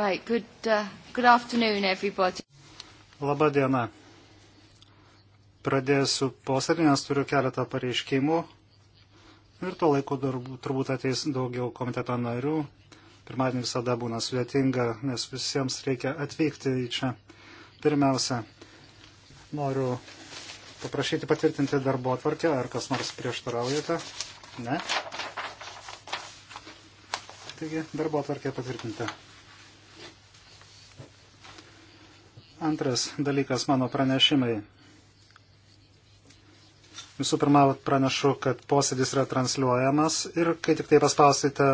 Right, good, uh, good afternoon, everybody. Labą dieną. Pradėsiu posėdį, nes turiu keletą pareiškimų. Ir tuo laiku turbūt ateis daugiau komiteto narių. Pirmadienį visada būna sudėtinga, nes visiems reikia atvykti į čia. Pirmiausia, noriu paprašyti patvirtinti darbo atvarkę. Ar kas nors prieštaraujate? Ne? Taigi, darbo atvarkė patvirtinta. Antras dalykas mano pranešimai. Visų pirma, pranešu, kad posėdis yra transliuojamas ir kai tik tai paspausite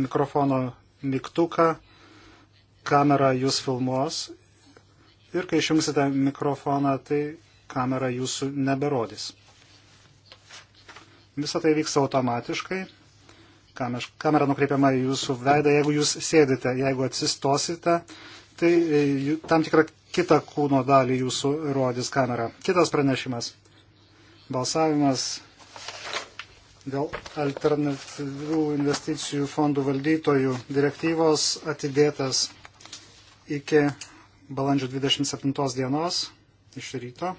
mikrofono mygtuką, kamera jūs filmuos ir kai išjungsite mikrofoną, tai kamera jūsų neberodys. Visą tai vyksta automatiškai. Kamera nukreipiama į jūsų veidą, jeigu jūs sėdite, jeigu atsistosite, tai e, tam tikrą kitą kūno dalį jūsų rodys kamera. Kitas pranešimas. Balsavimas dėl alternatyvių investicijų fondų valdytojų direktyvos atidėtas iki balandžio 27 dienos iš ryto,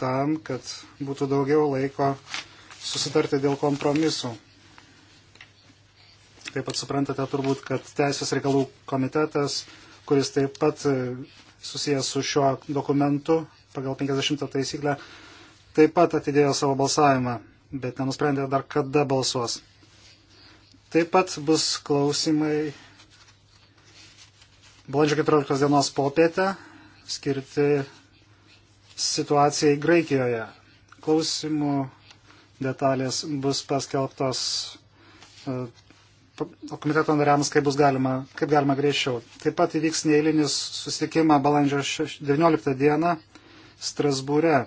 tam, kad būtų daugiau laiko susitarti dėl kompromisų. Taip pat suprantate turbūt, kad Teisės reikalų komitetas kuris taip pat e, susijęs su šiuo dokumentu pagal 50 taisyklę, taip pat atidėjo savo balsavimą, bet nenusprendė dar kada balsuos. Taip pat bus klausimai balandžio 14 dienos popietę skirti situacijai Graikijoje. Klausimų detalės bus paskelbtos e, komiteto nariams, kaip bus galima, kaip galima greičiau. Taip pat įvyks neįlinis susitikimą balandžio 19 dieną Strasbūre,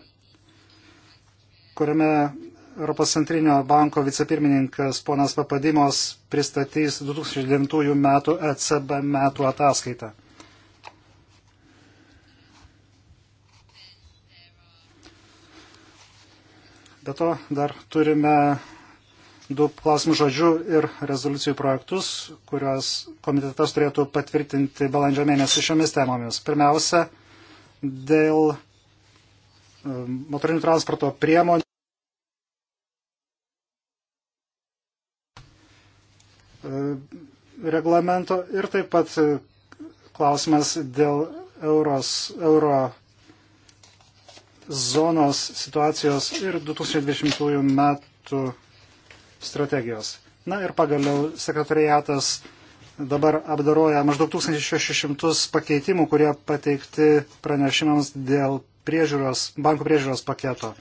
kuriame Europos centrinio banko vicepirmininkas ponas Papadimos pristatys 2009 metų ECB metų ataskaitą. Be to dar turime du klausimų žodžių ir rezoliucijų projektus, kuriuos komitetas turėtų patvirtinti balandžio mėnesį šiomis temomis. Pirmiausia, dėl um, motorinių transporto priemonių. Uh, reglamento ir taip pat uh, klausimas dėl euros, euro zonos situacijos ir 2020 metų strategijos. Na ir pagaliau sekretariatas dabar apdaroja maždaug 1600 pakeitimų, kurie pateikti pranešimams dėl priežiūros, bankų priežiūros paketo.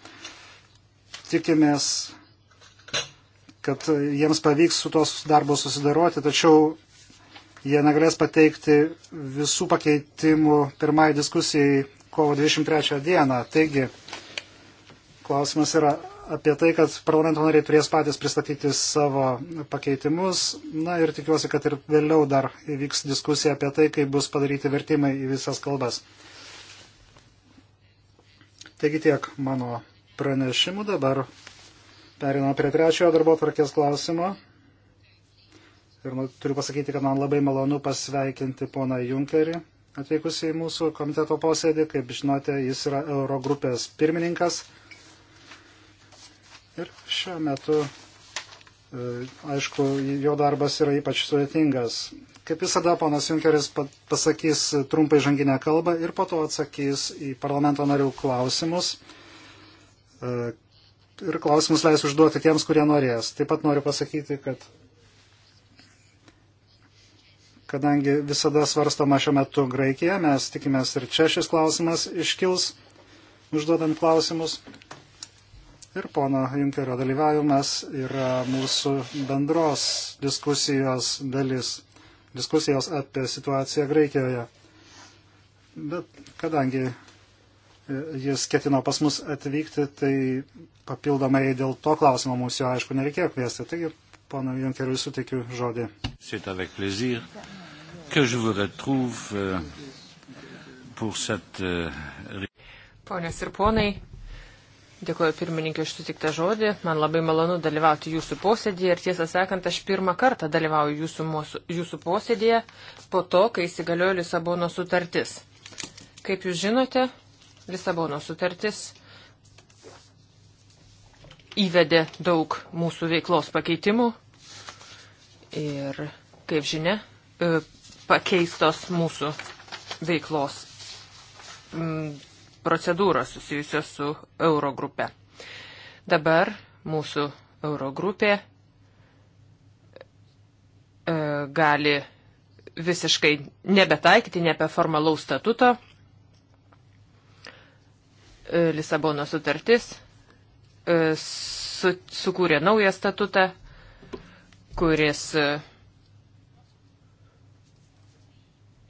Tikimės, kad jiems pavyks su tos darbo susidaroti, tačiau jie negalės pateikti visų pakeitimų pirmai diskusijai kovo 23 dieną. Taigi, klausimas yra, apie tai, kad parlamento nariai turės patys pristatyti savo pakeitimus. Na ir tikiuosi, kad ir vėliau dar įvyks diskusija apie tai, kaip bus padaryti vertimai į visas kalbas. Taigi tiek mano pranešimų. Dabar periname prie trečiojo darbo tvarkės klausimo. Ir nu, turiu pasakyti, kad man labai malonu pasveikinti poną Junkerį atvykusiai mūsų komiteto posėdį. Kaip žinote, jis yra Eurogrupės pirmininkas. Ir šiuo metu, e, aišku, jo darbas yra ypač sudėtingas. Kaip visada, ponas Junkeris pasakys trumpai žanginę kalbą ir po to atsakys į parlamento narių klausimus. E, ir klausimus leis užduoti tiems, kurie norės. Taip pat noriu pasakyti, kad kadangi visada svarstama šiuo metu Graikija, mes tikimės ir čia šis klausimas iškils, užduodant klausimus ir pono Junkerio dalyvavimas yra mūsų bendros diskusijos dalis, diskusijos apie situaciją Graikijoje. Bet kadangi e, jis ketino pas mus atvykti, tai papildomai dėl to klausimo mūsų jo aišku nereikėjo kviesti. Taigi, pono Junkeriui suteikiu žodį. Euh, euh, Ponės ir ponai, Dėkuoju pirmininkė iš sutiktą žodį. Man labai malonu dalyvauti jūsų posėdėje ir tiesą sakant, aš pirmą kartą dalyvauju jūsų, mūsų, jūsų posėdėje po to, kai įsigaliojo Lisabono sutartis. Kaip jūs žinote, Lisabono sutartis įvedė daug mūsų veiklos pakeitimų ir, kaip žinia, e, pakeistos mūsų veiklos procedūros susijusios su Eurogrupe. Dabar mūsų Eurogrupė e, gali visiškai nebetaikyti nebe formalaus statuto. E, Lisabono sutartis e, su, sukūrė naują statutą, kuris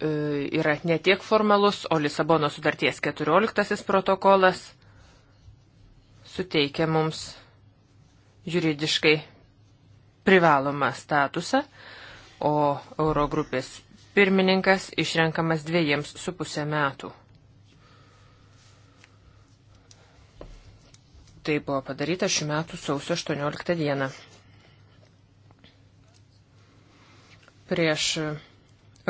E, yra ne tiek formalus, o Lisabono sutarties 14 protokolas suteikia mums juridiškai privalomą statusą, o Eurogrupės pirmininkas išrenkamas dviejiems su pusę metų. Tai buvo padaryta šių metų sausio 18 dieną. Prieš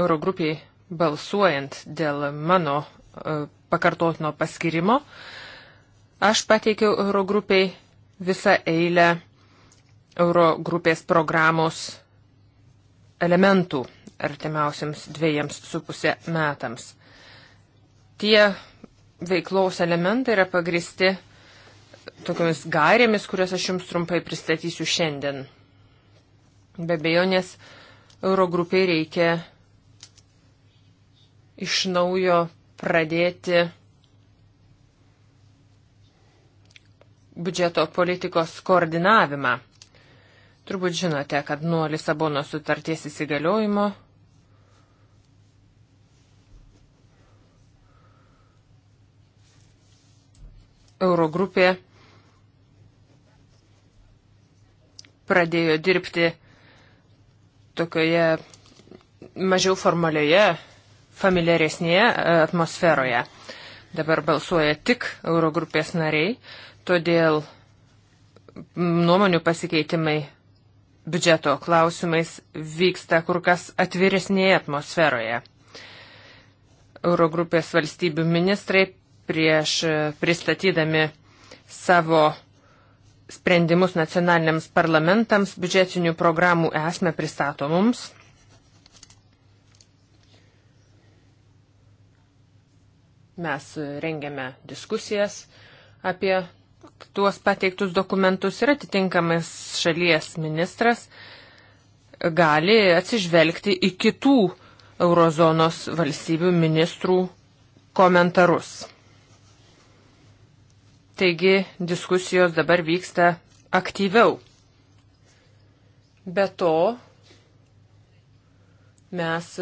Eurogrupiai balsuojant dėl mano e, pakartotino paskirimo, aš pateikiau Eurogrupiai visą eilę Eurogrupės programos elementų artimiausiams dviejams su pusė metams. Tie veiklaus elementai yra pagristi tokiamis gairėmis, kurias aš jums trumpai pristatysiu šiandien. Be bejonės, Eurogrupiai reikia iš naujo pradėti biudžeto politikos koordinavimą. Turbūt žinote, kad nuo Lisabono sutarties įsigaliojimo Eurogrupė pradėjo dirbti tokioje mažiau formalioje familiaresnėje e, atmosferoje. Dabar balsuoja tik Eurogrupės nariai, todėl nuomonių pasikeitimai biudžeto klausimais vyksta kur kas atviresnėje atmosferoje. Eurogrupės valstybių ministrai prieš e, pristatydami savo sprendimus nacionaliniams parlamentams biudžetinių programų esmę pristato mums Mes rengiame diskusijas apie tuos pateiktus dokumentus ir atitinkamas šalies ministras gali atsižvelgti į kitų eurozonos valstybių ministrų komentarus. Taigi diskusijos dabar vyksta aktyviau. Be to, mes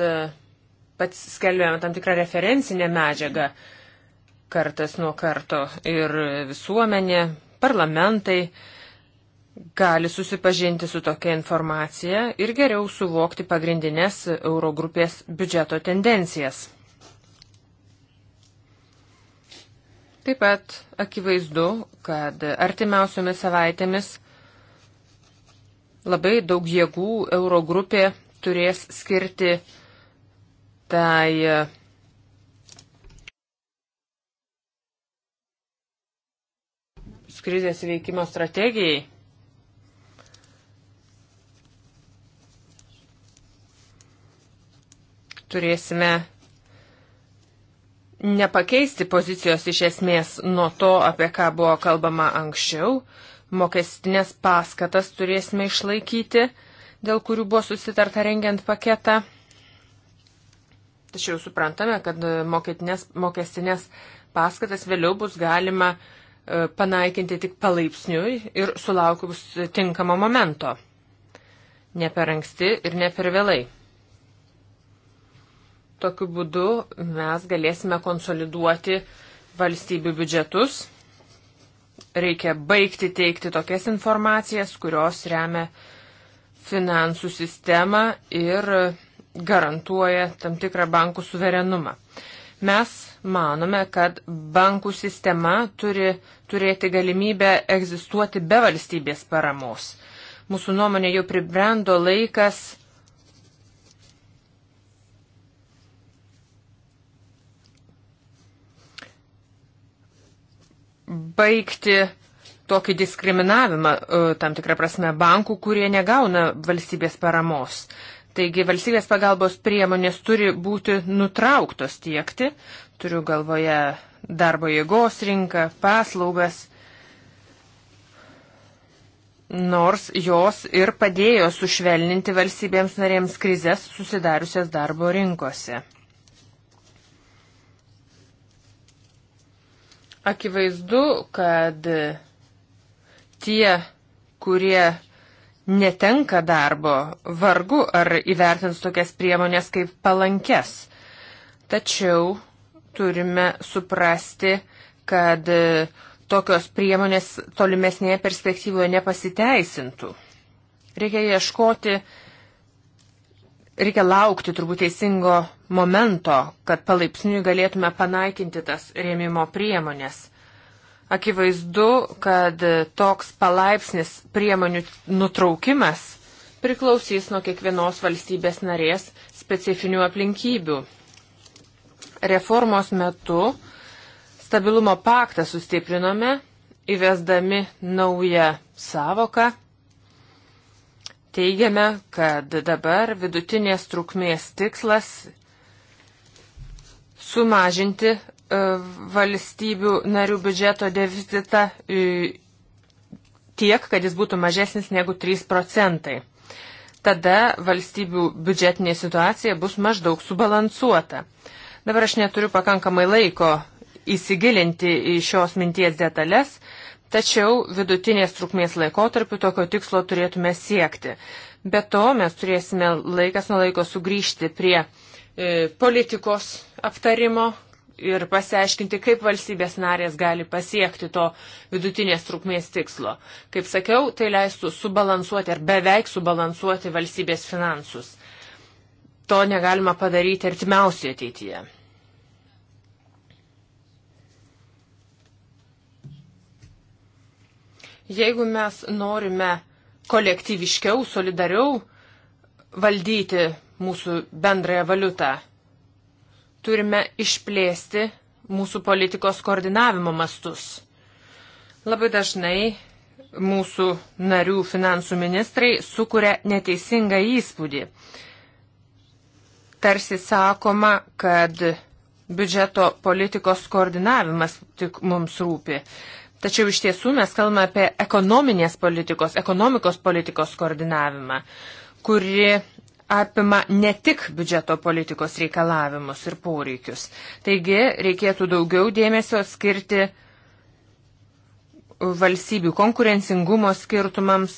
pats skelbėme tam tikrą referencinę medžiagą kartas nuo karto ir visuomenė, parlamentai gali susipažinti su tokia informacija ir geriau suvokti pagrindinės Eurogrupės biudžeto tendencijas. Taip pat akivaizdu, kad artimiausiomis savaitėmis labai daug jėgų Eurogrupė turės skirti tai e, krizės veikimo strategijai. Turėsime nepakeisti pozicijos iš esmės nuo to, apie ką buvo kalbama anksčiau. Mokestinės paskatas turėsime išlaikyti, dėl kurių buvo susitarta rengiant paketą. Tačiau suprantame, kad e, mokestinės paskatas vėliau bus galima e, panaikinti tik palaipsniui ir sulaukus tinkamo momento. Ne per anksti ir ne per vėlai. Tokiu būdu mes galėsime konsoliduoti valstybių biudžetus. Reikia baigti teikti tokias informacijas, kurios remia finansų sistemą ir garantuoja tam tikrą bankų suverenumą. Mes manome, kad bankų sistema turi turėti galimybę egzistuoti be valstybės paramos. Mūsų nuomonė jau pribrendo laikas baigti tokį diskriminavimą, e, tam tikrą prasme, bankų, kurie negauna valstybės paramos. Taigi valstybės pagalbos priemonės turi būti nutrauktos tiekti, turiu galvoje darbo jėgos rinką, paslaugas, nors jos ir padėjo sušvelninti valstybėms narėms krizės susidariusias darbo rinkose. Akivaizdu, kad tie, kurie netenka darbo, vargu ar įvertins tokias priemonės kaip palankes. Tačiau turime suprasti, kad e, tokios priemonės tolimesnėje perspektyvoje nepasiteisintų. Reikia ieškoti, reikia laukti turbūt teisingo momento, kad palaipsniui galėtume panaikinti tas rėmimo priemonės. Akivaizdu, kad toks palaipsnis priemonių nutraukimas priklausys nuo kiekvienos valstybės narės specifinių aplinkybių. Reformos metu stabilumo paktą sustiprinome, įvesdami naują savoką. Teigiame, kad dabar vidutinės trukmės tikslas sumažinti E, valstybių narių biudžeto deficitą e, tiek, kad jis būtų mažesnis negu 3 procentai. Tada valstybių biudžetinė situacija bus maždaug subalansuota. Dabar aš neturiu pakankamai laiko įsigilinti į šios minties detalės, tačiau vidutinės trukmės laikotarpiu tokio tikslo turėtume siekti. Be to mes turėsime laikas nuo laiko sugrįžti prie e, politikos aptarimo, ir pasiaiškinti, kaip valstybės narės gali pasiekti to vidutinės trukmės tikslo. Kaip sakiau, tai leistų subalansuoti ar beveik subalansuoti valstybės finansus. To negalima padaryti artimiausioje ateityje. Jeigu mes norime kolektyviškiau, solidariau valdyti mūsų bendrąją valiutą, turime išplėsti mūsų politikos koordinavimo mastus. Labai dažnai mūsų narių finansų ministrai sukuria neteisingą įspūdį. Tarsi sakoma, kad biudžeto politikos koordinavimas tik mums rūpi. Tačiau iš tiesų mes kalbame apie ekonominės politikos, ekonomikos politikos koordinavimą, kuri apima ne tik biudžeto politikos reikalavimus ir poreikius. Taigi reikėtų daugiau dėmesio skirti valstybių konkurencingumo skirtumams,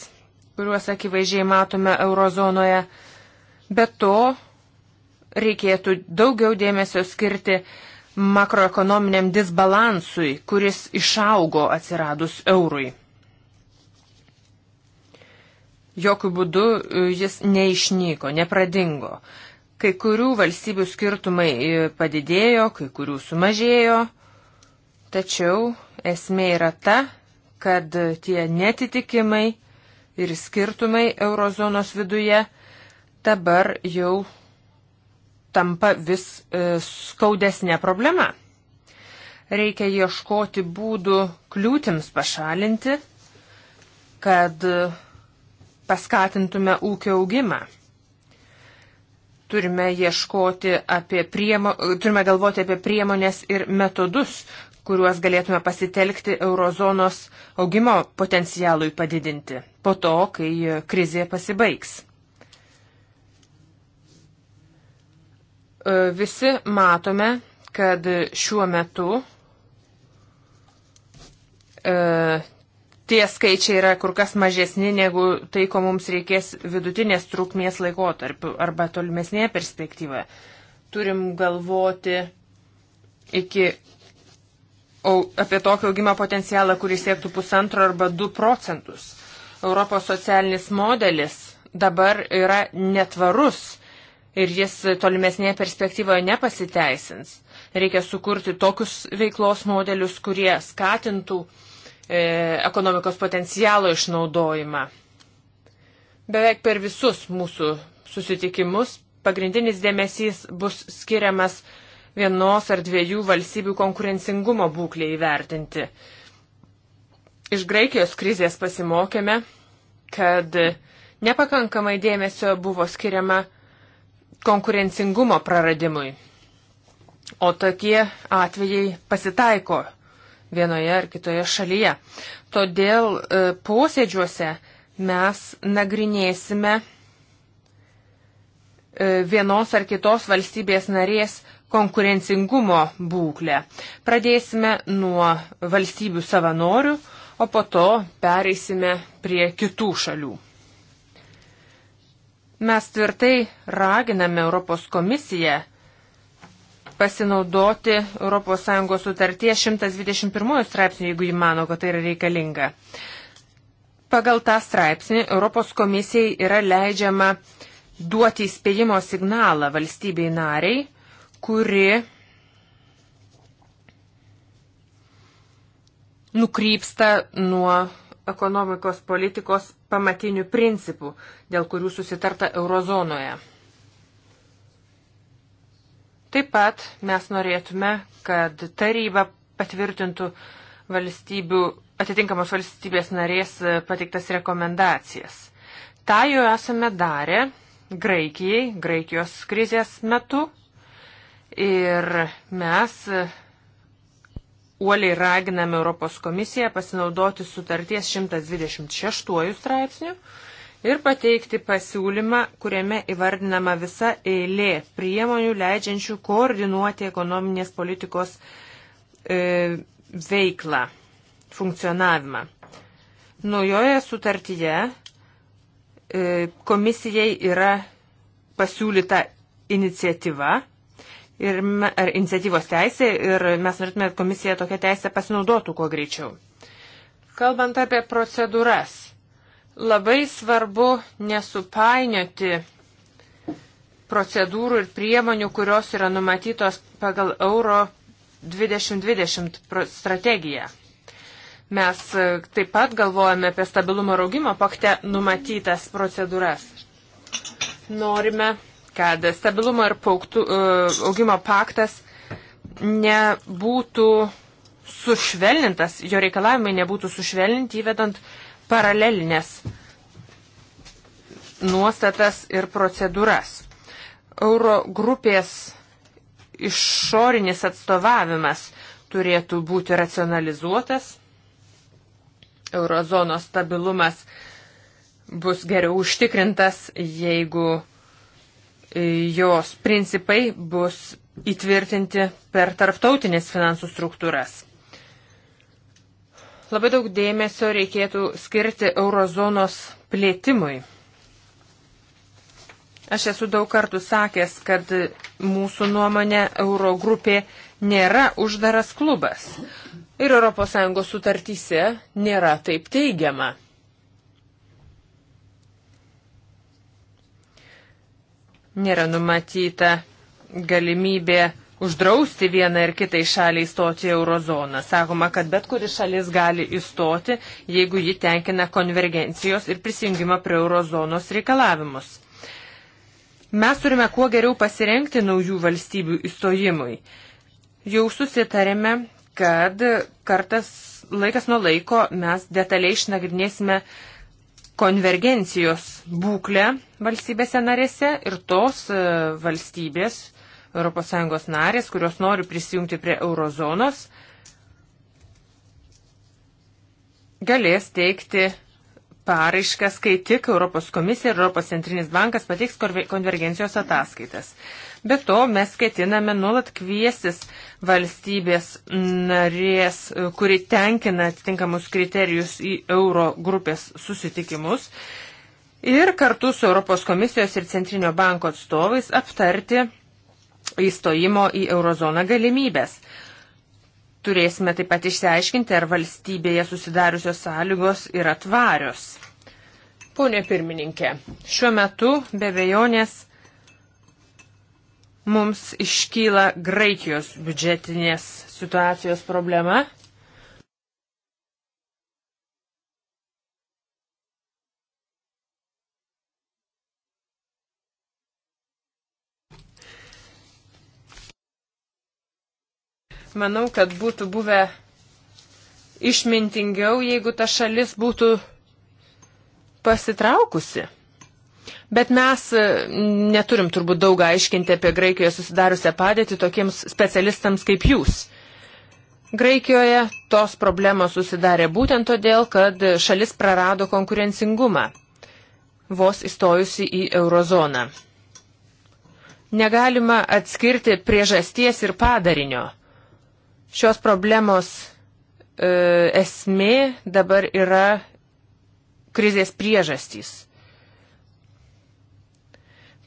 kuriuos akivaizdžiai matome eurozonoje. Be to reikėtų daugiau dėmesio skirti makroekonominiam disbalansui, kuris išaugo atsiradus eurui. Jokių būdų e, jis neišnyko, nepradingo. Kai kurių valstybių skirtumai e, padidėjo, kai kurių sumažėjo, tačiau esmė yra ta, kad tie netitikimai ir skirtumai eurozonos viduje dabar jau tampa vis e, skaudesnė problema. Reikia ieškoti būdų kliūtims pašalinti, kad paskatintume ūkio augimą. Turime, apie priemo, turime galvoti apie priemonės ir metodus, kuriuos galėtume pasitelkti eurozonos augimo potencialui padidinti po to, kai krizė pasibaigs. E, visi matome, kad šiuo metu e, tie skaičiai yra kur kas mažesni negu tai, ko mums reikės vidutinės trukmės laikotarpiu arba tolimesnėje perspektyvoje. Turim galvoti iki, o, apie tokį augimo potencialą, kuris siektų pusantro arba du procentus. Europos socialinis modelis dabar yra netvarus ir jis tolimesnėje perspektyvoje nepasiteisins. Reikia sukurti tokius veiklos modelius, kurie skatintų uh, E, ekonomikos potencialo išnaudojimą. Beveik per visus mūsų susitikimus pagrindinis dėmesys bus skiriamas vienos ar dviejų valstybių konkurencingumo būklė įvertinti. Iš Graikijos krizės pasimokėme, kad nepakankamai dėmesio buvo skiriama konkurencingumo praradimui. O tokie atvejai pasitaiko vienoje ar kitoje šalyje. Todėl e, posėdžiuose mes nagrinėsime e, vienos ar kitos valstybės narės konkurencingumo būklę. Pradėsime nuo valstybių savanorių, o po to pereisime prie kitų šalių. Mes tvirtai raginame Europos komisiją pasinaudoti ES sutarties 121 straipsnių, jeigu jį mano, kad tai yra reikalinga. Pagal tą straipsnį Europos komisijai yra leidžiama duoti įspėjimo signalą valstybei nariai, kuri nukrypsta nuo ekonomikos politikos pamatinių principų, dėl kurių susitarta eurozonoje. Taip pat mes norėtume, kad taryba patvirtintų valstybių, atitinkamos valstybės narės pateiktas rekomendacijas. Ta jau esame darę Graikijai, Graikijos krizės metu ir mes uoliai raginame Europos komisiją pasinaudoti sutarties 126 straipsnių ir pateikti pasiūlymą, kuriame įvardinama visa eilė priemonių leidžiančių koordinuoti ekonominės politikos e, veiklą, funkcionavimą. Naujoje sutartyje e, komisijai yra pasiūlyta iniciatyva ir, ar iniciatyvos teisė ir mes norėtume, kad komisija tokią teisę pasinaudotų kuo greičiau. Kalbant apie procedūras, Labai svarbu nesupainioti procedūrų ir priemonių, kurios yra numatytos pagal euro 2020 strategiją. Mes e, taip pat galvojame apie stabilumo raugimo pakte numatytas procedūras. Norime, kad stabilumo ir pauktų, e, augimo paktas nebūtų sušvelnintas, jo reikalavimai nebūtų sušvelninti įvedant uh, paralelinės nuostatas ir procedūras. Euro grupės išorinis atstovavimas turėtų būti racionalizuotas, eurozonos stabilumas bus geriau užtikrintas, jeigu jos principai bus įtvirtinti per tarptautinės finansų struktūras. Labai daug dėmesio reikėtų skirti eurozonos plėtimui. Aš esu daug kartų sakęs, kad mūsų nuomonė Eurogrupė nėra uždaras klubas. Ir ES sutartyse nėra taip teigiama. Nėra numatyta galimybė uždrausti vieną ir kitai šaliai įstoti į eurozoną. Sakoma, kad bet kuri šalis gali įstoti, jeigu ji tenkina konvergencijos ir prisijungimo prie eurozonos reikalavimus. Mes turime kuo geriau pasirenkti naujų valstybių įstojimui. Jau susitarėme, kad kartas laikas nuo laiko mes detaliai išnagrinėsime konvergencijos būklę valstybėse narėse ir tos e, valstybės ES narės, kurios nori prisijungti prie eurozonos, galės teikti paraiškas, kai tik Europos komisija ir Europos centrinis bankas pateiks konvergencijos ataskaitas. Be to, mes ketiname nuolat kviesis valstybės narės, kuri tenkina atitinkamus kriterijus į euro grupės susitikimus ir kartu su Europos komisijos ir Centrinio banko atstovais aptarti įstojimo į eurozoną galimybės. Turėsime taip pat išsiaiškinti, ar valstybėje susidariusios sąlygos yra tvarios. Pone pirmininkė, šiuo metu be vėjonės mums iškyla Graikijos biudžetinės situacijos problema Manau, kad būtų buvę išmintingiau, jeigu ta šalis būtų pasitraukusi. Bet mes e, neturim turbūt daug aiškinti apie Graikijoje susidariusią padėtį tokiems specialistams kaip jūs. Graikijoje tos problemos susidarė būtent todėl, kad šalis prarado konkurencingumą, vos įstojusi į eurozoną. Negalima atskirti priežasties ir padarinio Šios problemos e, esmė dabar yra krizės priežastys.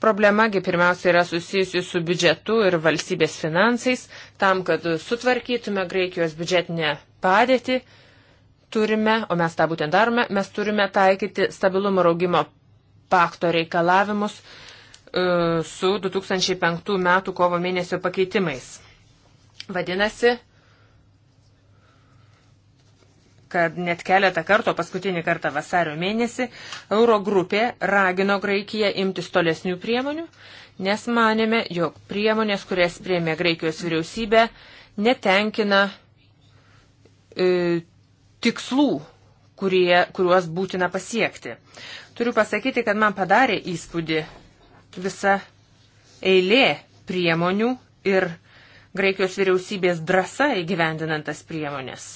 Problemagi pirmiausia yra susijusi su biudžetu ir valstybės finansais. Tam, kad sutvarkytume Graikijos biudžetinę padėtį, turime, o mes tą būtent darome, mes turime taikyti stabilumo raugimo pakto reikalavimus e, su 2005 metų kovo mėnesio pakeitimais. Vadinasi, kad net keletą kartų, paskutinį kartą vasario mėnesį, Eurogrupė ragino Graikiją imtis tolesnių priemonių, nes manėme, jog priemonės, kurias priemė Graikijos vyriausybė, netenkina e, tikslų, kurie, kuriuos būtina pasiekti. Turiu pasakyti, kad man padarė įspūdį visa eilė priemonių ir Graikijos vyriausybės drąsa įgyvendinant tas priemonės.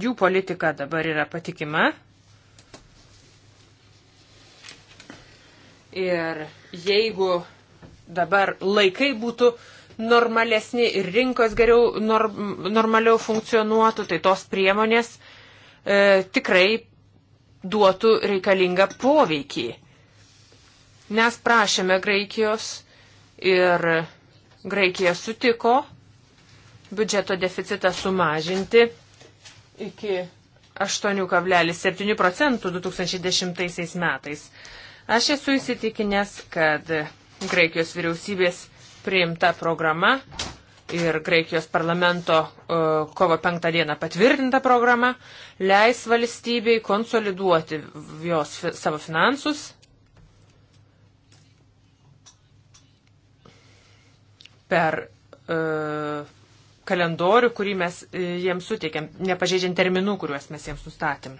Jų politika dabar yra patikima. Ir jeigu dabar laikai būtų normalesni ir rinkos geriau norm, normaliau funkcionuotų, tai tos priemonės e, tikrai duotų reikalingą poveikį. Mes prašėme Graikijos ir Graikija sutiko biudžeto deficitą sumažinti iki 8,7 procentų 2010 metais. Aš esu įsitikinęs, kad Graikijos vyriausybės priimta programa ir Graikijos parlamento e, kovo penktą dieną patvirtinta programa leis valstybei konsoliduoti jos savo finansus. Per uh, kalendorių, kurį mes e, jiems suteikėm, nepažeidžiant terminų, kuriuos mes jiems nustatėm.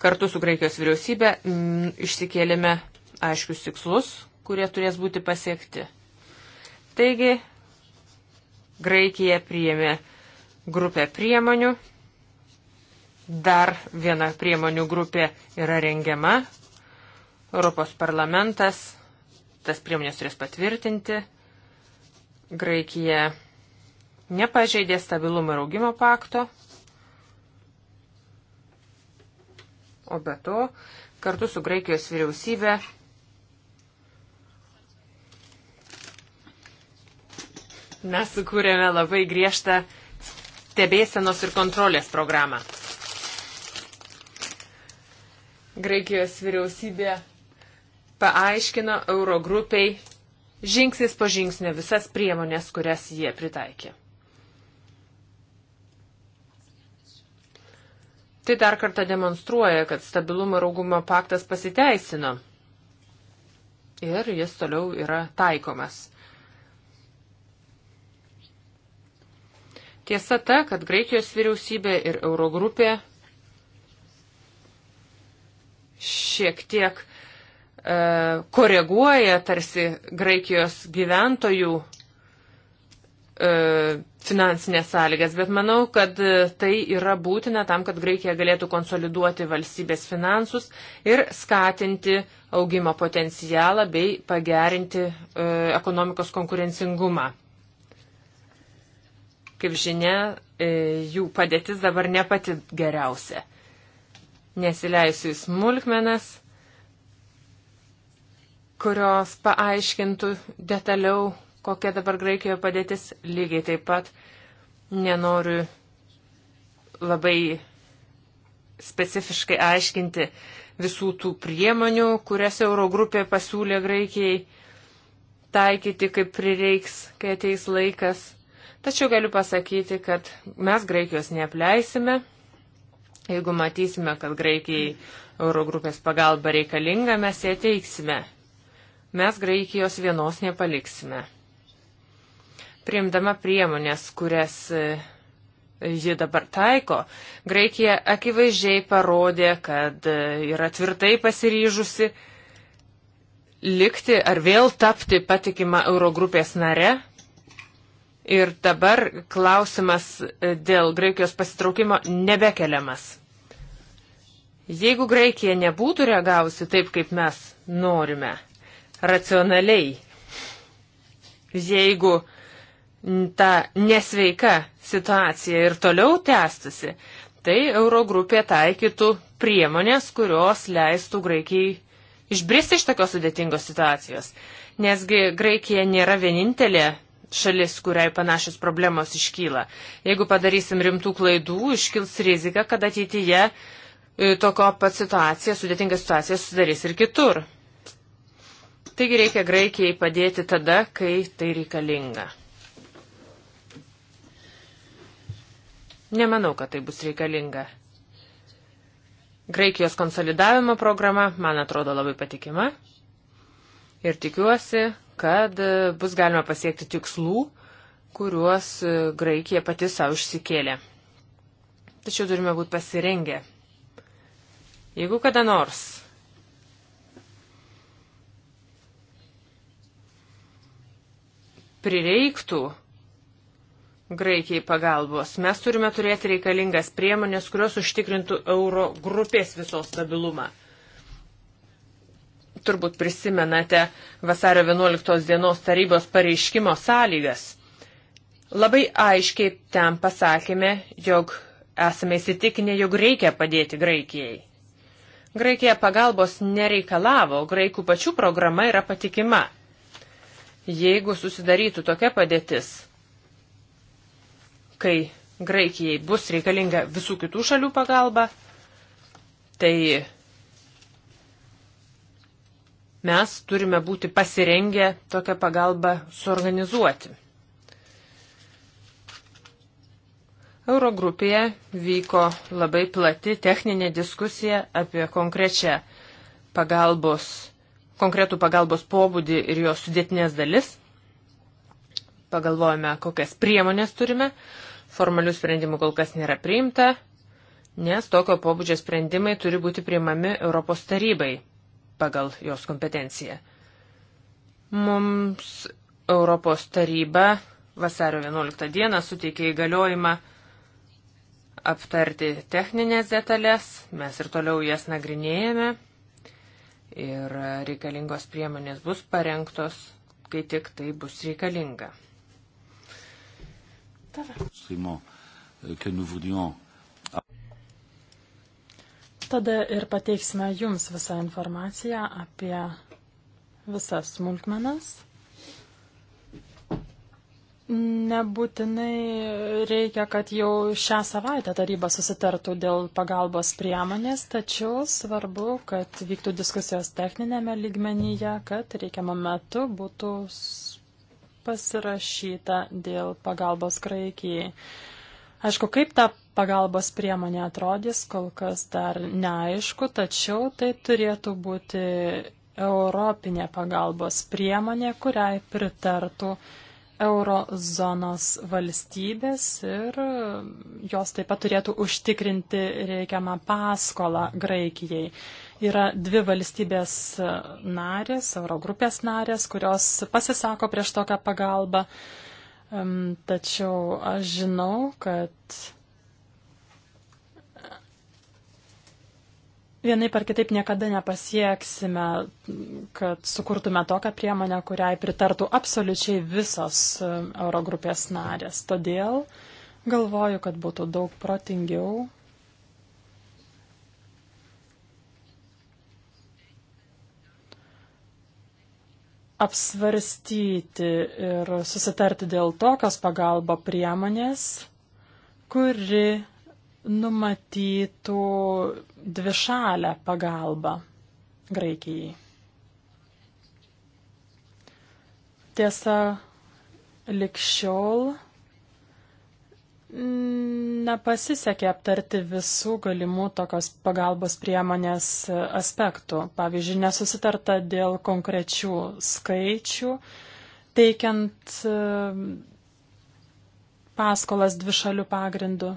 Kartu su Graikijos vyriausybė m, mm, išsikėlėme aiškius tikslus, kurie turės būti pasiekti. Taigi, Graikija priėmė grupę priemonių. Dar viena priemonių grupė yra rengiama. Europos parlamentas tas priemonės turės patvirtinti. Graikija nepažeidė stabilumo ir augimo pakto, o be to kartu su Graikijos vyriausybė mes sukūrėme labai griežtą stebėsenos ir kontrolės programą. Graikijos vyriausybė paaiškino Eurogrupiai žingsnis po žingsnio visas priemonės, kurias jie pritaikė. Tai dar kartą demonstruoja, kad stabilumo ir augumo paktas pasiteisino. Ir jis toliau yra taikomas. Tiesa ta, kad Graikijos vyriausybė ir Eurogrupė šiek tiek e, koreguoja tarsi Graikijos gyventojų E, finansinės sąlygas, bet manau, kad e, tai yra būtina tam, kad Graikija galėtų konsoliduoti valstybės finansus ir skatinti augimo potencialą bei pagerinti e, ekonomikos konkurencingumą. Kaip žinia, e, jų padėtis dabar ne pati geriausia. Nesileisiu į smulkmenas, kurios paaiškintų detaliau kokia dabar Graikijoje padėtis. Lygiai taip pat nenoriu labai specifiškai aiškinti visų tų priemonių, kurias Eurogrupė pasiūlė Graikijai taikyti, kaip prireiks, kai ateis laikas. Tačiau galiu pasakyti, kad mes Graikijos neapleisime. Jeigu matysime, kad Graikijai Eurogrupės pagalba reikalinga, mes ją teiksime. Mes Graikijos vienos nepaliksime priimdama priemonės, kurias e, ji dabar taiko, Graikija akivaizdžiai parodė, kad e, yra tvirtai pasiryžusi likti ar vėl tapti patikimą Eurogrupės nare. Ir dabar klausimas e, dėl Graikijos pasitraukimo nebekeliamas. Jeigu Graikija nebūtų reagavusi taip, kaip mes norime, racionaliai, jeigu uh, ta nesveika situacija ir toliau tęstusi, tai Eurogrupė taikytų priemonės, kurios leistų Graikijai išbristi iš tokios sudėtingos situacijos. Nesgi Graikija nėra vienintelė šalis, kuriai panašios problemos iškyla. Jeigu padarysim rimtų klaidų, iškils rizika, kad ateityje e, tokio pat situacija, sudėtinga situacija susidarys ir kitur. Taigi reikia Graikijai padėti tada, kai tai reikalinga. Nemanau, kad tai bus reikalinga. Graikijos konsolidavimo programa, man atrodo, labai patikima. Ir tikiuosi, kad e, bus galima pasiekti tikslų, kuriuos e, Graikija pati savo išsikėlė. Tačiau turime būti pasirengę. Jeigu kada nors prireiktų Graikijai pagalbos. Mes turime turėti reikalingas priemonės, kurios užtikrintų euro grupės visos stabilumą. Turbūt prisimenate vasario 11 dienos tarybos pareiškimo sąlygas. Labai aiškiai ten pasakėme, jog esame įsitikinę, jog reikia padėti Graikijai. Graikija pagalbos nereikalavo, graikų pačių programa yra patikima. Jeigu susidarytų tokia padėtis, kai Graikijai bus reikalinga visų kitų šalių pagalba, tai mes turime būti pasirengę tokią pagalbą suorganizuoti. Eurogrupėje vyko labai plati techninė diskusija apie konkrečią pagalbos, konkretų pagalbos pobūdį ir jos sudėtinės dalis. Pagalvojame, kokias priemonės turime. Uh, Formalių sprendimų kol kas nėra priimta, nes tokio pobūdžio sprendimai turi būti priimami Europos tarybai pagal jos kompetenciją. Mums Europos taryba vasario 11 dieną suteikė įgaliojimą aptarti techninės detalės, mes ir toliau jas nagrinėjame ir reikalingos priemonės bus parengtos, kai tik tai bus reikalinga. Euh, Tada ir pateiksime Jums visą informaciją apie visas smulkmenas. Nebūtinai reikia, kad jau šią savaitę taryba susitartų dėl pagalbos priemonės, tačiau svarbu, kad vyktų diskusijos techninėme lygmenyje, kad reikiamą metu būtų pasirašyta dėl pagalbos Graikijai. Aišku, kaip ta pagalbos priemonė atrodys, kol kas dar neaišku, tačiau tai turėtų būti europinė pagalbos priemonė, kuriai pritartų eurozonos valstybės ir jos taip pat turėtų užtikrinti reikiamą paskolą Graikijai. Yra dvi valstybės narės, Eurogrupės narės, kurios pasisako prieš tokią pagalbą. Tačiau aš žinau, kad vienaip ar kitaip niekada nepasieksime, kad sukurtume tokią priemonę, kuriai pritartų absoliučiai visos Eurogrupės narės. Todėl galvoju, kad būtų daug protingiau apsvarstyti ir susitarti dėl tokios pagalba priemonės, kuri numatytų dvišalę pagalbą Graikijai. Tiesa, likščiol nepasisekė aptarti visų galimų tokios pagalbos priemonės aspektų. Pavyzdžiui, nesusitarta dėl konkrečių skaičių, teikiant e, paskolas dvišalių pagrindų.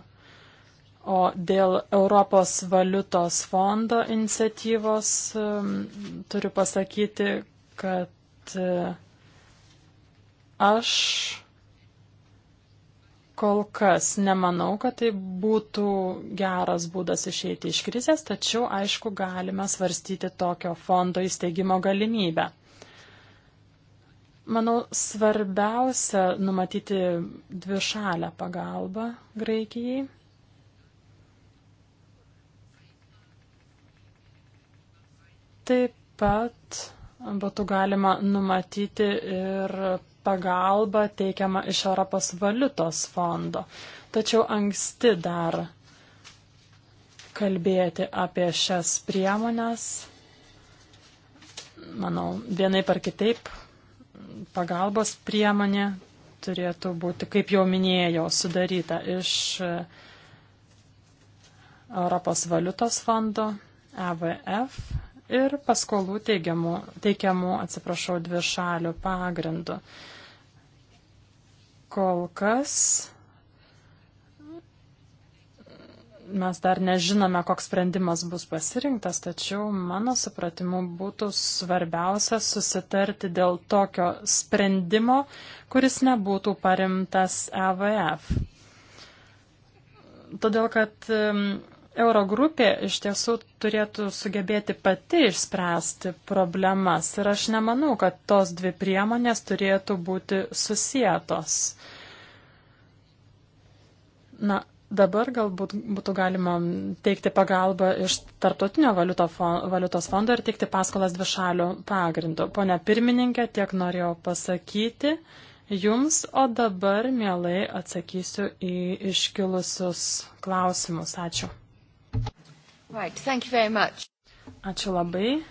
O dėl Europos valiutos fondo iniciatyvos e, turiu pasakyti, kad e, aš Kol kas nemanau, kad tai būtų geras būdas išeiti iš krizės, tačiau aišku galime svarstyti tokio fondo įsteigimo galimybę. Manau, svarbiausia numatyti dvi šalę pagalbą Graikijai. Taip pat būtų galima numatyti ir pagalba teikiama iš Europos valiutos fondo. Tačiau anksti dar kalbėti apie šias priemonės. Manau, vienaip ar kitaip pagalbos priemonė turėtų būti, kaip jau minėjau, sudaryta iš Europos valiutos fondo, EVF ir paskolų teigiamų, teikiamų, atsiprašau, dvišalių pagrindų. Kol kas mes dar nežinome, koks sprendimas bus pasirinktas, tačiau mano supratimu būtų svarbiausia susitarti dėl tokio sprendimo, kuris nebūtų paremtas EVF. Todėl, kad Eurogrupė iš tiesų turėtų sugebėti pati išspręsti problemas ir aš nemanau, kad tos dvi priemonės turėtų būti susijėtos. Na, dabar galbūt būtų galima teikti pagalbą iš Tartutinio valiutos fondo ir teikti paskolas dvišalių pagrindų. Pone pirmininkė, tiek norėjau pasakyti jums, o dabar mielai atsakysiu į iškilusius klausimus. Ačiū. Right, thank you very much. Ačiū labai.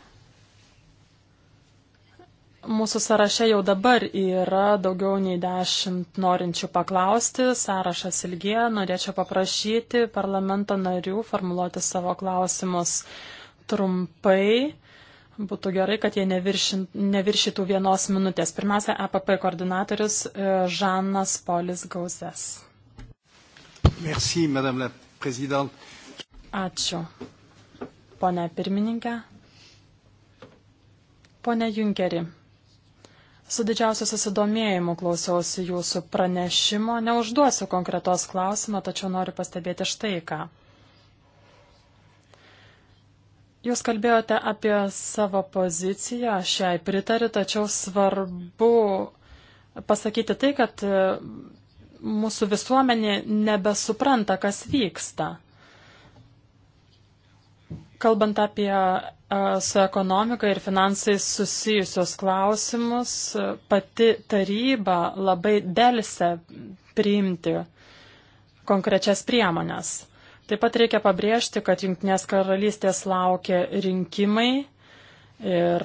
Mūsų sąraše jau dabar yra daugiau nei dešimt norinčių paklausti. Sąrašas ilgėja. Norėčiau paprašyti parlamento narių formuluoti savo klausimus trumpai. Būtų gerai, kad jie neviršytų vienos minutės. Pirmiausia, APP e koordinatorius e, Žanas Polis Gauzes. Merci, Madame la Présidente. Ačiū. Pone pirmininkė. Pone Junkeri. Su didžiausiu susidomėjimu klausiausi jūsų pranešimo. Neužduosiu konkretos klausimą, tačiau noriu pastebėti štai ką. Jūs kalbėjote apie savo poziciją, aš jai pritariu, tačiau svarbu pasakyti tai, kad mūsų visuomenė nebesupranta, kas vyksta. Kalbant apie su ekonomika ir finansais susijusios klausimus, pati taryba labai dėlse priimti konkrečias priemonės. Taip pat reikia pabrėžti, kad Junktinės karalystės laukia rinkimai ir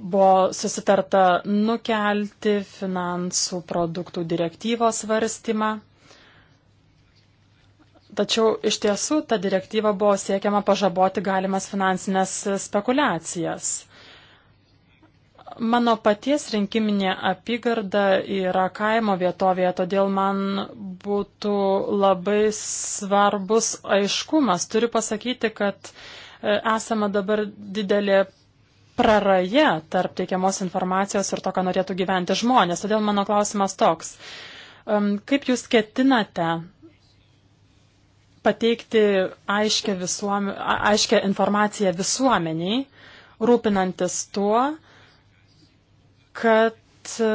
buvo susitarta nukelti finansų produktų direktyvos varstymą. Tačiau iš tiesų ta direktyva buvo siekiama pažaboti galimas finansinės spekulacijas. Mano paties rinkiminė apygarda yra kaimo vietovėje, todėl man būtų labai svarbus aiškumas. Turiu pasakyti, kad e, esama dabar didelė praraja tarp teikiamos informacijos ir to, ką norėtų gyventi žmonės. Todėl mano klausimas toks. Kaip jūs ketinate pateikti aiškę, visuomi, aiškę informaciją visuomeniai, rūpinantis tuo, kad e,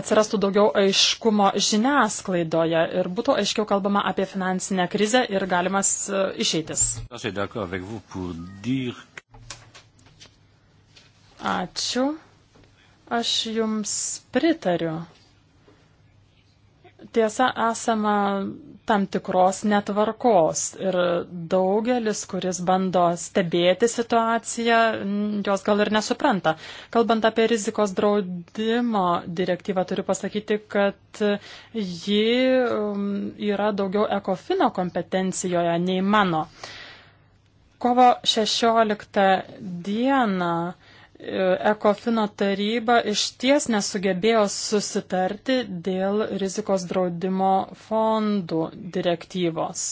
atsirastų daugiau aiškumo žiniasklaidoje ir būtų aiškiau kalbama apie finansinę krizę ir galimas e, išeitis. Ačiū. Aš jums pritariu. Tiesa, esama tam tikros netvarkos ir daugelis, kuris bando stebėti situaciją, jos gal ir nesupranta. Kalbant apie rizikos draudimo direktyvą, turiu pasakyti, kad ji um, yra daugiau ekofino kompetencijoje nei mano. Kovo 16 dieną Ekofino taryba iš ties nesugebėjo susitarti dėl rizikos draudimo fondų direktyvos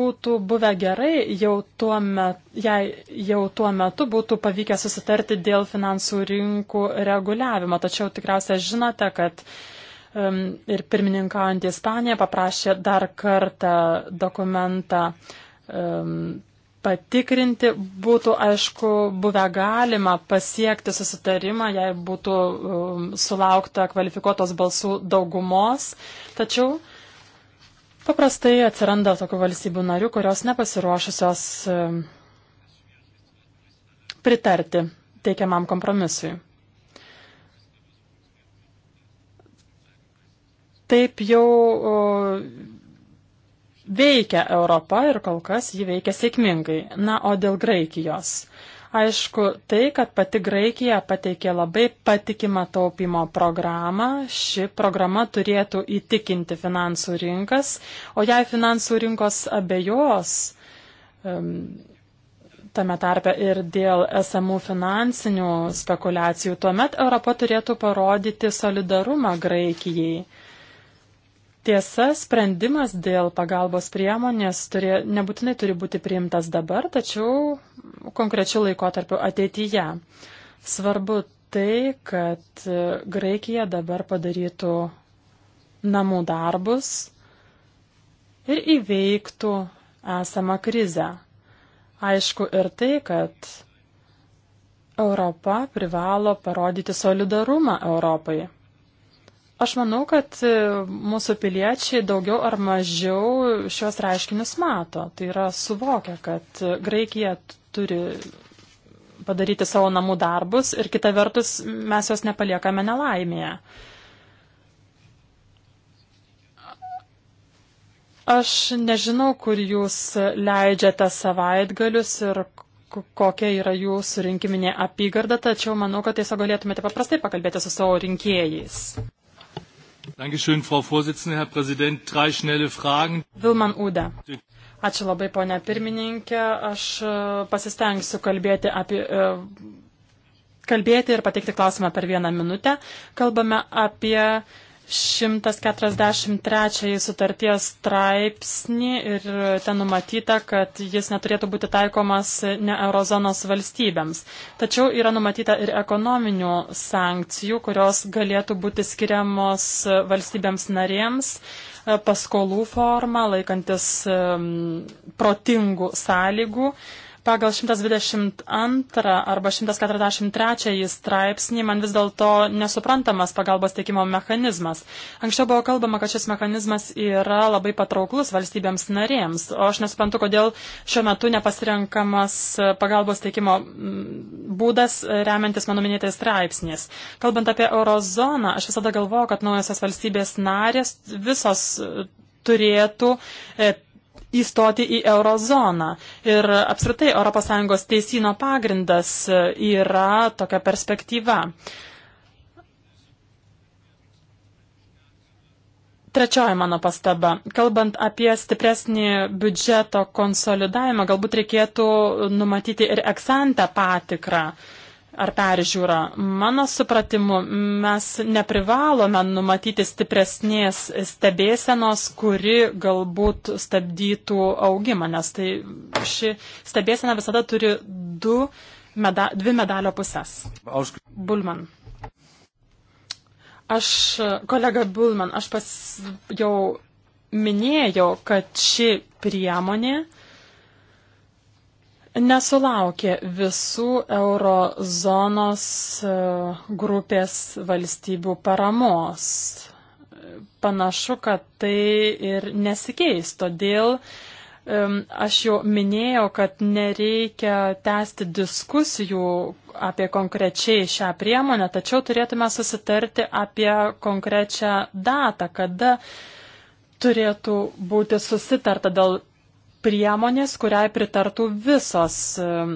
būtų buvę gerai, jau tuo met, jei jau tuo metu būtų pavykę susitarti dėl finansų rinkų reguliavimo. Tačiau tikriausiai žinote, kad um, ir pirmininkaujant Ispanija paprašė dar kartą dokumentą um, patikrinti, būtų aišku buvę galima pasiekti susitarimą, jei būtų um, sulaukta kvalifikuotos balsų daugumos. Tačiau paprastai atsiranda tokių valstybių narių, kurios nepasiruošusios um, pritarti teikiamam kompromisui. Taip jau veikia Europa ir kol kas ji veikia sėkmingai. Na, o dėl Graikijos. Aišku, tai, kad pati Graikija pateikė labai patikimą taupimo programą, ši programa turėtų įtikinti finansų rinkas, o jei finansų rinkos abejos, tame tarpe ir dėl esamų finansinių spekulacijų, tuomet Europa turėtų parodyti solidarumą Graikijai. Tiesa, sprendimas dėl pagalbos priemonės turė, nebūtinai turi būti priimtas dabar, tačiau konkrečiu laikotarpiu ateityje. Svarbu tai, kad e, Graikija dabar padarytų namų darbus ir įveiktų esamą krizę. Aišku ir tai, kad Europa privalo parodyti solidarumą Europai. Aš manau, kad e, mūsų piliečiai daugiau ar mažiau šios reiškinius mato. Tai yra suvokia, kad e, Graikija turi padaryti savo namų darbus ir kita vertus mes jos nepaliekame nelaimėje. Aš nežinau, kur jūs leidžiate savaitgalius ir kokia yra jūsų rinkiminė apygarda, tačiau manau, kad tiesiog galėtumėte paprastai pakalbėti su savo rinkėjais. Dankeschön, Frau Vorsitzende, Herr Präsident. Drei schnelle Fragen. Vilman Uda. Ačiū labai, ponia pirmininkė. Aš e, pasistengsiu kalbėti apie. E, kalbėti ir pateikti klausimą per vieną minutę. Kalbame apie 143 sutarties straipsnį ir ten numatyta, kad jis neturėtų būti taikomas ne eurozonos valstybėms. Tačiau yra numatyta ir ekonominių sankcijų, kurios galėtų būti skiriamos valstybėms narėms e, paskolų forma, laikantis protingų sąlygų pagal 122 arba 143 straipsnį man vis dėlto nesuprantamas pagalbos teikimo mechanizmas. Anksčiau buvo kalbama, kad šis mechanizmas yra labai patrauklus valstybėms narėms, o aš nesuprantu, kodėl šiuo metu nepasirenkamas pagalbos teikimo mm, būdas remiantis mano minėtais straipsnės. Kalbant apie eurozoną, aš visada galvoju, kad naujosios valstybės narės visos e, turėtų e, įstoti į eurozoną. Ir apskritai ES teisino pagrindas e, yra tokia perspektyva. Trečioji mano pastaba. Kalbant apie stipresnį biudžeto konsolidavimą, galbūt reikėtų numatyti ir eksantę patikrą. Uh, ar peržiūra. Mano supratimu, mes neprivalome numatyti stipresnės stebėsenos, kuri galbūt stabdytų augimą, nes tai ši stebėsena visada turi du, meda, dvi medalio pusės. Bulman. Aš, kolega Bulman, aš pas, jau minėjau, kad ši priemonė uh, nesulaukė visų eurozonos e, grupės valstybių paramos. Panašu, kad tai ir nesikeis, todėl aš jau minėjau, kad nereikia tęsti diskusijų apie konkrečiai šią priemonę, tačiau turėtume susitarti apie konkrečią datą, kada turėtų būti susitarta dėl priemonės, kuriai pritartų visos um,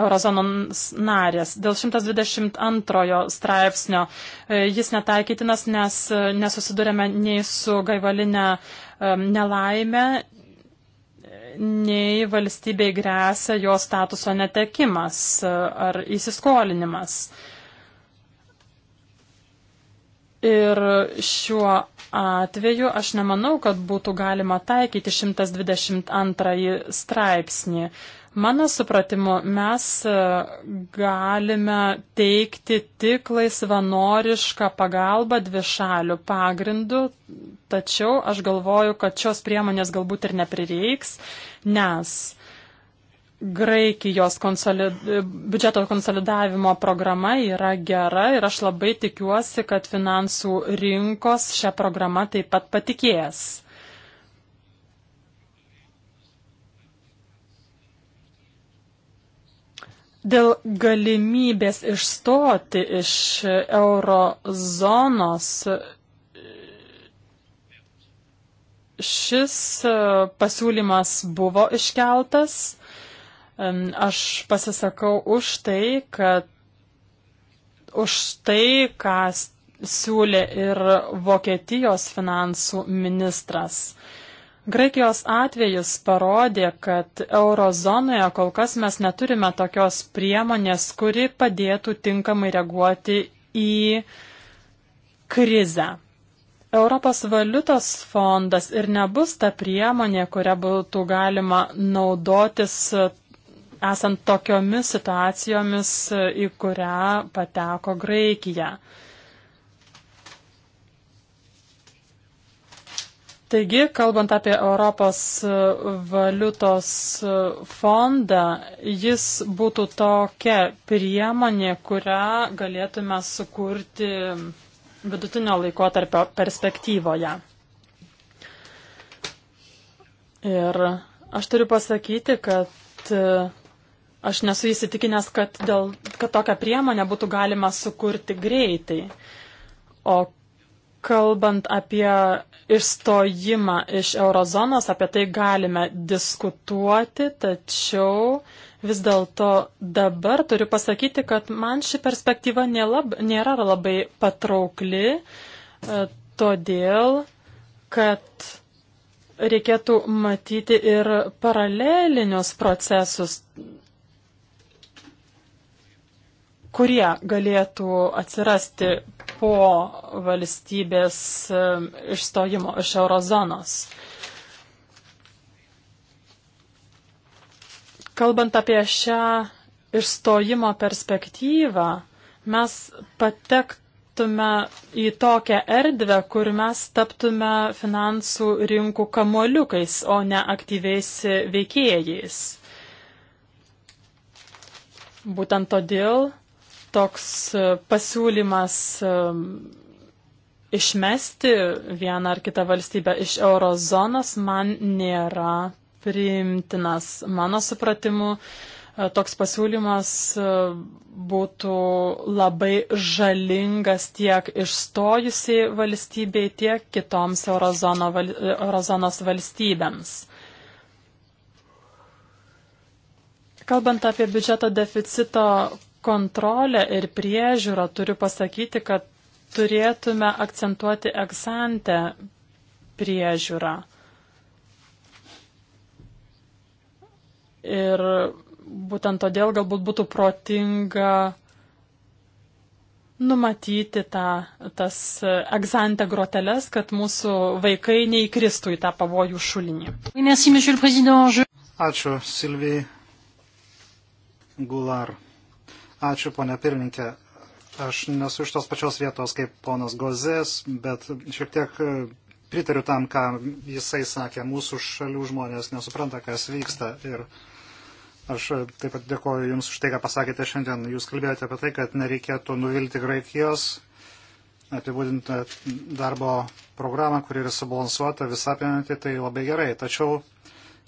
Eurozonos narės. Dėl 122 straipsnio e, jis netaikytinas, nes e, nesusidurėme nei su gaivalinė um, nelaime, nei valstybei grėsia jo statuso netekimas e, ar įsiskolinimas. Ir šiuo atveju aš nemanau, kad būtų galima taikyti 122 straipsnį. Mano supratimu, mes e, galime teikti tik laisvanorišką pagalbą dvišalių pagrindų, tačiau aš galvoju, kad šios priemonės galbūt ir neprireiks, nes Graikijos konsolid... biudžeto konsolidavimo programa yra gera ir aš labai tikiuosi, kad finansų rinkos šią programą taip pat patikės. Dėl galimybės išstoti iš eurozonos šis e, pasiūlymas buvo iškeltas. Aš pasisakau už tai, kad už tai, ką siūlė ir Vokietijos finansų ministras. Graikijos atvejis parodė, kad eurozonoje kol kas mes neturime tokios priemonės, kuri padėtų tinkamai reaguoti į krizę. Europos valiutos fondas ir nebus ta priemonė, kurią būtų galima naudotis esant tokiomis situacijomis, į kurią pateko Graikija. Taigi, kalbant apie Europos valiutos fondą, jis būtų tokia priemonė, kurią galėtume sukurti vidutinio laikotarpio perspektyvoje. Ir aš turiu pasakyti, kad Aš nesu įsitikinęs, kad, dėl, kad tokią priemonę būtų galima sukurti greitai. O kalbant apie išstojimą iš eurozonos, apie tai galime diskutuoti, tačiau vis dėlto dabar turiu pasakyti, kad man ši perspektyva nelab, nėra labai patraukli, e, todėl, kad reikėtų matyti ir paralelinius procesus kurie galėtų atsirasti po valstybės išstojimo iš eurozonos. Kalbant apie šią išstojimo perspektyvą, mes patektume į tokią erdvę, kur mes taptume finansų rinkų kamoliukais, o ne aktyviais veikėjais. Būtent todėl toks e, pasiūlymas e, išmesti vieną ar kitą valstybę iš eurozonos man nėra priimtinas. Mano supratimu, e, toks pasiūlymas būtų labai žalingas tiek išstojusiai valstybei, tiek kitoms eurozono, eurozonos valstybėms. Kalbant apie biudžeto deficito kontrolę ir priežiūrą turiu pasakyti, kad turėtume akcentuoti eksantę priežiūrą. Ir būtent todėl galbūt būtų protinga numatyti tą, tas egzantę groteles, kad mūsų vaikai neįkristų į tą pavojų šulinį. Ačiū, Silvijai Gular. Ačiū, ponia pirmininkė. Aš nesu iš tos pačios vietos kaip ponas Gozės, bet šiek tiek e, pritariu tam, ką jisai sakė. Mūsų šalių žmonės nesupranta, kas vyksta. Ir aš e, taip pat dėkoju Jums už tai, ką pasakėte šiandien. Jūs kalbėjote apie tai, kad nereikėtų nuvilti Graikijos, apibūdinti darbo programą, kuri yra subalansuota, visapimanti, tai labai gerai. Tačiau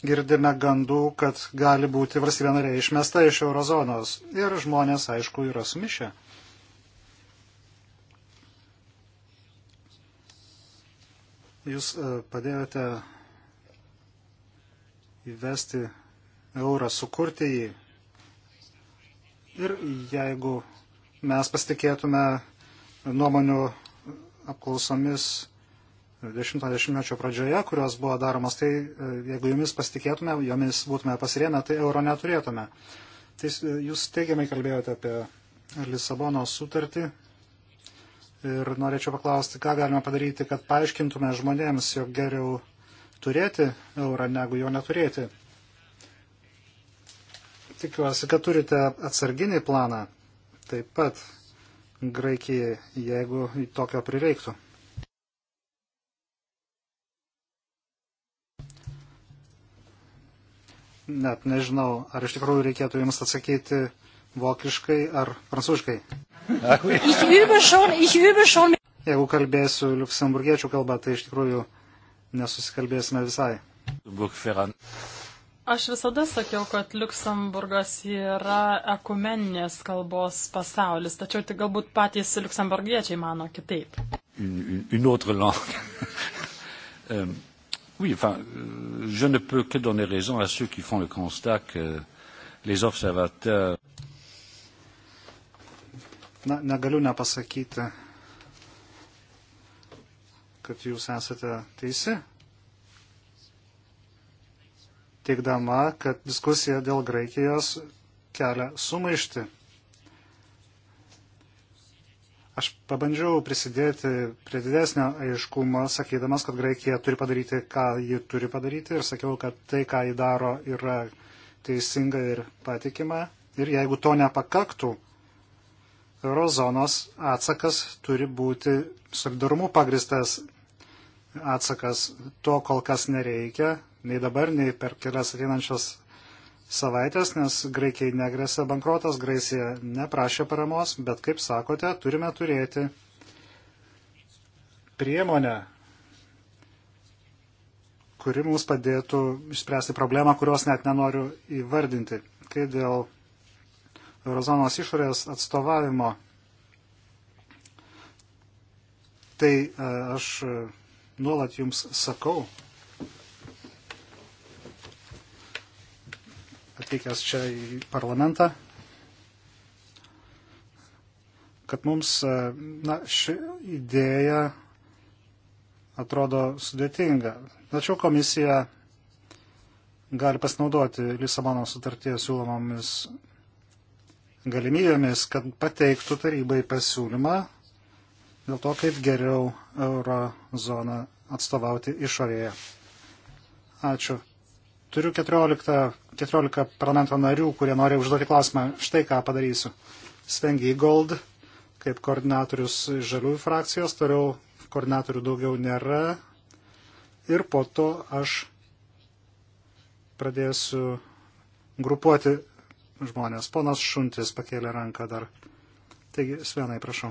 girdime gandų, kad gali būti valstybė narė išmesta iš eurozonos. Ir žmonės, aišku, yra sumišę. Jūs e, padėjote įvesti eurą, sukurti jį. Ir jeigu mes pasitikėtume nuomonių apklausomis 10-mečio pradžioje, kurios buvo daromas, tai e, jeigu jomis pasitikėtume, jomis būtume pasirėmę, tai euro neturėtume. Tai e, jūs teigiamai kalbėjote apie Lisabono sutartį ir norėčiau paklausti, ką galime padaryti, kad paaiškintume žmonėms, jog geriau turėti eurą negu jo neturėti. Tikiuosi, kad turite atsarginį planą taip pat Graikijai, jeigu tokio prireiktų. net nežinau, ar iš tikrųjų reikėtų jums atsakyti vokiškai ar prancūziškai. Jeigu kalbėsiu liuksemburgiečių kalbą, tai iš tikrųjų nesusikalbėsime visai. Aš visada sakiau, kad Luksemburgas yra ekumeninės kalbos pasaulis, tačiau tik galbūt patys liuksemburgiečiai mano kitaip. Une, une autre langue. um. Oui, enfin, euh, je ne peux que donner raison à ceux qui font le constat que les observateurs. Na, negaliu nepasakyti, kad jūs esate teisi, teikdama, kad diskusija dėl Graikijos kelia sumaišti. Aš pabandžiau prisidėti prie didesnio aiškumo, sakydamas, kad Graikija turi padaryti, ką ji turi padaryti ir sakiau, kad tai, ką ji daro, yra teisinga ir patikima. Ir jeigu to nepakaktų, eurozonos atsakas turi būti solidarumu pagristas atsakas. To kol kas nereikia, nei dabar, nei per kelias ateinančias savaitės, nes Graikijai negresia bankrotas, Graikija neprašė paramos, bet kaip sakote, turime turėti priemonę, kuri mums padėtų išspręsti problemą, kurios net nenoriu įvardinti. Kai dėl Eurozonos išorės atstovavimo, tai e, aš e, nuolat jums sakau, atvykęs čia į parlamentą, kad mums e, na, ši idėja atrodo sudėtinga. Tačiau komisija gali pasinaudoti Lisabono sutarties siūlomomis galimybėmis, kad pateiktų tarybai pasiūlymą dėl to, kaip geriau eurozoną atstovauti išorėje. Ačiū. Turiu 14 14 parlamento narių, kurie nori užduoti klausimą. Štai ką padarysiu. Svengi Gold, kaip koordinatorius žaliųjų frakcijos, toliau koordinatorių daugiau nėra. Ir po to aš pradėsiu grupuoti žmonės. Ponas Šuntis pakėlė ranką dar. Taigi, Svenai, prašau.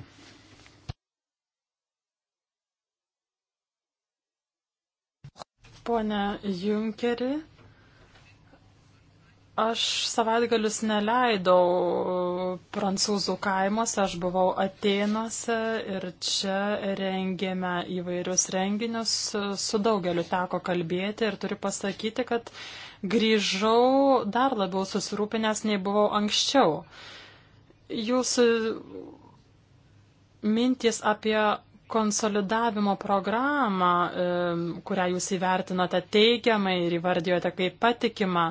Pone Junkeri, Aš savaitgalius neleidau prancūzų kaimuose, aš buvau Atenuose ir čia rengėme įvairius renginius, su daugeliu teko kalbėti ir turiu pasakyti, kad grįžau dar labiau susirūpinęs, nei buvau anksčiau. Jūsų mintys apie konsolidavimo programą, kurią jūs įvertinote teigiamai ir įvardijote kaip patikimą,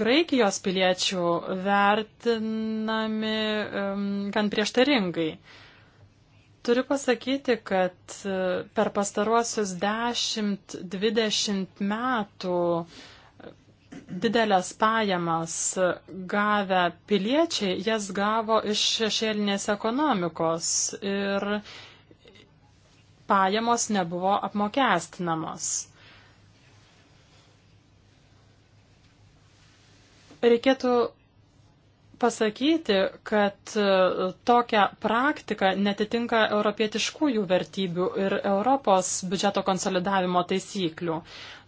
Graikijos piliečių vertinami gan prieštaringai. Turiu pasakyti, kad e, per pastaruosius 10-20 metų e, didelės pajamas gavę piliečiai jas gavo iš šešėlinės ekonomikos ir pajamos nebuvo apmokestinamos. Reikėtų pasakyti, kad e, tokia praktika netitinka europietiškųjų vertybių ir Europos biudžeto konsolidavimo taisyklių.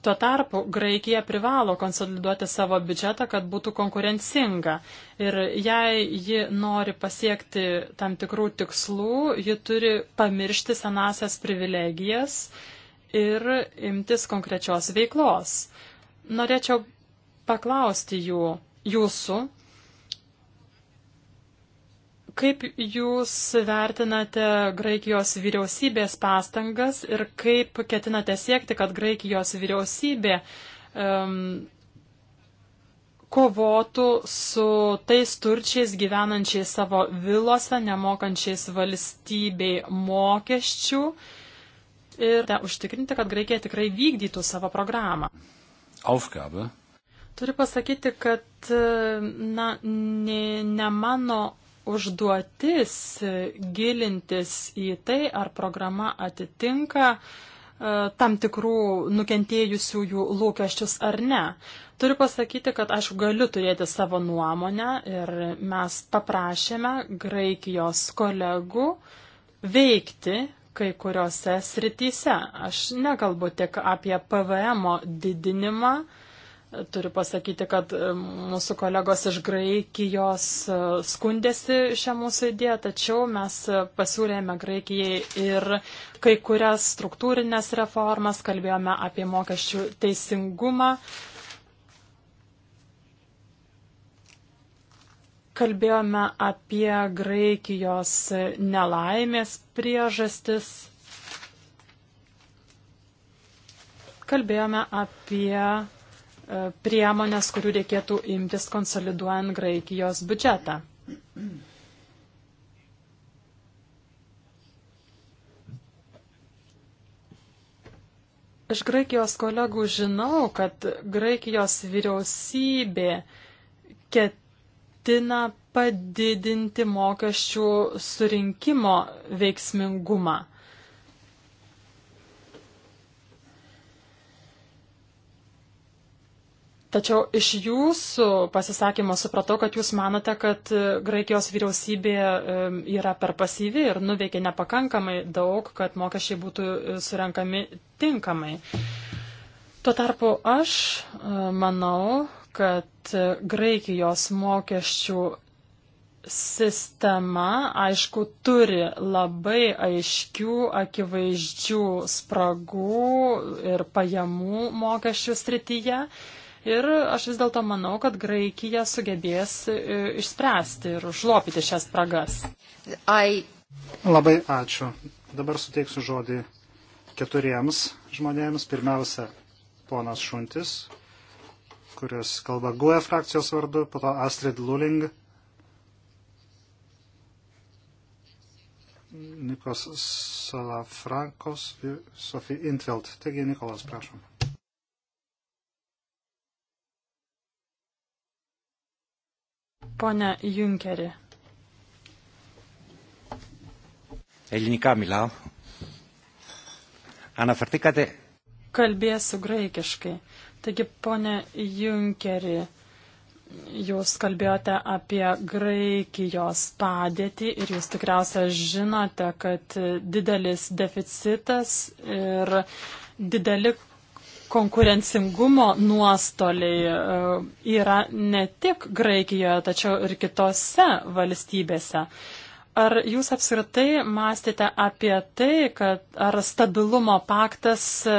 Tuo tarpu Graikija privalo konsoliduoti savo biudžetą, kad būtų konkurencinga. Ir jei ji nori pasiekti tam tikrų tikslų, ji turi pamiršti senasias privilegijas ir imtis konkrečios veiklos. Norėčiau paklausti jų, jūsų. Kaip jūs vertinate Graikijos vyriausybės pastangas ir kaip ketinate siekti, kad Graikijos vyriausybė um, kovotų su tais turčiais gyvenančiais savo vilose, nemokančiais valstybei mokesčių ir te, užtikrinti, kad Graikija tikrai vykdytų savo programą? Aufgabe Turiu pasakyti, kad na, ne, ne mano užduotis gilintis į tai, ar programa atitinka e, tam tikrų nukentėjusiųjų lūkesčius ar ne. Turiu pasakyti, kad aš galiu turėti savo nuomonę ir mes paprašėme Graikijos kolegų veikti kai kuriuose srityse. Aš nekalbu tik apie PVM didinimą, Turiu pasakyti, kad e, mūsų kolegos iš Graikijos e, skundėsi šią mūsų idėją, tačiau mes e, pasiūlėme Graikijai ir kai kurias struktūrinės reformas, kalbėjome apie mokesčių teisingumą, kalbėjome apie Graikijos nelaimės priežastis, kalbėjome apie priemonės, kurių reikėtų imtis konsoliduojant Graikijos biudžetą. Iš Graikijos kolegų žinau, kad Graikijos vyriausybė ketina padidinti mokesčių surinkimo veiksmingumą. Tačiau iš jūsų pasisakymo supratau, kad jūs manote, kad e, Graikijos vyriausybė e, yra per pasyvi ir nuveikia nepakankamai daug, kad mokesčiai būtų e, surenkami tinkamai. Tuo tarpu aš manau, kad Graikijos mokesčių sistema, aišku, turi labai aiškių, akivaizdžių spragų ir pajamų mokesčių srityje. Ir aš vis dėlto manau, kad Graikija sugebės e, išspręsti ir užlopyti šias spragas. I... Labai ačiū. Dabar suteiksiu žodį keturiems žmonėms. Pirmiausia, ponas Šuntis, kuris kalba GUE frakcijos vardu, po to Astrid Luling, Nikos Salafrankos ir Sofija Intveld. Taigi, Nikolas, prašom. Pone Junkeri. Ελληνικά μιλάω. Αναφερθήκατε. Kalbėsiu graikiškai. Taigi, ponė Junkeri, jūs kalbėjote apie Graikijos padėtį ir jūs tikriausiai žinote, kad didelis deficitas ir dideli konkurencingumo nuostoliai e, yra ne tik Graikijoje, tačiau ir kitose valstybėse. Ar jūs apskritai mąstėte apie tai, kad ar stabilumo paktas e,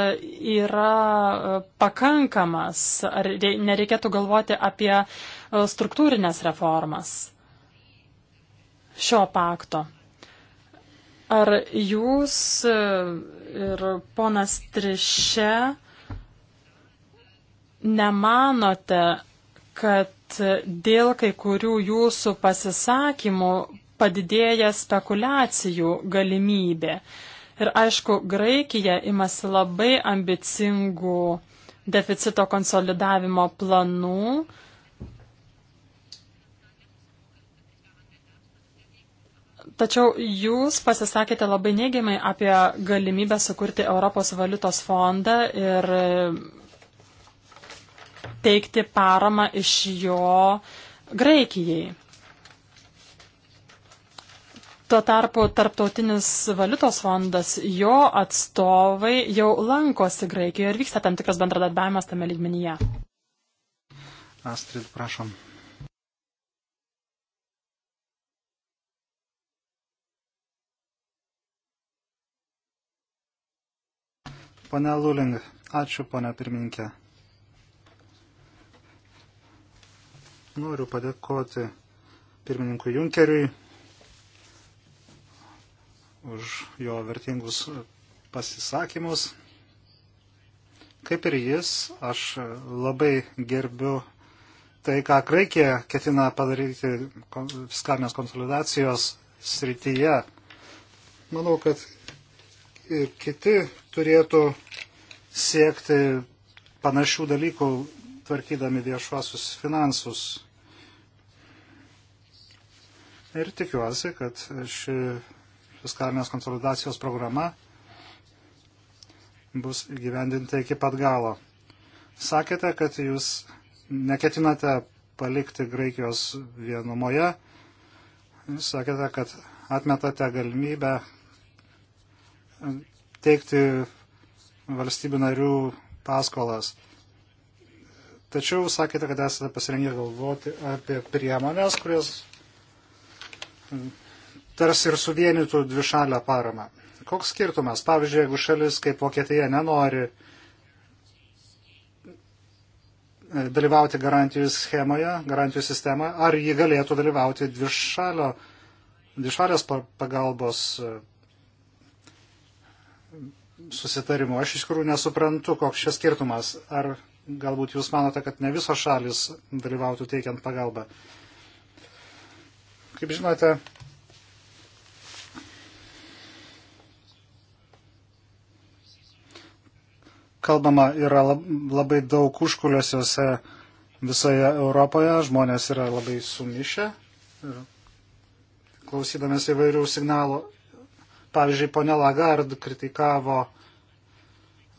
yra e, pakankamas, ar nereikėtų galvoti apie struktūrinės reformas šio pakto? Ar jūs ir ponas Trišė nemanote, kad dėl kai kurių jūsų pasisakymų padidėja spekulacijų galimybė. Ir aišku, Graikija imasi labai ambicingų deficito konsolidavimo planų. Tačiau jūs pasisakėte labai neigiamai apie galimybę sukurti Europos valiutos fondą ir teikti paramą iš jo Graikijai. Tuo tarpu Tarptautinis valiutos fondas, jo atstovai jau lankosi Graikijoje ir vyksta tam tikras bendradarbiavimas tame lygmenyje. Astrid, prašom. Pane Luling, ačiū, pane pirmininkė. Noriu padėkoti pirmininkui Junkeriui už jo vertingus pasisakymus. Kaip ir jis, aš labai gerbiu tai, ką Graikija ketina padaryti fiskalinės konsolidacijos srityje. Manau, kad ir kiti turėtų siekti panašių dalykų tvarkydami viešuosius finansus. Ir tikiuosi, kad ši fiskalinės konsolidacijos programa bus įgyvendinta iki pat galo. Sakėte, kad jūs neketinate palikti Graikijos vienumoje. Jūs sakėte, kad atmetate galimybę teikti valstybių narių paskolas. Tačiau sakėte, kad esate pasirengę galvoti apie priemonės, kurios tarsi ir suvienytų dvišalę paramą. Koks skirtumas? Pavyzdžiui, jeigu šalis kaip Vokietija nenori e, dalyvauti garantijų schemoje, garantijų sistemoje, ar ji galėtų dalyvauti dvišalio, dvišalės pagalbos e, susitarimu. Aš iš tikrųjų nesuprantu, koks čia skirtumas. Ar galbūt jūs manote, kad ne visos šalis dalyvautų teikiant pagalbą. Kaip žinote, kalbama yra labai daug užkuliuosiuose visoje Europoje, žmonės yra labai sumišę, klausydamės įvairių signalų. Pavyzdžiui, ponia Lagard kritikavo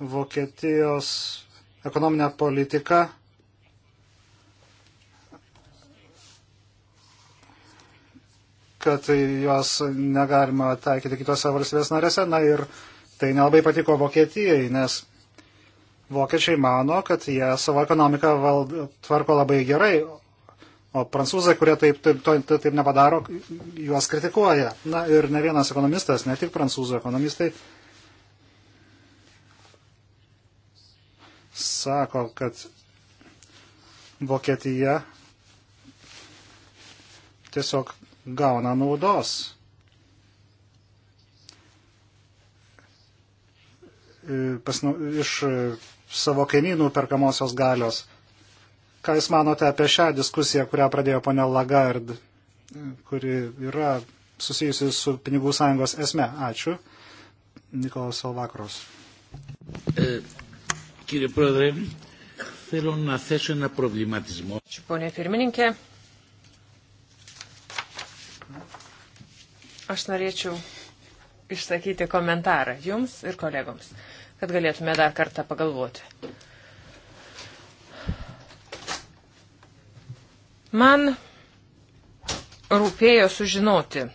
Vokietijos ekonominę politiką. kad jos negalima taikyti kitose valstybės narėse. Na ir tai nelabai patiko Vokietijai, nes vokiečiai mano, kad jie savo ekonomiką vald, tvarko labai gerai, o prancūzai, kurie taip, taip, taip, taip nepadaro, juos kritikuoja. Na ir ne vienas ekonomistas, ne tik prancūzų ekonomistai, sako, kad Vokietija tiesiog gauna naudos. Pasinu, iš savo kaimynų perkamosios galios. Ką Jūs manote apie šią diskusiją, kurią pradėjo ponia Lagard, kuri yra susijusi su pinigų sąjungos esme? Ačiū. Nikolas Salvakros. E Κύριε Πρόεδρε, θέλω να θέσω ένα προβληματισμό. Ačiū, ponė pirmininkė. Aš norėčiau išsakyti komentarą jums ir kolegoms, kad galėtume dar kartą pagalvoti. Man rūpėjo sužinoti,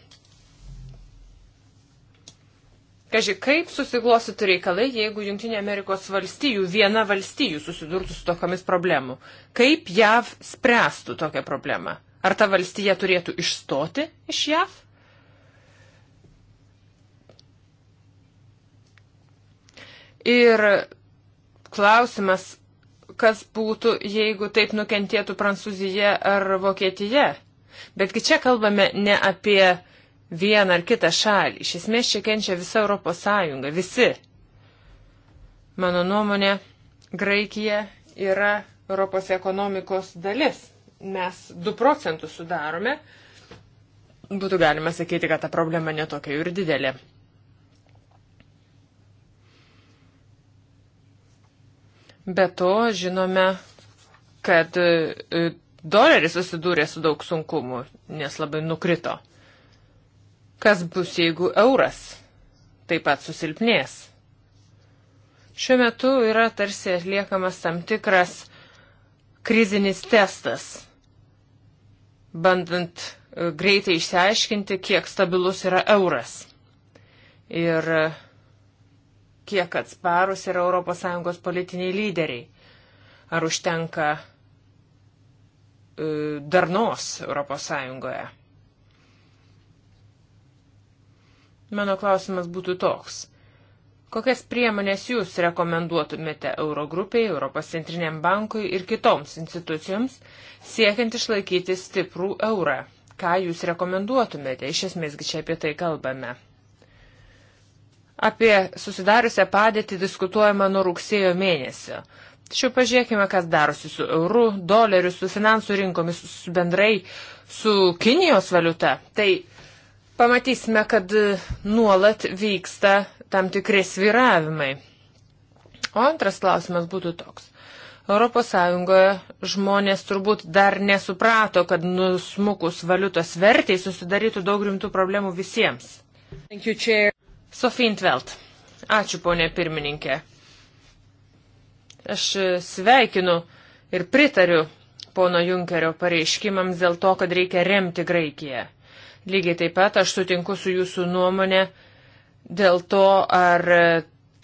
Kaži, kaip susiklostytų reikalai, jeigu Junktinė Amerikos valstijų, viena valstijų susidurtų su tokiamis problemu? Kaip JAV spręstų tokią problemą? Ar ta valstija turėtų išstoti iš JAV? Ir klausimas, kas būtų, jeigu taip nukentėtų Prancūzija ar Vokietija? Betgi čia kalbame ne apie vieną ar kitą šalį. Iš esmės čia kenčia visa Europos Sąjunga, visi. Mano nuomonė, Graikija yra Europos ekonomikos dalis. Mes 2 procentus sudarome. Būtų galima sakyti, kad ta problema netokia ir didelė. Be to, žinome, kad e, e, doleris susidūrė su daug sunkumų, nes labai nukrito. Kas bus, jeigu euras taip pat susilpnės? Šiuo metu yra tarsi atliekamas tam tikras krizinis testas, bandant e, greitai išsiaiškinti, kiek stabilus yra euras ir e, kiek atsparus yra ES politiniai lyderiai. Ar užtenka e, darnos ES? Mano klausimas būtų toks. Kokias priemonės jūs rekomenduotumėte Eurogrupiai, Europos centriniam bankui ir kitoms institucijoms, siekiant išlaikyti stiprų eurą? Ką jūs rekomenduotumėte? Iš esmėsgi čia apie tai kalbame. Apie susidariusią padėtį diskutuojama nuo rugsėjo mėnesio. Tačiau pažiūrėkime, kas darosi su euru, doleriu, su finansų rinkomis, su bendrai, su Kinijos valiuta. Tai pamatysime, kad nuolat vyksta tam tikri sviravimai. O antras klausimas būtų toks. ES žmonės turbūt dar nesuprato, kad nusmukus valiutos vertėjai susidarytų daug rimtų problemų visiems. Sofintvelt. Ačiū, ponė pirmininkė. Aš sveikinu ir pritariu pono Junkerio pareiškimams dėl to, kad reikia remti Graikiją. Lygiai taip pat aš sutinku su jūsų nuomonė dėl to, ar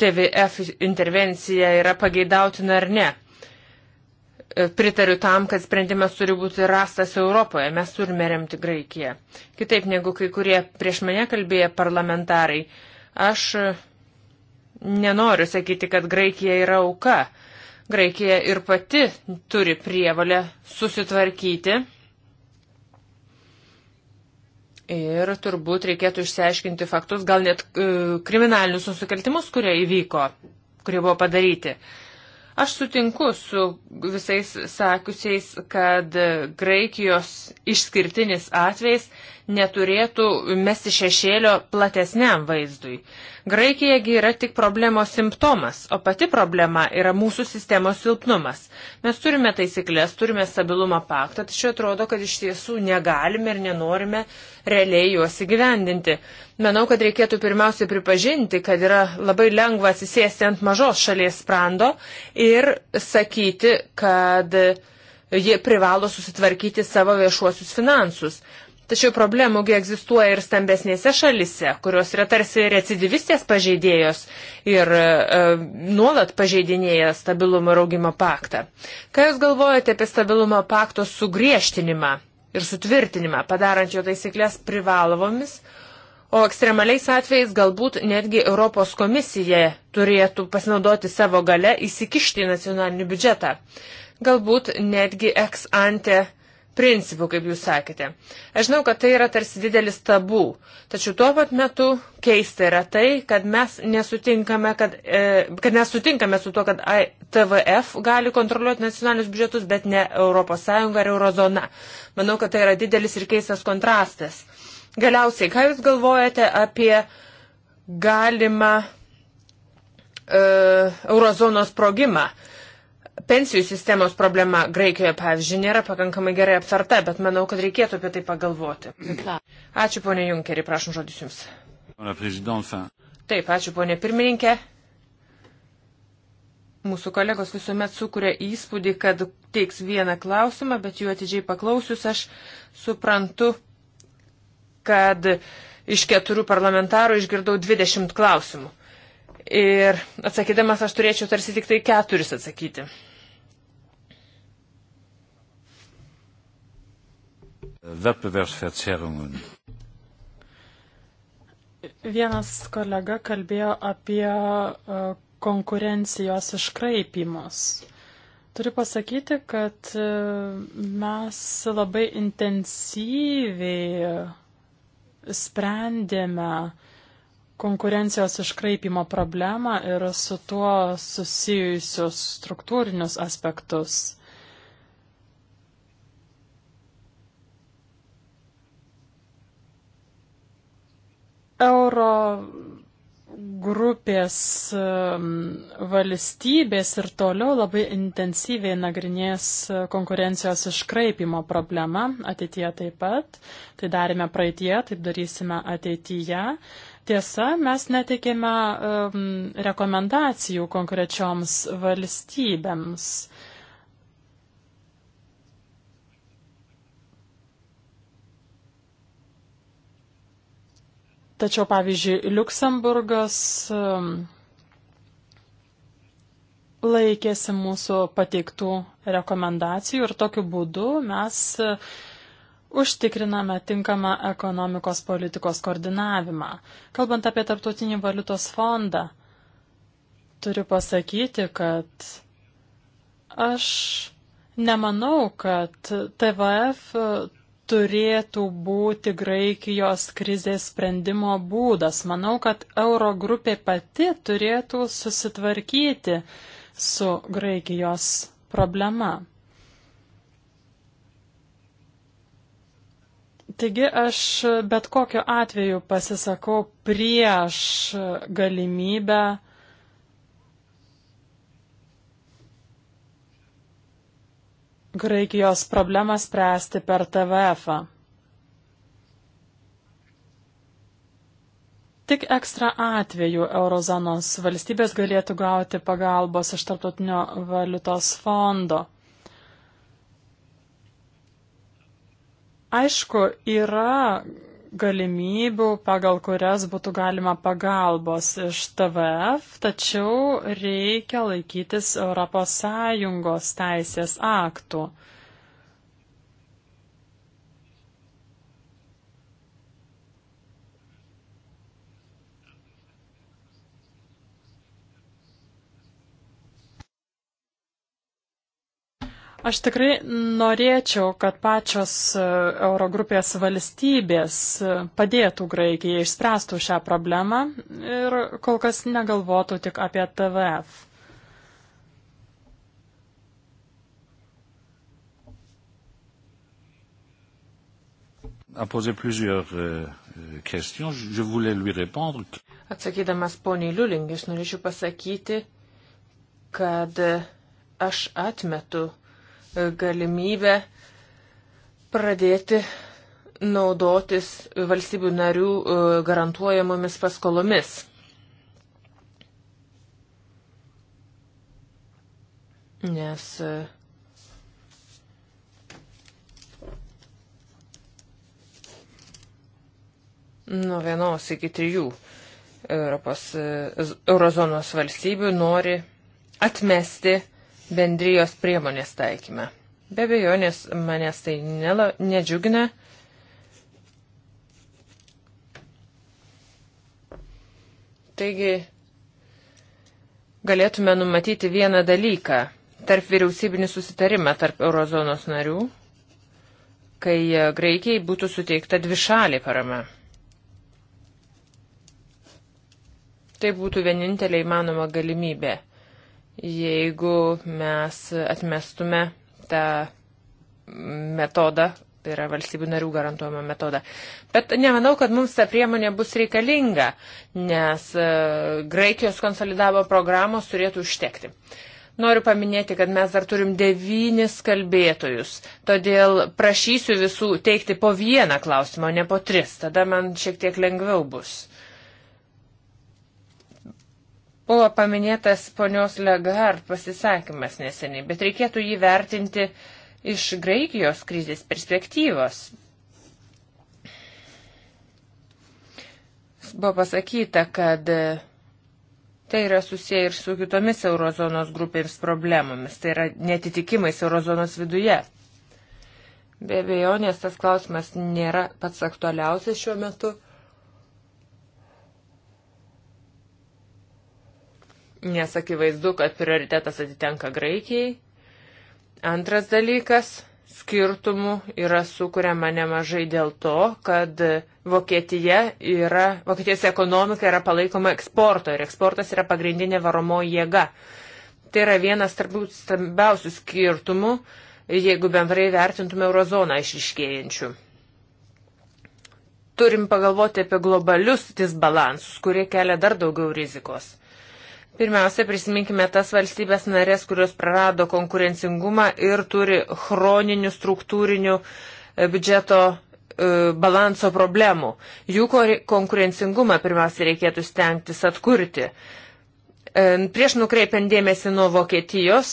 TVF intervencija yra pageidautina ar ne. E, pritariu tam, kad sprendimas turi būti rastas Europoje, mes turime remti Graikiją. Kitaip negu kai kurie prieš mane kalbėję parlamentarai, aš nenoriu sakyti, kad Graikija yra auka. Graikija ir pati turi prievalę susitvarkyti Ir turbūt reikėtų išsiaiškinti faktus, gal net e, kriminalinius nusikaltimus, kurie įvyko, kurie buvo padaryti. Aš sutinku su visais sakiusiais, kad Graikijos išskirtinis atvejs neturėtų mesti šešėlio platesniam vaizdui. Graikijagi yra tik problemos simptomas, o pati problema yra mūsų sistemos silpnumas. Mes turime taisyklės, turime stabilumo paktą, tačiau atrodo, kad iš tiesų negalime ir nenorime realiai juos įgyvendinti. Manau, kad reikėtų pirmiausiai pripažinti, kad yra labai lengva atsisėsti ant mažos šalies sprando ir sakyti, kad jie privalo susitvarkyti savo viešuosius finansus. Tačiau problemųgi egzistuoja ir stambesnėse šalise, kurios yra tarsi recidivistės pažeidėjos ir e, nuolat pažeidinėja stabilumo ir augimo paktą. Ką Jūs galvojate apie stabilumo pakto sugriežtinimą ir sutvirtinimą, padarant jo taisyklės privalomomis, o ekstremaliais atvejais galbūt netgi Europos komisija turėtų pasinaudoti savo gale įsikišti į nacionalinį biudžetą? Galbūt netgi ex ante principų, kaip jūs sakėte. Aš žinau, kad tai yra tarsi didelis tabų, tačiau tuo pat metu keista yra tai, kad mes nesutinkame, kad, e, kad mes sutinkame su tuo, kad TVF gali kontroliuoti nacionalinius biudžetus, bet ne ES ar eurozona. Manau, kad tai yra didelis ir keistas kontrastas. Galiausiai, ką Jūs galvojate apie galimą e, eurozonos sprogimą? E, Pensijų sistemos problema Graikijoje, pavyzdžiui, nėra pakankamai gerai aptarta, bet manau, kad reikėtų apie tai pagalvoti. Ačiū, ponė Junkeri, prašom žodis Jums. Taip, ačiū, ponė pirmininkė. Mūsų kolegos visuomet sukuria įspūdį, kad teiks vieną klausimą, bet jų atidžiai paklausius aš suprantu, kad iš keturių parlamentarų išgirdau 20 klausimų. Ir atsakydamas aš turėčiau tarsi tik tai keturis atsakyti. Wettbewerbsverzerrungen. Vienas kolega kalbėjo apie e, konkurencijos iškraipimus. Turiu pasakyti, kad e, mes labai intensyviai sprendėme uh, konkurencijos iškraipimo problemą ir su tuo susijusius struktūrinius aspektus. Euro grupės um, valstybės ir toliau labai intensyviai nagrinės konkurencijos iškraipimo problemą ateityje taip pat. Tai darėme praeitie, taip darysime ateityje. Tiesa, mes netikime um, rekomendacijų konkrečioms valstybėms. Tačiau, pavyzdžiui, Luksemburgas um, laikėsi mūsų pateiktų rekomendacijų ir tokiu būdu mes Užtikriname tinkamą ekonomikos politikos koordinavimą. Kalbant apie Tarptautinį valiutos fondą, turiu pasakyti, kad aš nemanau, kad TVF turėtų būti Graikijos krizės sprendimo būdas. Manau, kad euro grupė pati turėtų susitvarkyti su Graikijos problema. Taigi aš bet kokiu atveju pasisakau prieš galimybę Graikijos problemą spręsti per TVF. -ą. Tik ekstra atveju eurozonos valstybės galėtų gauti pagalbos iš tarptautinio valiutos fondo. Aišku, yra galimybių, pagal kurias būtų galima pagalbos iš TVF, tačiau reikia laikytis ES teisės aktų. Aš tikrai norėčiau, kad pačios e, Eurogrupės valstybės e, padėtų Graikijai išspręstų šią problemą ir kol kas negalvotų tik apie TVF. Euh, euh, Atsakydamas poniai Liulingis, norėčiau pasakyti, kad e, aš atmetu galimybę pradėti naudotis valstybių narių e, garantuojamomis paskolomis. Nes e, nuo vienos iki trijų Europos e, eurozonos valstybių nori atmesti uh, bendrijos priemonės taikymą. Be abejonės manęs tai nela, nedžiugina. Taigi galėtume numatyti vieną dalyką - tarp vyriausybinį susitarimą tarp eurozonos narių, kai e, Graikijai būtų suteikta dvišalė parama. Tai būtų vienintelė įmanoma galimybė jeigu mes atmestume tą metodą, tai yra valstybių narių garantuojama metoda. Bet nemanau, kad mums ta priemonė bus reikalinga, nes e, Graikijos konsolidavo programos turėtų užtekti. Noriu paminėti, kad mes dar turim devynis kalbėtojus, todėl prašysiu visų teikti po vieną klausimą, o ne po tris, tada man šiek tiek lengviau bus. Buvo paminėtas ponios Legar pasisakymas neseniai, bet reikėtų jį vertinti iš Graikijos krizės perspektyvos. Buvo pasakyta, kad tai yra susiję ir su kitomis eurozonos grupėms problemomis, tai yra netitikimais eurozonos viduje. Be abejonės tas klausimas nėra pats aktualiausias šiuo metu. nes akivaizdu, kad prioritetas atitenka Graikijai. Antras dalykas - skirtumų yra sukuriama nemažai dėl to, kad Vokietija yra, Vokietijos ekonomika yra palaikoma eksporto ir eksportas yra pagrindinė varomoji jėga. Tai yra vienas turbūt stambiausių skirtumų, jeigu bendrai vertintume eurozoną išriškėjančių. Turim pagalvoti apie globalius disbalansus, kurie kelia dar daugiau rizikos. Pirmiausia, prisiminkime tas valstybės narės, kurios prarado konkurencingumą ir turi chroninių struktūrinių e, biudžeto e, balanso problemų. Jų konkurencingumą pirmiausia reikėtų stengtis atkurti. E, prieš nukreipiant dėmesį nuo Vokietijos,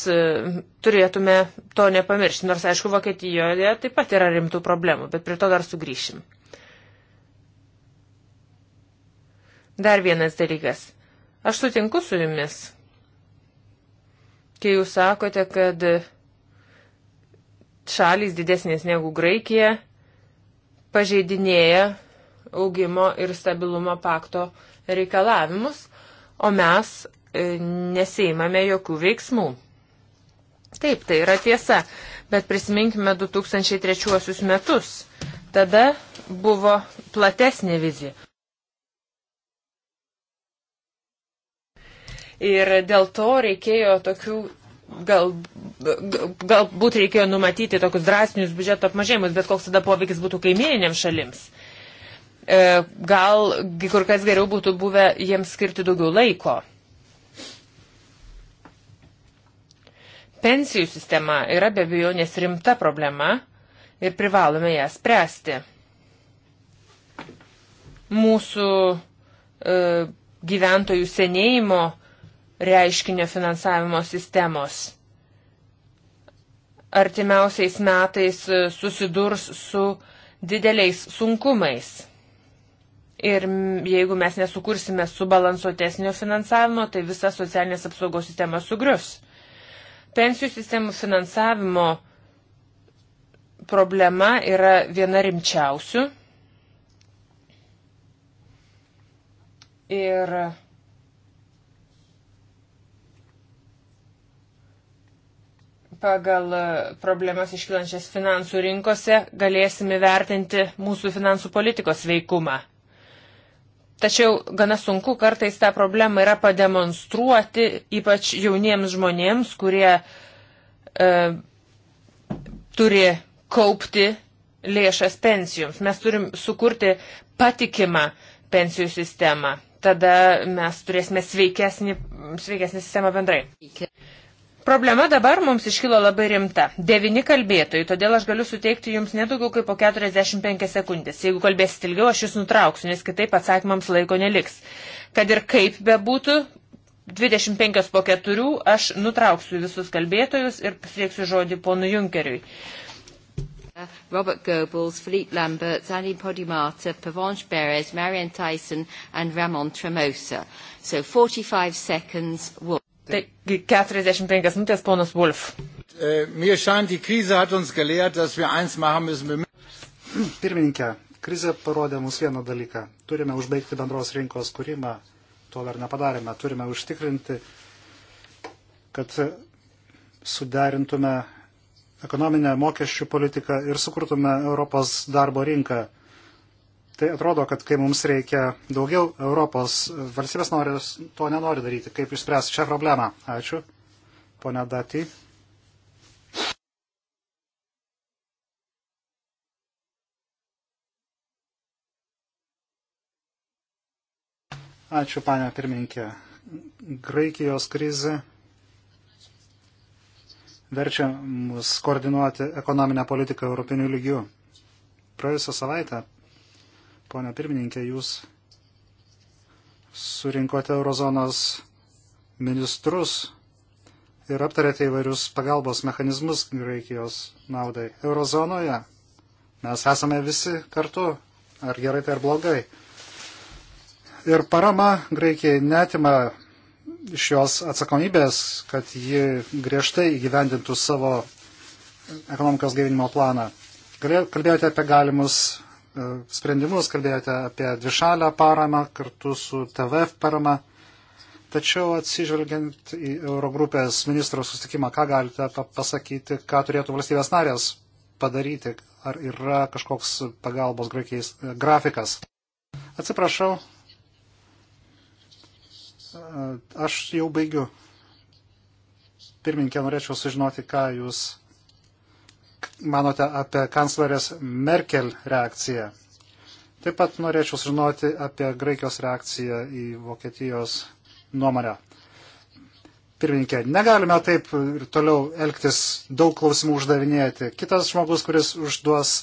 turėtume to nepamiršti, nors aišku, Vokietijoje taip pat yra rimtų problemų, bet prie to dar sugrįšim. Dar vienas dalykas Aš sutinku su jumis, kai jūs sakote, kad šalys didesnės negu Graikija pažeidinėja augimo ir stabilumo pakto reikalavimus, o mes e, nesėimame jokių veiksmų. Taip, tai yra tiesa, bet prisiminkime 2003 metus. Tada buvo platesnė vizija. Ir dėl to reikėjo tokių, gal, galbūt reikėjo numatyti tokius drąsnius biudžeto apmažėjimus, bet koks tada poveikis būtų kaimininėms šalims. E, gal kur kas geriau būtų buvę jiems skirti daugiau laiko. Pensijų sistema yra be abejonės rimta problema ir privalome ją spręsti. Mūsų e, gyventojų senėjimo e, reiškinio finansavimo sistemos. Artimiausiais metais susidurs su dideliais sunkumais. Ir jeigu mes nesukursime subalansuotesnio finansavimo, tai visa socialinės apsaugos sistema sugrius. Pensijų sistemų finansavimo problema yra viena rimčiausių. Ir pagal e, problemas iškilančias finansų rinkose galėsime vertinti mūsų finansų politikos veikumą. Tačiau gana sunku kartais tą problemą yra pademonstruoti, ypač jauniems žmonėms, kurie e, turi kaupti lėšas pensijoms. Mes turim sukurti patikimą pensijų sistemą. Tada mes turėsime sveikesnį, sveikesnį sistemą bendrai. Iki. Problema dabar mums iškilo labai rimta. Devini kalbėtojai, todėl aš galiu suteikti jums nedaugiau kaip po 45 sekundės. Jeigu kalbėsit ilgiau, aš jūs nutrauksiu, nes kitaip atsakymams laiko neliks. Kad ir kaip bebūtų, 25 po 4 aš nutrauksiu visus kalbėtojus ir pasieksiu žodį ponu Junkeriui. Robert Goebbels, Philippe Lamberts, Annie Podimata, Pavanche Beres, Marian Tyson and Ramon Tremosa. So 45 seconds. We'll Taigi 45 minutės, ponas Wolf. Äh, Pirmininkė, krizė parodė mums vieną dalyką. Turime užbaigti bendros rinkos kūrimą, to dar nepadarėme. Turime užtikrinti, kad suderintume ekonominę mokesčių politiką ir sukurtume Europos darbo rinką Tai atrodo, kad kai mums reikia daugiau Europos, valstybės norės to nenori daryti. Kaip išspręs šią problemą? Ačiū. Pone Dati. Ačiū, panė pirmininkė. Graikijos krizė verčia mus koordinuoti ekonominę politiką europinių lygių. Praėjusią savaitę Pone pirmininkė, jūs surinkote eurozonos ministrus ir aptarėte įvairius pagalbos mechanizmus Graikijos naudai. Eurozonoje mes esame visi kartu, ar gerai tai ar blogai. Ir parama Graikijai netima iš jos atsakomybės, kad ji griežtai įgyvendintų savo ekonomikos gaivinimo planą. Kalbėjote apie galimus E, sprendimus, kalbėjote apie dvišalę paramą kartu su TVF parama. Tačiau atsižvelgiant į Eurogrupės ministro sustikimą, ką galite pasakyti, ką turėtų valstybės narės padaryti, ar yra kažkoks pagalbos graikiais e, grafikas. Atsiprašau, e, aš jau baigiu. Pirminkė, norėčiau sužinoti, ką jūs manote apie kanclerės Merkel reakciją? Taip pat norėčiau sužinoti apie Graikijos reakciją į Vokietijos nuomonę. Pirmininkė, negalime taip ir toliau elgtis, daug klausimų uždavinėti. Kitas žmogus, kuris užduos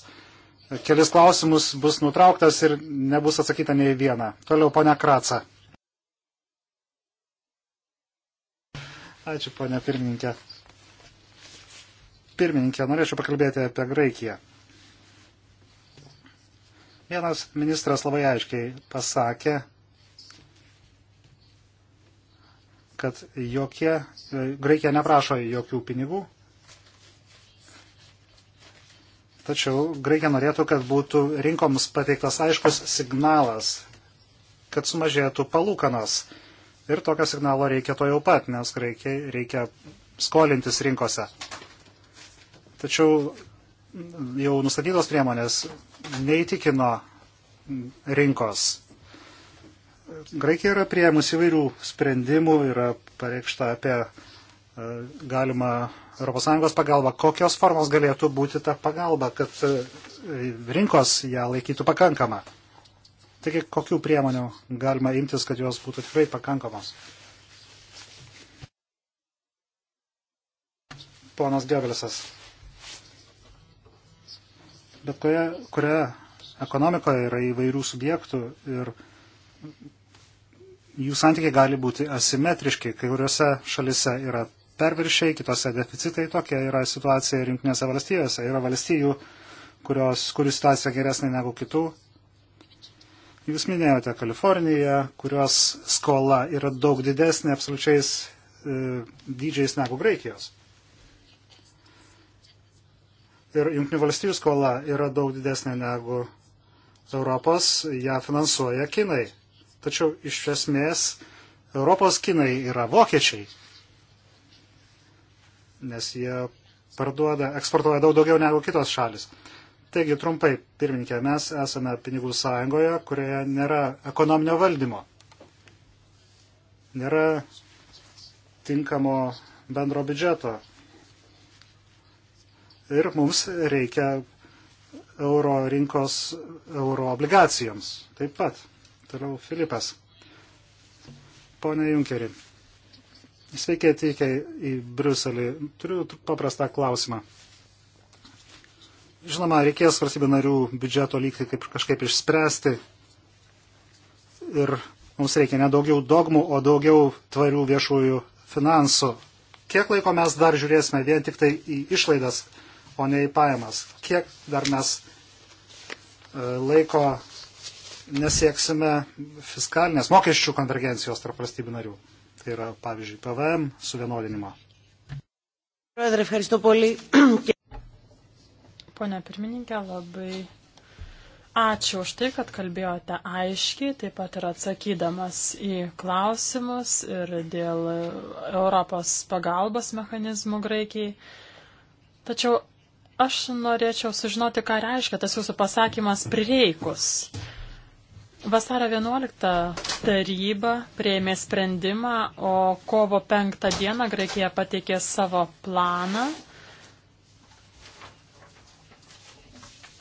kelis klausimus, bus nutrauktas ir nebus atsakyta nei vieną. Toliau, ponia Kratsa. Ačiū, ponia pirmininkė pirmininkė, norėčiau pakalbėti apie Graikiją. Vienas ministras labai aiškiai pasakė, kad jokie, Graikija neprašo jokių pinigų, tačiau Graikija norėtų, kad būtų rinkoms pateiktas aiškus signalas, kad sumažėtų palūkanos. Ir tokio signalo reikia to jau pat, nes Graikijai reikia skolintis rinkose. Tačiau jau nustatytos priemonės neįtikino rinkos. Graikija yra prieimus įvairių sprendimų, yra pareikšta apie e, galima ES pagalba. Kokios formos galėtų būti ta pagalba, kad e, rinkos ją laikytų pakankama? Taigi, kokių priemonių galima imtis, kad jos būtų tikrai pakankamos? Ponas Gebelisas bet koje, kurioje ekonomikoje yra įvairių subjektų ir jų santykiai gali būti asimetriški. Kai kuriuose šalise yra perviršiai, kitose deficitai. Tokia yra situacija rinktinėse valstijose. Yra valstijų, kurios, kurių situacija geresnė negu kitų. Jūs minėjote Kaliforniją, kurios skola yra daug didesnė absoliučiais e, dydžiais negu Graikijos ir Junktinių valstybių skola yra daug didesnė negu Europos, ją finansuoja Kinai. Tačiau iš esmės Europos Kinai yra vokiečiai, nes jie parduoda, eksportuoja daug daugiau negu kitos šalis. Taigi trumpai, pirmininkė, mes esame pinigų sąjungoje, kurioje nėra ekonominio valdymo, nėra tinkamo bendro biudžeto, ir mums reikia euro rinkos euro obligacijoms. Taip pat. Toliau Filipas. Pone Junkeri, sveiki atvykę į Briuselį. Turiu paprastą klausimą. Žinoma, reikės valstybių narių biudžeto lygti kaip kažkaip išspręsti. Ir mums reikia ne daugiau dogmų, o daugiau tvarių viešųjų finansų. Kiek laiko mes dar žiūrėsime vien tik tai į išlaidas, o ne į pajamas. Kiek dar mes e, laiko nesieksime fiskalinės mokesčių konvergencijos tarp valstybių narių. Tai yra, pavyzdžiui, PVM suvienodinimo. Pone pirmininkė, labai ačiū už tai, kad kalbėjote aiškiai, taip pat ir atsakydamas į klausimus ir dėl Europos pagalbos mechanizmų Graikijai. Tačiau Aš norėčiau sužinoti, ką reiškia tas jūsų pasakymas prireikus. Vasaro 11 taryba prieėmė sprendimą, o kovo 5 dieną Graikija pateikė savo planą.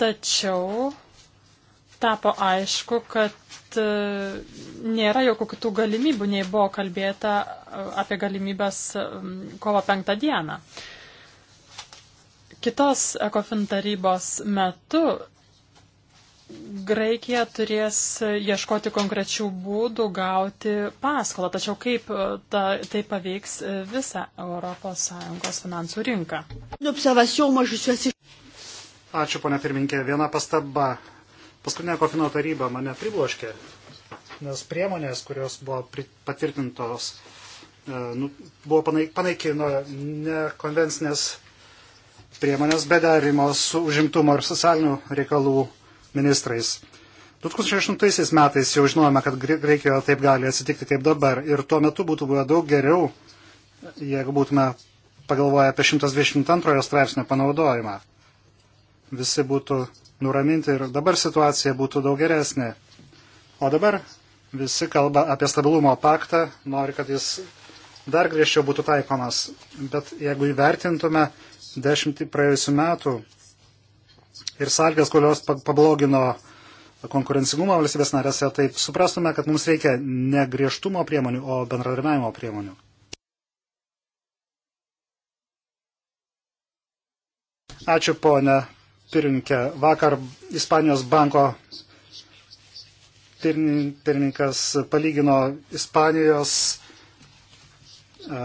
Tačiau tapo aišku, kad e, nėra jokių kitų galimybių, nei buvo kalbėta e, apie galimybės kovo 5 dieną. Kitos ECOFIN tarybos metu Graikija turės ieškoti konkrečių būdų gauti paskolą, tačiau kaip e, ta, tai paveiks visą ES finansų rinką? Ačiū, ponia pirminkė. Viena pastaba. Paskutinė kofino taryba mane pribloškė, nes priemonės, kurios buvo patvirtintos, e, nu, buvo panaikino nekonvencinės priemonės bedarimo su užimtumo ir socialinių reikalų ministrais. 2008 metais jau žinojome, kad Graikijoje taip gali atsitikti kaip dabar ir tuo metu būtų buvę daug geriau, jeigu būtume pagalvoję apie 122 straipsnio panaudojimą. Visi būtų nuraminti ir dabar situacija būtų daug geresnė. O dabar visi kalba apie stabilumo paktą, nori, kad jis dar griežčiau būtų taikomas. Bet jeigu įvertintume dešimtį praėjusių metų ir sąlygas, kurios pablogino konkurencingumą valstybės narėse, tai suprastume, kad mums reikia ne griežtumo priemonių, o bendradarbiavimo priemonių. Ačiū ponė pirmininkė. Vakar Ispanijos banko pirmininkas palygino Ispanijos e,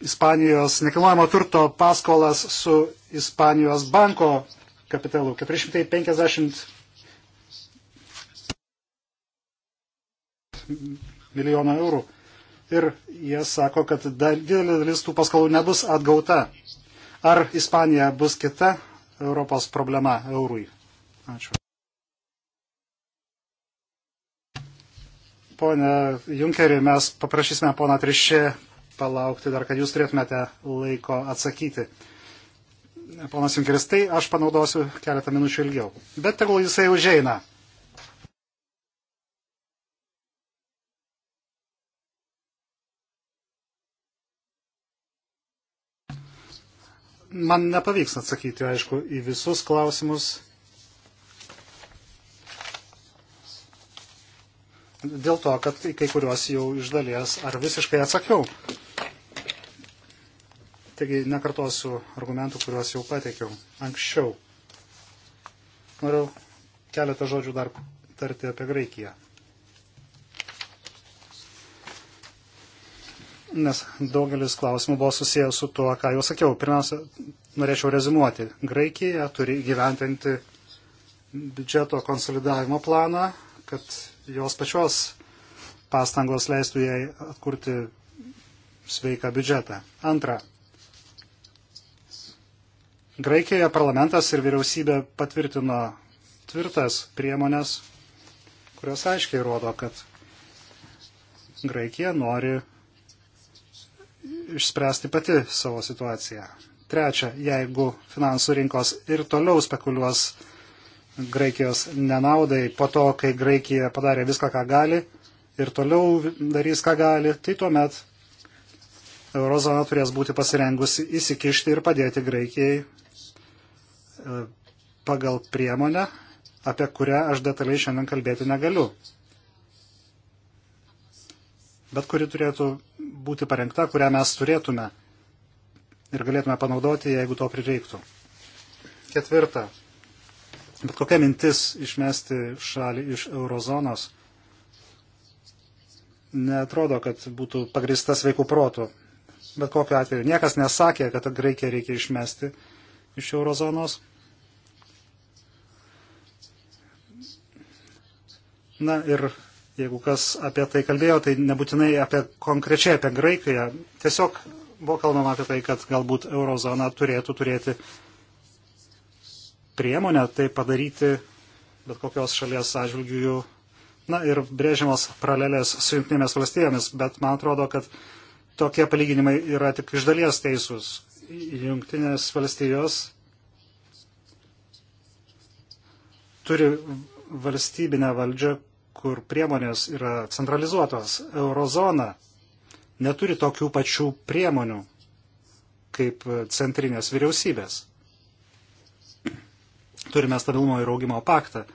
Ispanijos nekilnojamo turto paskolas su Ispanijos banko kapitalu. 450 milijonų eurų. Ir jie sako, kad didelė dalis tų paskolų nebus atgauta. Ar Ispanija bus kita Europos problema eurui? Ačiū. Pone Junkerį, mes paprašysime poną Trišė palaukti dar, kad jūs turėtumėte laiko atsakyti. Ponas Junkeris, tai aš panaudosiu keletą minučių ilgiau. Bet tegul jisai užeina. Man nepavyks atsakyti, aišku, į visus klausimus. dėl to, kad kai kuriuos jau iš dalies ar visiškai atsakiau. Taigi nekartosiu argumentų, kuriuos jau pateikiau anksčiau. Noriu keletą žodžių dar tarti apie Graikiją. Nes daugelis klausimų buvo susijęs su tuo, ką jau sakiau. Pirmiausia, norėčiau rezimuoti. Graikija turi gyventinti biudžeto konsolidavimo planą, kad jos pačios pastangos leistų jai atkurti sveiką biudžetą. Antra, Graikijoje parlamentas ir vyriausybė patvirtino tvirtas priemonės, kurios aiškiai rodo, kad Graikija nori išspręsti pati savo situaciją. Trečia, jeigu finansų rinkos ir toliau spekuliuos Graikijos nenaudai po to, kai Graikija padarė viską, ką gali ir toliau darys, ką gali, tai tuomet eurozona turės būti pasirengusi įsikišti ir padėti Graikijai E, pagal priemonę, apie kurią aš detaliai šiandien kalbėti negaliu. Bet kuri turėtų būti parengta, kurią mes turėtume ir galėtume panaudoti, jeigu to prireiktų. Ketvirta. Bet kokia mintis išmesti šalį iš eurozonos netrodo, kad būtų pagrista sveikų protų. Bet kokiu atveju niekas nesakė, kad Graikiją reikia išmesti iš eurozonos. Na ir jeigu kas apie tai kalbėjo, tai nebūtinai apie konkrečiai apie Graikiją. Tiesiog buvo kalbama apie tai, kad galbūt eurozona turėtų turėti priemonę tai padaryti bet kokios šalies atžvilgių. Na ir brėžiamas paralelės su jungtinėmis valstybėmis, bet man atrodo, kad tokie palyginimai yra tik iš dalies teisūs. Jungtinės valstijos turi valstybinę valdžią, kur priemonės yra centralizuotos. Eurozona neturi tokių pačių priemonių kaip centrinės vyriausybės. Turime stabilumo ir augimo paktą.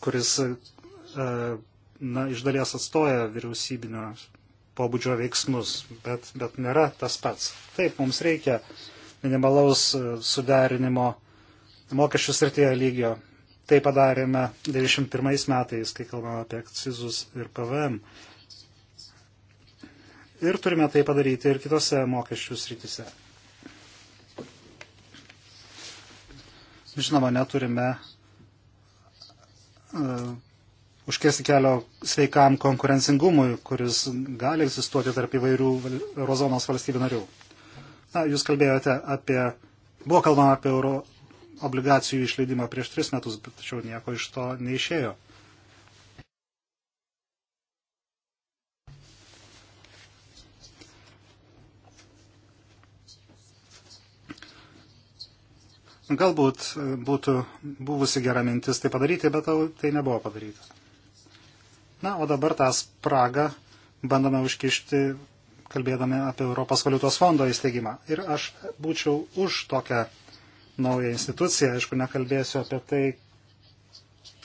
kuris e, na, iš dalies atstoja vyriausybinio pobūdžio veiksmus, bet, bet nėra tas pats. Taip, mums reikia uh, minimalaus e, suderinimo mokesčių srityje lygio. Tai padarėme 91 metais, kai kalbame apie akcizus ir PVM. Ir turime tai padaryti ir kitose mokesčių srityse. Žinoma, neturime uh, e, užkėsti kelio sveikam konkurencingumui, kuris gali egzistuoti tarp įvairių eurozonos valstybių narių. Na, jūs kalbėjote apie, buvo kalbama apie euro obligacijų išleidimą prieš tris metus, bet tačiau nieko iš to neišėjo. Galbūt būtų buvusi gera mintis tai padaryti, bet tai nebuvo padaryta. Na, o dabar tą spragą bandome užkišti kalbėdami apie Europos valiutos fondo įsteigimą. Ir aš būčiau už tokią naują instituciją, aišku, nekalbėsiu apie tai,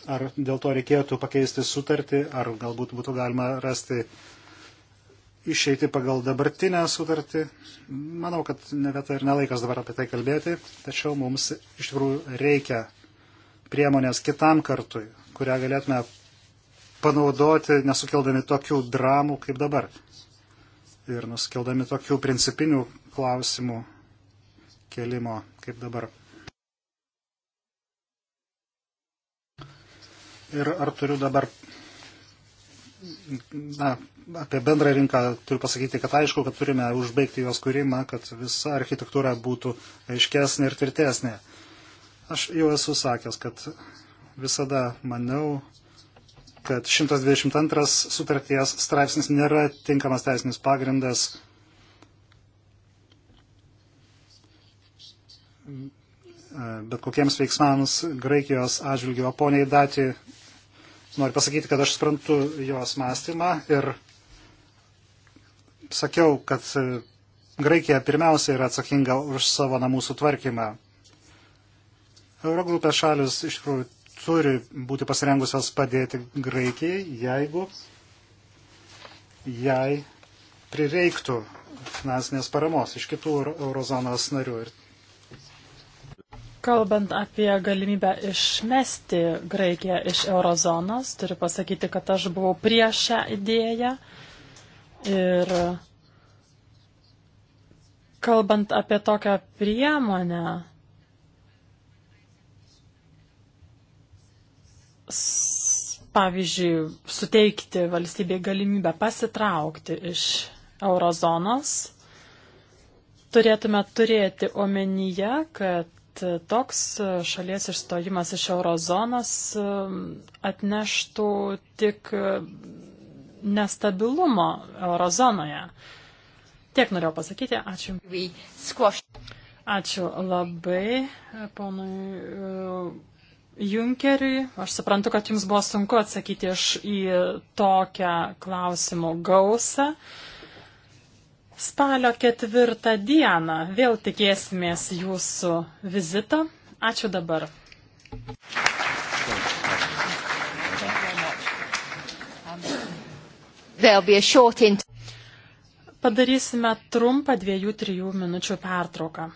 ar dėl to reikėtų pakeisti sutartį, ar galbūt būtų galima rasti išeiti pagal dabartinę sutartį. Manau, kad ne vieta ir nelaikas dabar apie tai kalbėti, tačiau mums iš tikrųjų reikia priemonės kitam kartui, kurią galėtume panaudoti, nesukeldami tokių dramų kaip dabar ir nuskeldami tokių principinių klausimų kelimo kaip dabar. Ir ar turiu dabar, na, apie bendrą rinką turiu pasakyti, kad aišku, kad turime užbaigti jos kūrimą, kad visa architektūra būtų aiškesnė ir tvirtesnė. Aš jau esu sakęs, kad visada maniau, kad 122 sutarties straipsnis nėra tinkamas teisinis pagrindas bet kokiems veiksmams Graikijos atžvilgiu. O poniai Dati, noriu pasakyti, kad aš suprantu jos mąstymą ir sakiau, kad Graikija pirmiausia yra atsakinga už savo namų sutvarkymą. Eurogrupės šalis iš tikrųjų turi būti pasirengusios padėti Graikijai, jeigu jai prireiktų finansinės paramos iš kitų eurozonos narių. Kalbant apie galimybę išmesti Graikiją iš eurozonos, turiu pasakyti, kad aš buvau prieš šią idėją. Ir kalbant apie tokią priemonę, pavyzdžiui, suteikti valstybei galimybę pasitraukti iš eurozonos, turėtume turėti omenyje, kad toks šalies išstojimas iš eurozonos atneštų tik nestabilumo eurozonoje. Tiek norėjau pasakyti. Ačiū. Ačiū labai, ponui Junkeriui. Aš suprantu, kad jums buvo sunku atsakyti iš į tokią klausimų gausą. Spalio ketvirtą dieną vėl tikėsimės jūsų vizito. Ačiū dabar. Padarysime trumpą dviejų, trijų minučių pertrauką.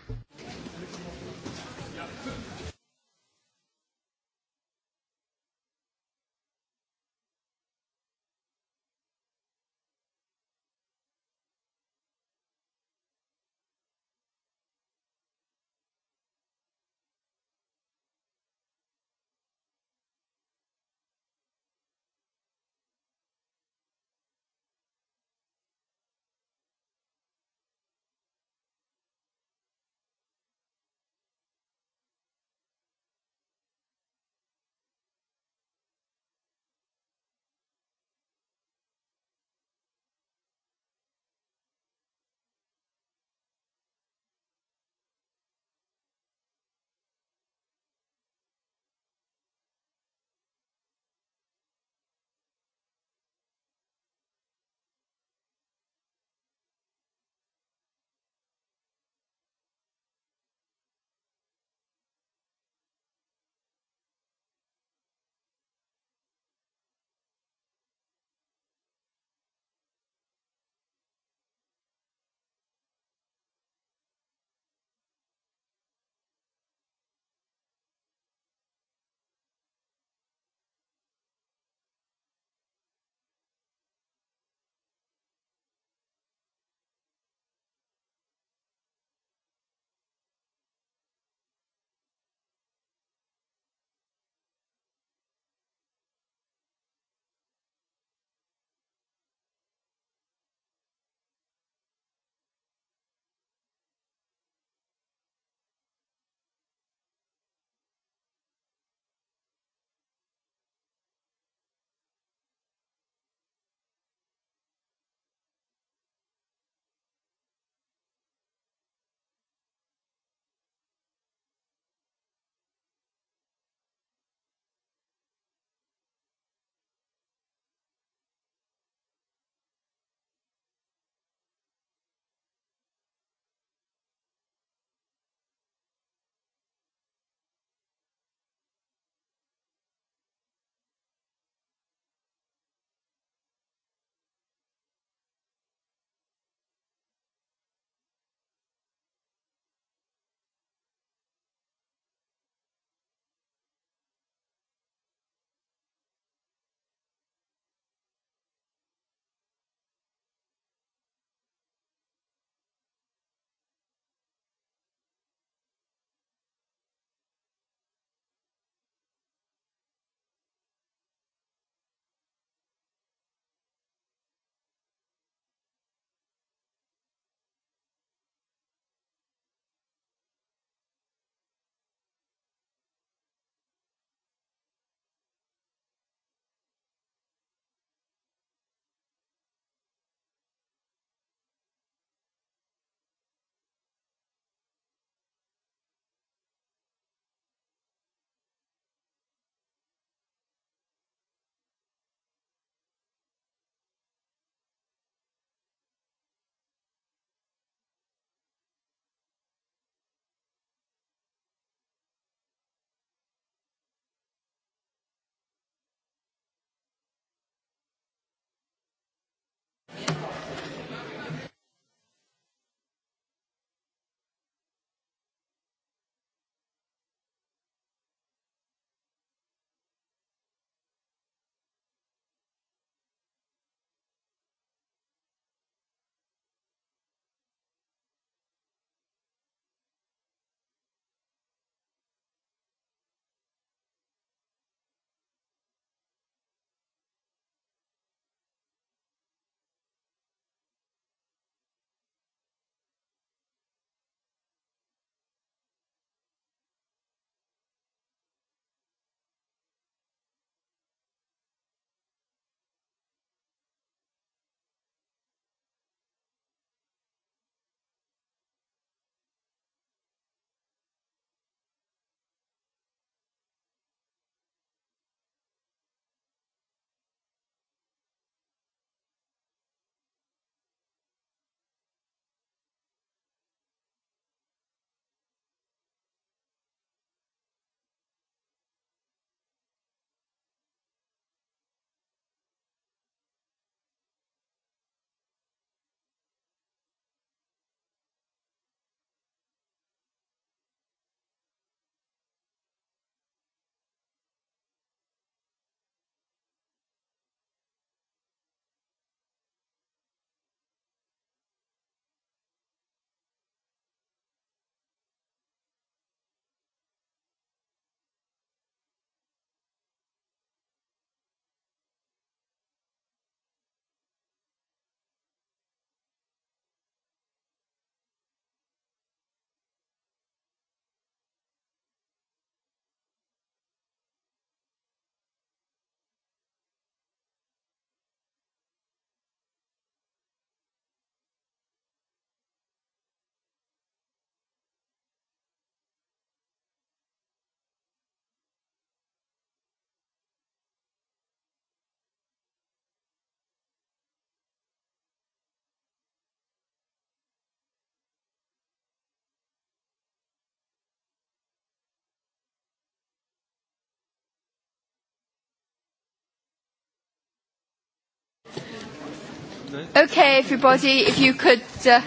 Okay, everybody, if you could uh,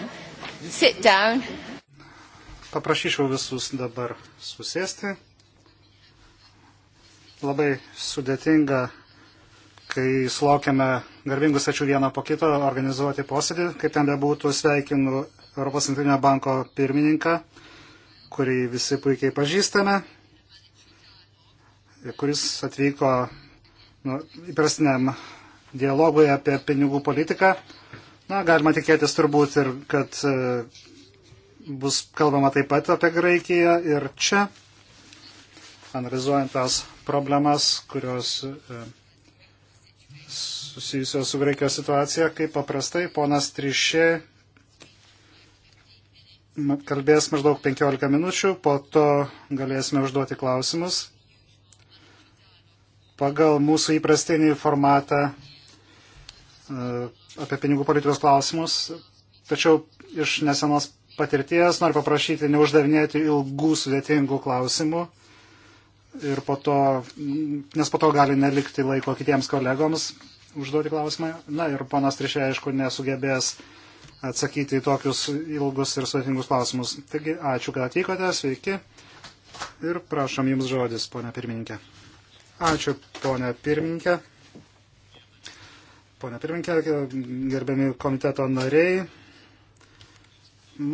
sit down. Paprašyčiau visus dabar susėsti. Labai sudėtinga, kai sulaukiame garbingų svečių vieną po kito organizuoti posėdį. Kaip ten bebūtų, sveikinu Europos centrinio banko pirmininką, kurį visi puikiai pažįstame, kuris atvyko nu, įprastiniam dialogui apie pinigų politiką. Na, galima tikėtis turbūt ir, kad e, bus kalbama taip pat apie Graikiją ir čia, analizuojant tas problemas, kurios e, susijusios su Graikijos situacija, kaip paprastai ponas Trišė kalbės maždaug 15 minučių, po to galėsime užduoti klausimus. Pagal mūsų įprastinį formatą E, apie pinigų politikos klausimus, tačiau iš nesenos patirties noriu paprašyti neuždavinėti ilgų sudėtingų klausimų ir po to, nes po to gali nelikti laiko kitiems kolegoms užduoti klausimą. Na ir ponas Trišė, aišku, nesugebės atsakyti į tokius ilgus ir sudėtingus klausimus. Taigi, ačiū, kad atvykote, sveiki ir prašom jums žodis, ponia pirmininkė. Ačiū, ponia pirmininkė. Pone pirmininkė, gerbiami komiteto nariai,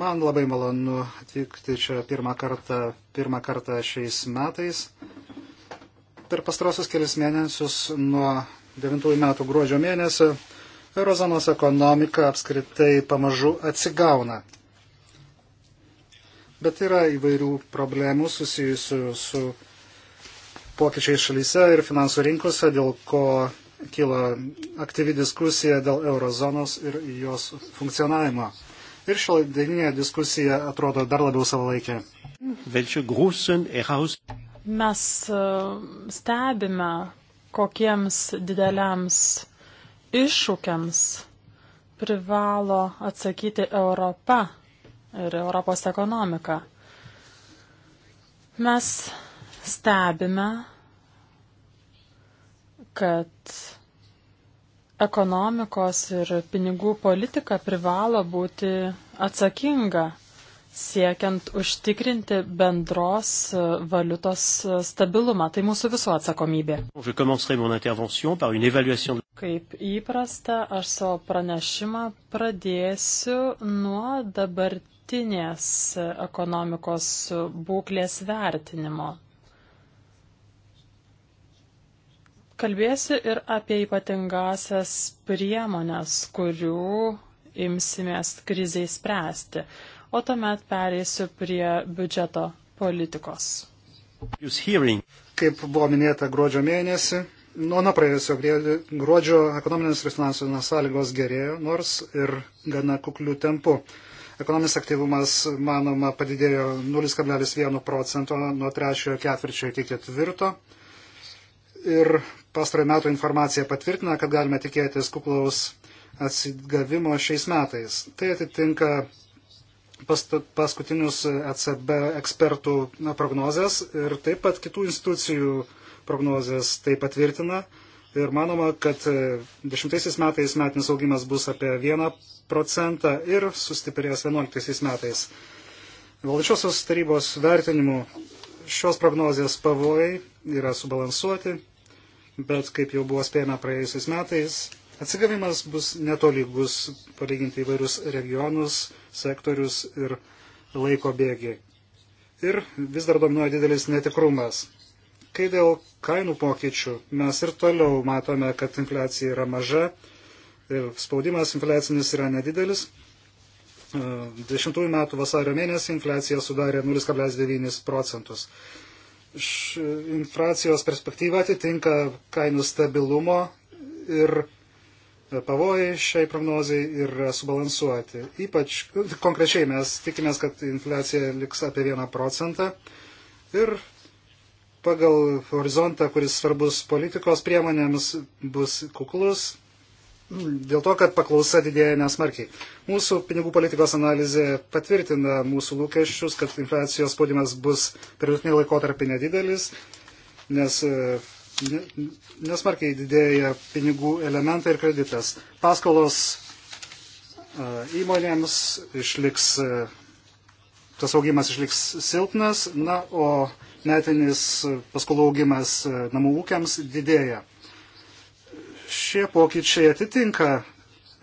man labai malonu atvykti čia pirmą kartą, pirmą kartą šiais metais. Per pastarosius kelias mėnesius nuo 9 metų gruodžio mėnesio Eurozonos ekonomika apskritai pamažu atsigauna. Bet yra įvairių problemų susijusių su pokyčiais šalyse ir finansų rinkose, dėl ko kilo aktyvi diskusija dėl eurozonos ir jos funkcionavimo. Ir šio dieninė diskusija atrodo dar labiau savalaikė. Mes e, stebime, kokiems dideliams iššūkiams privalo atsakyti Europa ir Europos ekonomika. Mes stebime, kad ekonomikos ir pinigų politika privalo būti atsakinga, siekiant užtikrinti bendros e, valiutos e, stabilumą. Tai mūsų visų atsakomybė. Kaip įprasta, aš savo pranešimą pradėsiu nuo dabartinės ekonomikos būklės vertinimo. Kalbėsiu ir apie ypatingasias priemonės, kurių imsimės kriziai spręsti, o tuomet pereisiu prie biudžeto politikos. Kaip buvo minėta gruodžio mėnesį, nuo nuo praėjusio gruodžio ekonominės ir finansinės sąlygos gerėjo, nors ir gana kuklių tempų. Ekonominis aktyvumas, manoma, padidėjo 0,1 procento nuo trečiojo ketvirčio iki ketvirto ir pastarojo metų informacija patvirtina, kad galime tikėtis kuklaus atsigavimo šiais metais. Tai atitinka paskutinius ECB ekspertų prognozes ir taip pat kitų institucijų prognozes tai patvirtina. Ir manoma, kad 10 metais metinis augimas bus apie 1 procentą ir sustiprės 11 metais. Valdančiosios tarybos vertinimu šios prognozijos pavojai yra subalansuoti bet kaip jau buvo spėjama praėjusiais metais, atsigavimas bus netolygus palyginti įvairius regionus, sektorius ir laiko bėgį. Ir vis dar dominuoja didelis netikrumas. Kai dėl kainų pokyčių mes ir toliau matome, kad infliacija yra maža ir spaudimas infliacinis yra nedidelis. 10 metų vasario mėnesį infliacija sudarė 0,9 procentus inflacijos perspektyva atitinka kainų stabilumo ir pavojai šiai prognozijai yra subalansuoti. Ypač konkrečiai mes tikimės, kad infliacija liks apie 1 procentą ir pagal horizontą, kuris svarbus politikos priemonėms, bus kuklus dėl to, kad paklausa didėja nesmarkiai. Mūsų pinigų politikos analizė patvirtina mūsų lūkesčius, kad infliacijos spaudimas bus per vidutinį laikotarpį nedidelis, nes e, nesmarkiai didėja pinigų elementai ir kreditas. Paskolos e, įmonėms išliks, e, tas augimas išliks silpnas, na, o metinis paskolų augimas namų ūkiams didėja. Šie pokyčiai atitinka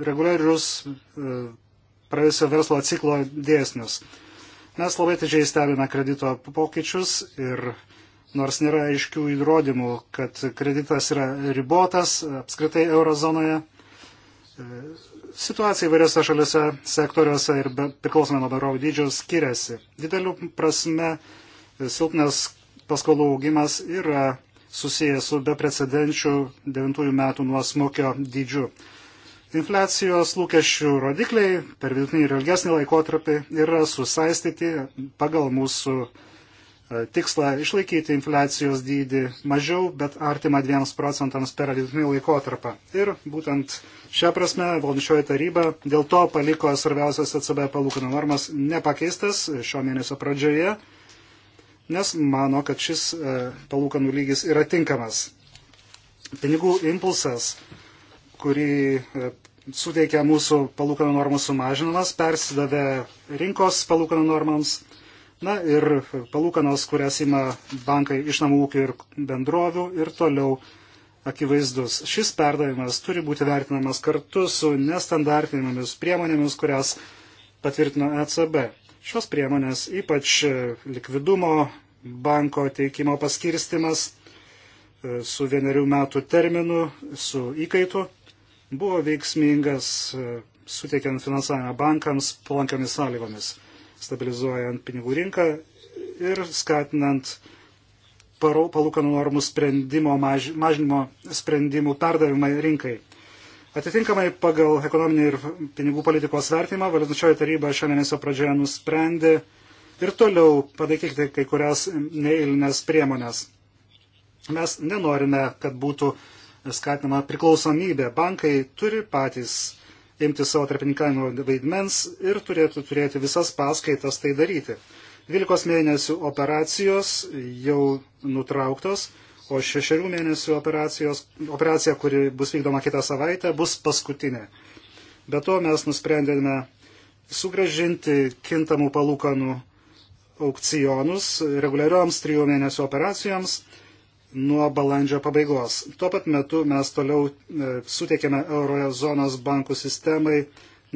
reguliarius e, praėjusio verslo ciklo dėsnius. Mes labai didžiai stebime kredito pokyčius ir nors nėra aiškių įrodymų, kad kreditas yra ribotas apskritai eurozonoje, e, situacija įvairiose šalise, sektoriuose ir priklausomai nuo bendrovų dydžio skiriasi. Dideliu prasme silpnas paskolų augimas yra susijęs su beprecedenčiu 9 metų nuosmukio dydžiu. Infliacijos lūkesčių rodikliai per vidutinį ir ilgesnį laikotarpį yra susaistyti pagal mūsų e, tikslą išlaikyti infliacijos dydį mažiau, bet artima 2 procentams per vidutinį laikotarpą. Ir būtent šią prasme valdančioji taryba dėl to paliko svarbiausias ECB palūkanų normas nepakeistas šio mėnesio pradžioje nes mano, kad šis e, palūkanų lygis yra tinkamas. Pinigų impulsas, kurį e, suteikia mūsų palūkanų normų sumažinimas, persidavė rinkos palūkanų normams. Na ir palūkanos, kurias ima bankai iš namų ūkių ir bendrovių ir toliau akivaizdus. Šis perdavimas turi būti vertinamas kartu su nestandartinėmis priemonėmis, kurias patvirtino ECB. Šios priemonės, ypač e, likvidumo banko teikimo paskirstimas e, su vienerių metų terminu, su įkaitu, buvo veiksmingas e, suteikiant finansavimą bankams palankiamis sąlygomis, stabilizuojant pinigų rinką ir skatinant palūkanų normų sprendimo, maž, mažinimo sprendimų perdavimą rinkai. Atitinkamai pagal ekonominį ir pinigų politikos vertimą valdančioji taryba šio mėnesio pradžioje nusprendė ir toliau padaikyti kai kurias neįlinės priemonės. Mes nenorime, kad būtų skatinama priklausomybė. Bankai turi patys imti savo tarpininkavimo vaidmens ir turėtų turėti visas paskaitas tai daryti. 12 mėnesių operacijos jau nutrauktos o šešerių mėnesių operacija, kuri bus vykdoma kitą savaitę, bus paskutinė. Be to mes nusprendėme sugražinti kintamų palūkanų aukcionus reguliarioms trijų mėnesių operacijoms nuo balandžio pabaigos. Tuo pat metu mes toliau e, suteikėme Eurozonos bankų sistemai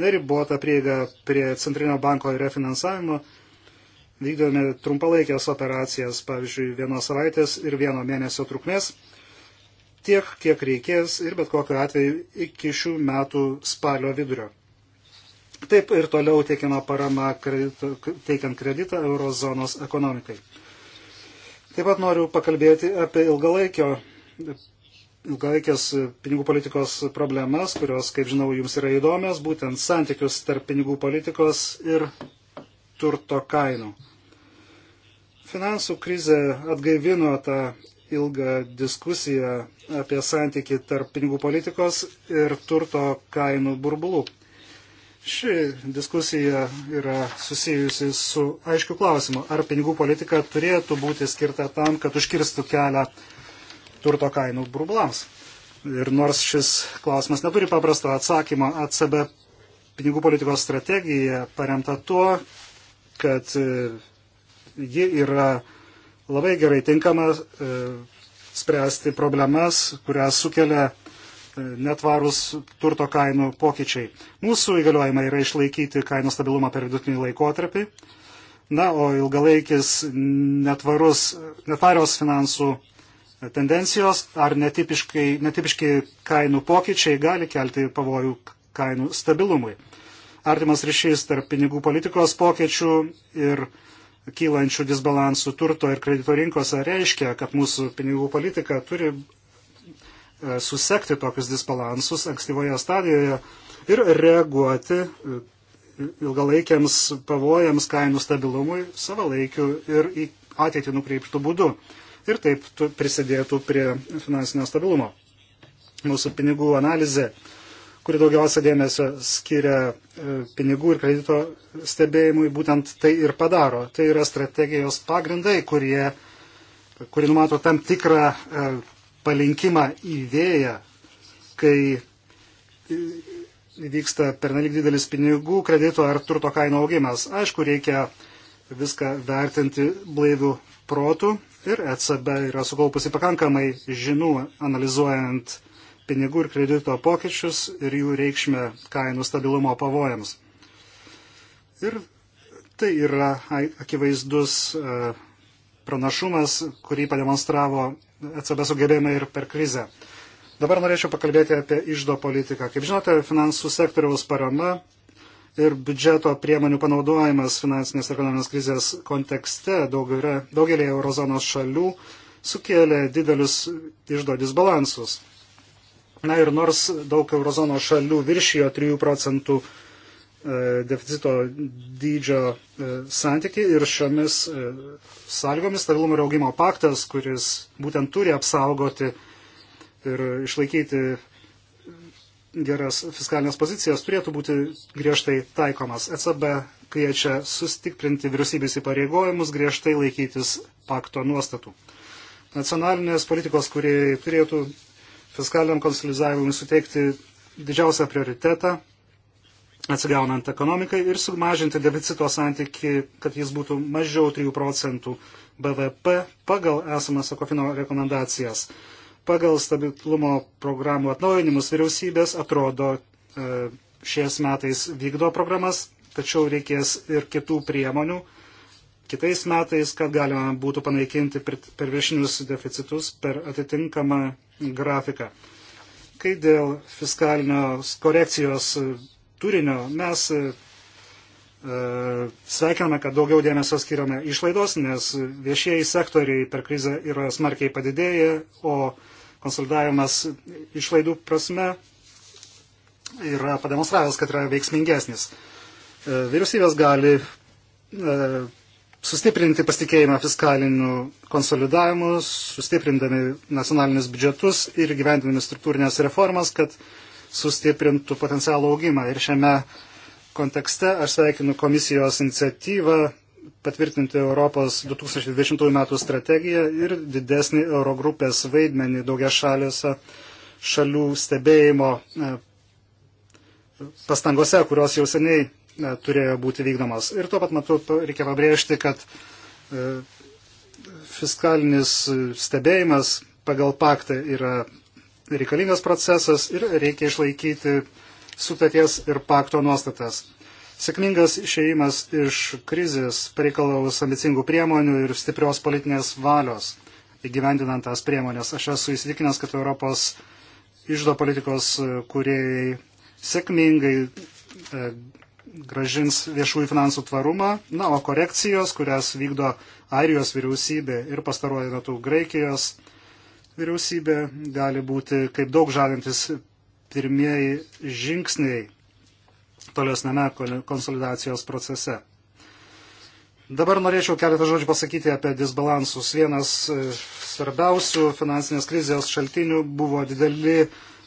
neribotą prieigą prie Centrinio banko refinansavimo vykdome trumpalaikės operacijas, pavyzdžiui, vienos savaitės ir vieno mėnesio trukmės, tiek, kiek reikės ir bet kokiu atveju iki šių metų spalio vidurio. Taip ir toliau teikiama parama kredito, teikiant kreditą eurozonos ekonomikai. Taip pat noriu pakalbėti apie ilgalaikio, ilgalaikės pinigų politikos problemas, kurios, kaip žinau, jums yra įdomios, būtent santykius tarp pinigų politikos ir turto kainų. Finansų krizė atgaivino tą ilgą diskusiją apie santyki tarp pinigų politikos ir turto kainų burbulų. Ši diskusija yra susijusi su aiškiu klausimu, ar pinigų politika turėtų būti skirta tam, kad užkirstų kelią turto kainų burbulams. Ir nors šis klausimas neturi paprasto atsakymo, ECB pinigų politikos strategija paremta tuo, kad e, ji yra labai gerai tinkama e, spręsti problemas, kurias sukelia e, netvarus turto kainų pokyčiai. Mūsų įgaliojimai yra išlaikyti kainų stabilumą per vidutinį laikotarpį. Na, o ilgalaikis netvarus, netvarios finansų tendencijos ar netipiški kainų pokyčiai gali kelti pavojų kainų stabilumui artimas ryšys tarp pinigų politikos pokyčių ir kylančių disbalansų turto ir kredito rinkose reiškia, kad mūsų pinigų politika turi e, susekti tokius disbalansus ankstyvoje stadijoje ir reaguoti e, ilgalaikiams pavojams kainų stabilumui savalaikiu ir į ateitį nukreiptų būdu. Ir taip prisidėtų prie finansinio stabilumo. Mūsų pinigų analizė kuri daugiausia dėmesio skiria e, pinigų ir kredito stebėjimui, būtent tai ir padaro. Tai yra strategijos pagrindai, kurie, kuri numato tam tikrą e, palinkimą į vėją, kai e, vyksta pernelik didelis pinigų, kredito ar turto kainų augimas. Aišku, reikia viską vertinti blaivių protų ir ECB yra sukaupusi pakankamai žinių analizuojant uh, pinigų ir kredito pokyčius ir jų reikšmę kainų stabilumo pavojams. Ir tai yra akivaizdus pranašumas, kurį pademonstravo ECB sugebėjimai ir per krizę. Dabar norėčiau pakalbėti apie išdo politiką. Kaip žinote, finansų sektoriaus parama ir biudžeto priemonių panaudojimas finansinės ekonominės krizės kontekste daugelėje eurozonos šalių sukėlė didelius išdo disbalansus. Na ir nors daug eurozono šalių viršijo 3 procentų e, deficito dydžio e, santyki ir šiomis e, sąlygomis stabilumo ir augimo paktas, kuris būtent turi apsaugoti ir išlaikyti geras fiskalinės pozicijas, turėtų būti griežtai taikomas. ECB kviečia sustiprinti vyriausybės įpareigojimus, griežtai laikytis pakto nuostatų. Nacionalinės politikos, kurie turėtų fiskaliniam konsolidavimui suteikti didžiausią prioritetą, atsigaunant ekonomikai ir sumažinti deficito santyki, kad jis būtų mažiau 3 procentų BVP pagal esamas Ekofino rekomendacijas. Pagal stabilumo programų atnaujinimus vyriausybės atrodo e, šiais metais vykdo programas, tačiau reikės ir kitų priemonių kitais metais, kad galima būtų panaikinti per viešinius deficitus per atitinkamą grafiką. Kai dėl fiskalinės korekcijos turinio mes e, e, sveikiname, kad daugiau dėmesio skiriame išlaidos, nes viešieji sektoriai per krizę yra smarkiai padidėję, o konsolidavimas išlaidų prasme yra pademonstravęs, kad yra veiksmingesnis. E, vyriausybės gali sustiprinti pasitikėjimą fiskaliniu konsolidavimu, sustiprindami nacionalinius biudžetus ir gyvendinami struktūrinės reformas, kad sustiprintų potencialų augimą. Ir šiame kontekste aš sveikinu komisijos iniciatyvą patvirtinti Europos 2020 m. strategiją ir didesnį Eurogrupės vaidmenį daugia šaliuose šalių stebėjimo e, pastangose, kurios jau seniai turėjo būti vykdomas. Ir tuo pat metu reikia pabrėžti, kad e, fiskalinis stebėjimas pagal paktą yra reikalingas procesas ir reikia išlaikyti sutarties ir pakto nuostatas. Sėkmingas išeimas iš krizės pareikalaus ambicingų priemonių ir stiprios politinės valios įgyvendinant tas priemonės. Aš esu įsitikinęs, kad Europos išdo politikos e, kuriejai sėkmingai e, gražins viešųjų finansų tvarumą, na, o korekcijos, kurias vykdo Airijos vyriausybė ir pastaruoju metu Graikijos vyriausybė, gali būti kaip daug žalintis pirmieji žingsniai tolesnėme konsolidacijos procese. Dabar norėčiau keletą žodžių pasakyti apie disbalansus. Vienas e, svarbiausių finansinės krizės šaltinių buvo dideli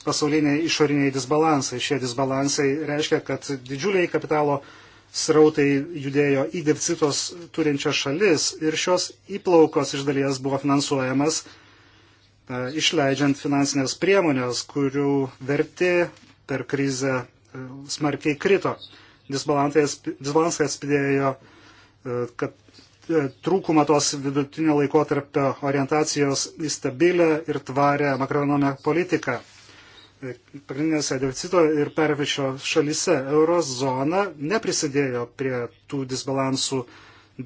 pasauliniai išoriniai disbalansai. Šie disbalansai reiškia, kad didžiuliai kapitalo srautai judėjo į deficitos turinčias šalis ir šios įplaukos iš dalies buvo finansuojamas e, išleidžiant finansinės priemonės, kurių vertė per krizę e, smarkiai krito. Disbalansai atspidėjo, e, kad trūkumą tos vidutinio laikotarpio orientacijos į stabilę ir tvarę makroekonominę politiką pagrindinėse deficito ir pervišio šalise. Eurozona neprisidėjo prie tų disbalansų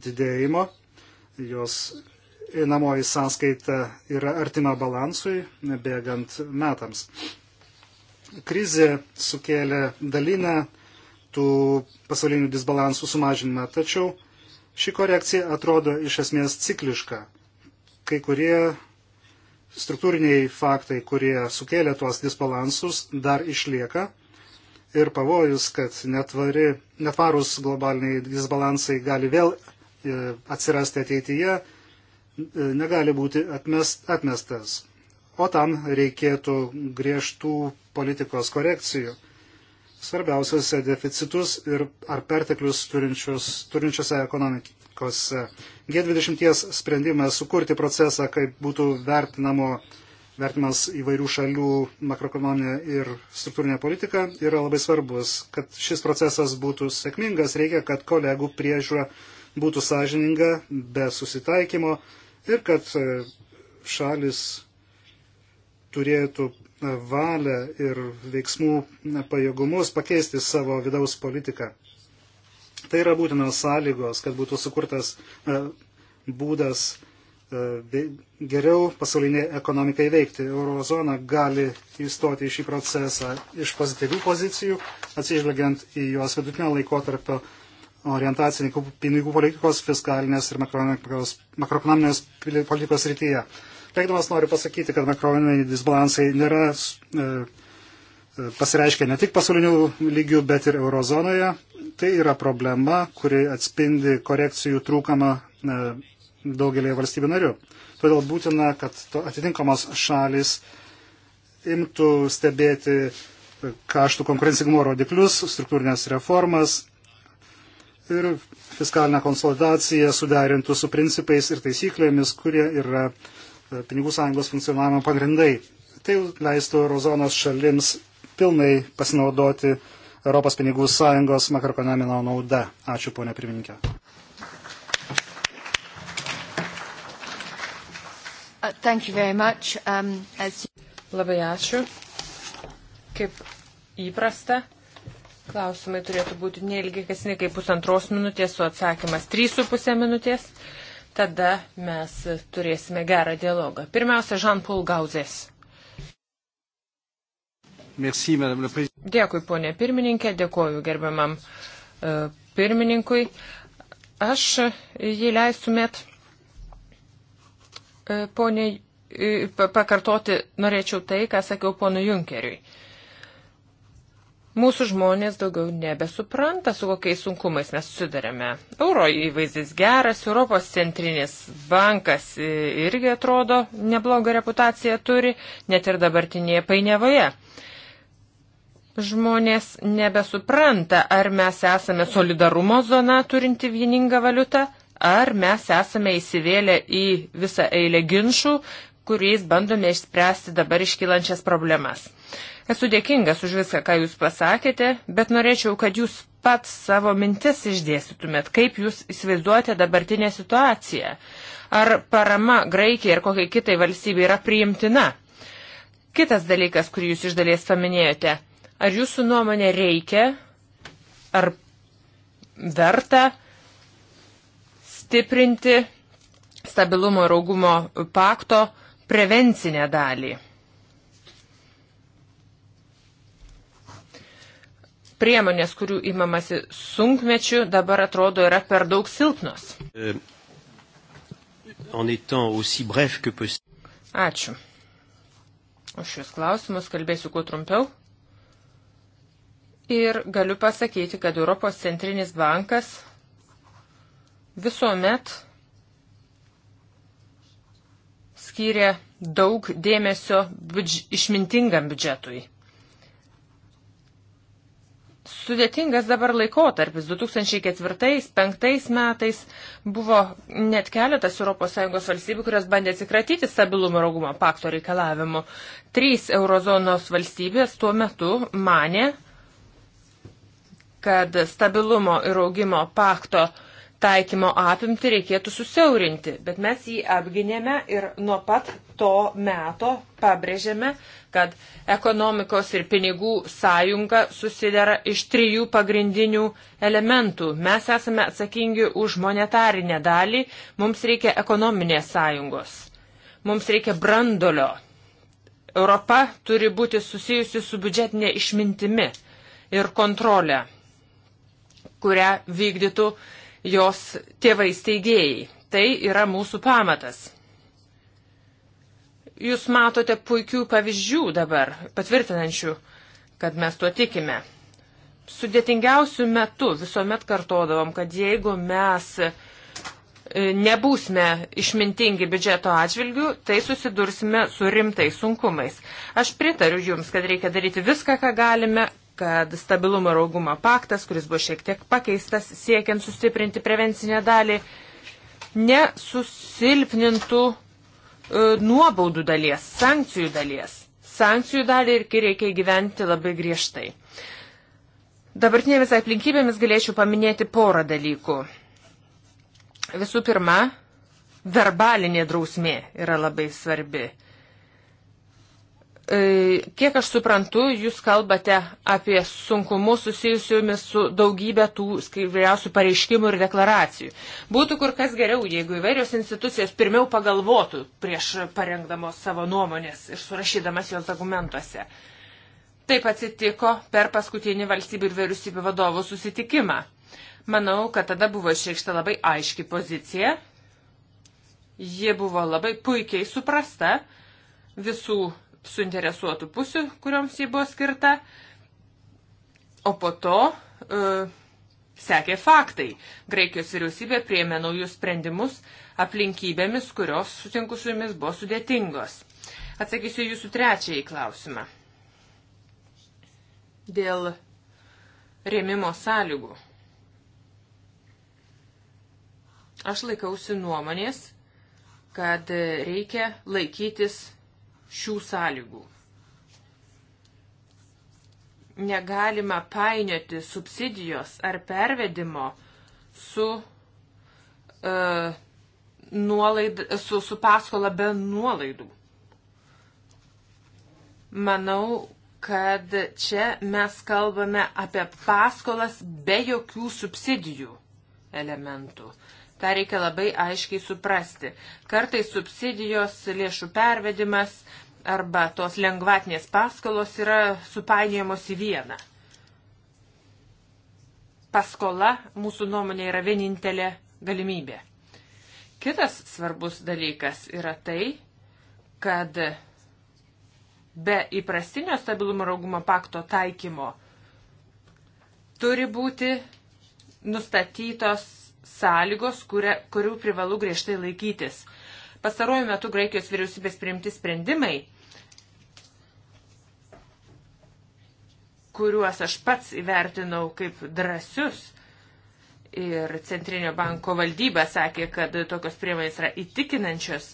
didėjimo, jos einamoji sąskaita yra artima balansui, bėgant metams. Krizė sukėlė dalinę tų pasaulinių disbalansų sumažinimą, tačiau ši korekcija atrodo iš esmės cikliška. Kai kurie struktūriniai faktai, kurie sukėlė tuos disbalansus, dar išlieka ir pavojus, kad netvari, netvarus globaliniai disbalansai gali vėl e, atsirasti ateityje, e, negali būti atmest, atmestas. O tam reikėtų griežtų politikos korekcijų svarbiausiose deficitus ir ar perteklius turinčiose ekonomikose. G20 sprendimas sukurti procesą, kaip būtų vertinamo, vertimas įvairių šalių makroekonominė ir struktūrinė politika, yra labai svarbus. Kad šis procesas būtų sėkmingas, reikia, kad kolegų priežiūra būtų sąžininga, be susitaikymo ir kad e, šalis turėtų valią ir veiksmų pajėgumus pakeisti savo vidaus politiką. Tai yra būtinos sąlygos, kad būtų sukurtas e, būdas e, geriau pasaulinė ekonomikai veikti. Eurozona gali įstoti į šį procesą iš pozityvių pozicijų, atsižvelgiant į jos vidutinio laikotarpio orientacinį pinigų politikos, fiskalinės ir makroekonominės politikos rytyje. Teikdamas noriu pasakyti, kad makroekonominiai disbalansai nėra e, e pasireiškia ne tik pasaulinių lygių, bet ir eurozonoje. Tai yra problema, kuri atspindi korekcijų trūkamą e, daugelį valstybių narių. Todėl būtina, kad atitinkamos šalis imtų stebėti kaštų konkurencingumo rodiklius, struktūrinės reformas ir fiskalinę konsolidaciją suderintų su principais ir taisyklėmis, kurie yra pinigų sąjungos funkcionavimo pagrindai. Tai leistų eurozonos šalims pilnai pasinaudoti Europos pinigų sąjungos makroekonominio nauda. Ačiū, ponė pirmininkė. Uh, um, as... Labai ačiū. Kaip įprasta, klausimai turėtų būti neilgesni kaip pusantros minutės, o atsakymas trys su pusė minutės tada mes turėsime gerą dialogą. Pirmiausia, Žan-Paul Gauzės. Merci, Dėkui, ponė pirmininkė, dėkoju gerbiamam e, pirmininkui. Aš, jei leistumėt, e, ponė, e, pakartoti norėčiau tai, ką sakiau ponui Junkeriui. Mūsų žmonės daugiau nebesupranta, su kokiais sunkumais mes susidarėme. Euro įvaizdis geras, Europos centrinis bankas irgi atrodo neblogą reputaciją turi, net ir dabartinėje painiavoje. Žmonės nebesupranta, ar mes esame solidarumo zona turinti vieningą valiutą, ar mes esame įsivėlę į visą eilę ginčių, kuriais bandome išspręsti dabar iškylančias problemas. Esu dėkingas už viską, ką Jūs pasakėte, bet norėčiau, kad Jūs pats savo mintis išdėstytumėt, kaip Jūs įsivaizduojate dabartinę situaciją. Ar parama Graikijai ir kokiai kitai valstybei yra priimtina? Kitas dalykas, kurį Jūs iš dalies paminėjote. Ar Jūsų nuomonė reikia, ar verta stiprinti stabilumo ir augumo pakto prevencinę dalį. Priemonės, kurių įmamasi sunkmečių, dabar atrodo yra per daug silpnos. Euh, Ačiū. Už šios klausimus kalbėsiu kuo trumpiau. Ir galiu pasakyti, kad Europos centrinis bankas visuomet skyrė daug dėmesio biudž išmintingam biudžetui. Sudėtingas dabar laikotarpis 2004-2005 metais buvo net keletas ES valstybių, kurios bandė atsikratyti stabilumo ir augumo pakto reikalavimu. Trys eurozonos valstybės tuo metu mane, kad stabilumo ir augimo pakto uh, taikymo apimti reikėtų susiaurinti, bet mes jį apginėme ir nuo pat to meto pabrėžėme, kad ekonomikos ir pinigų sąjunga susidera iš trijų pagrindinių elementų. Mes esame atsakingi už monetarinę dalį, mums reikia ekonominės sąjungos, mums reikia brandolio. Europa turi būti susijusi su biudžetinė išmintimi ir kontrolė, kurią vykdytų uh, jos tėvai steigėjai. Tai yra mūsų pamatas. Jūs matote puikių pavyzdžių dabar, patvirtinančių, kad mes tuo tikime. Sudėtingiausių metų visuomet kartodavom, kad jeigu mes e, nebūsime išmintingi biudžeto atžvilgių, tai susidursime su rimtais sunkumais. Aš pritariu Jums, kad reikia daryti viską, ką galime, kad stabilumo ir augumo paktas, kuris buvo šiek tiek pakeistas siekiant sustiprinti prevencinę dalį, nesusilpnintų e, nuobaudų dalies, sankcijų dalies. Sankcijų dalį irgi reikia įgyventi labai griežtai. Dabartinėmis aplinkybėmis galėčiau paminėti porą dalykų. Visų pirma, verbalinė drausmė yra labai svarbi. E, kiek aš suprantu, jūs kalbate apie sunkumus susijusiumis su daugybė tų įvairiausių pareiškimų ir deklaracijų. Būtų kur kas geriau, jeigu įvairios institucijos pirmiau pagalvotų prieš parengdamos savo nuomonės ir surašydamas jos dokumentuose. Taip atsitiko per paskutinį valstybių ir vyriausybių vadovų susitikimą. Manau, kad tada buvo išreikšta labai aiški pozicija. Ji buvo labai puikiai suprasta visų suinteresuotų pusių, kurioms jį buvo skirta, o po to e, sekė faktai. Graikijos vyriausybė prieėmė naujus sprendimus aplinkybėmis, kurios, sutinku su jumis, buvo sudėtingos. Atsakysiu jūsų trečiąjį klausimą. Dėl rėmimo sąlygų. Aš laikausi nuomonės, kad reikia laikytis šių sąlygų. Negalima painioti subsidijos ar pervedimo su, e, nuolaid, su, su paskola be nuolaidų. Manau, kad čia mes kalbame apie paskolas be jokių subsidijų elementų. Ta reikia labai aiškiai suprasti. Kartai subsidijos, lėšų pervedimas arba tos lengvatinės paskolos yra supainiojamos į vieną. Paskola mūsų nuomonė yra vienintelė galimybė. Kitas svarbus dalykas yra tai, kad be įprastinio stabilumo ir augumo pakto taikymo turi būti nustatytos sąlygos, kuria, kurių privalu griežtai laikytis. Pastaruoju metu Graikijos vyriausybės priimti sprendimai, kuriuos aš pats įvertinau kaip drąsius, ir Centrinio banko valdyba sakė, kad tokios priemonės yra įtikinančios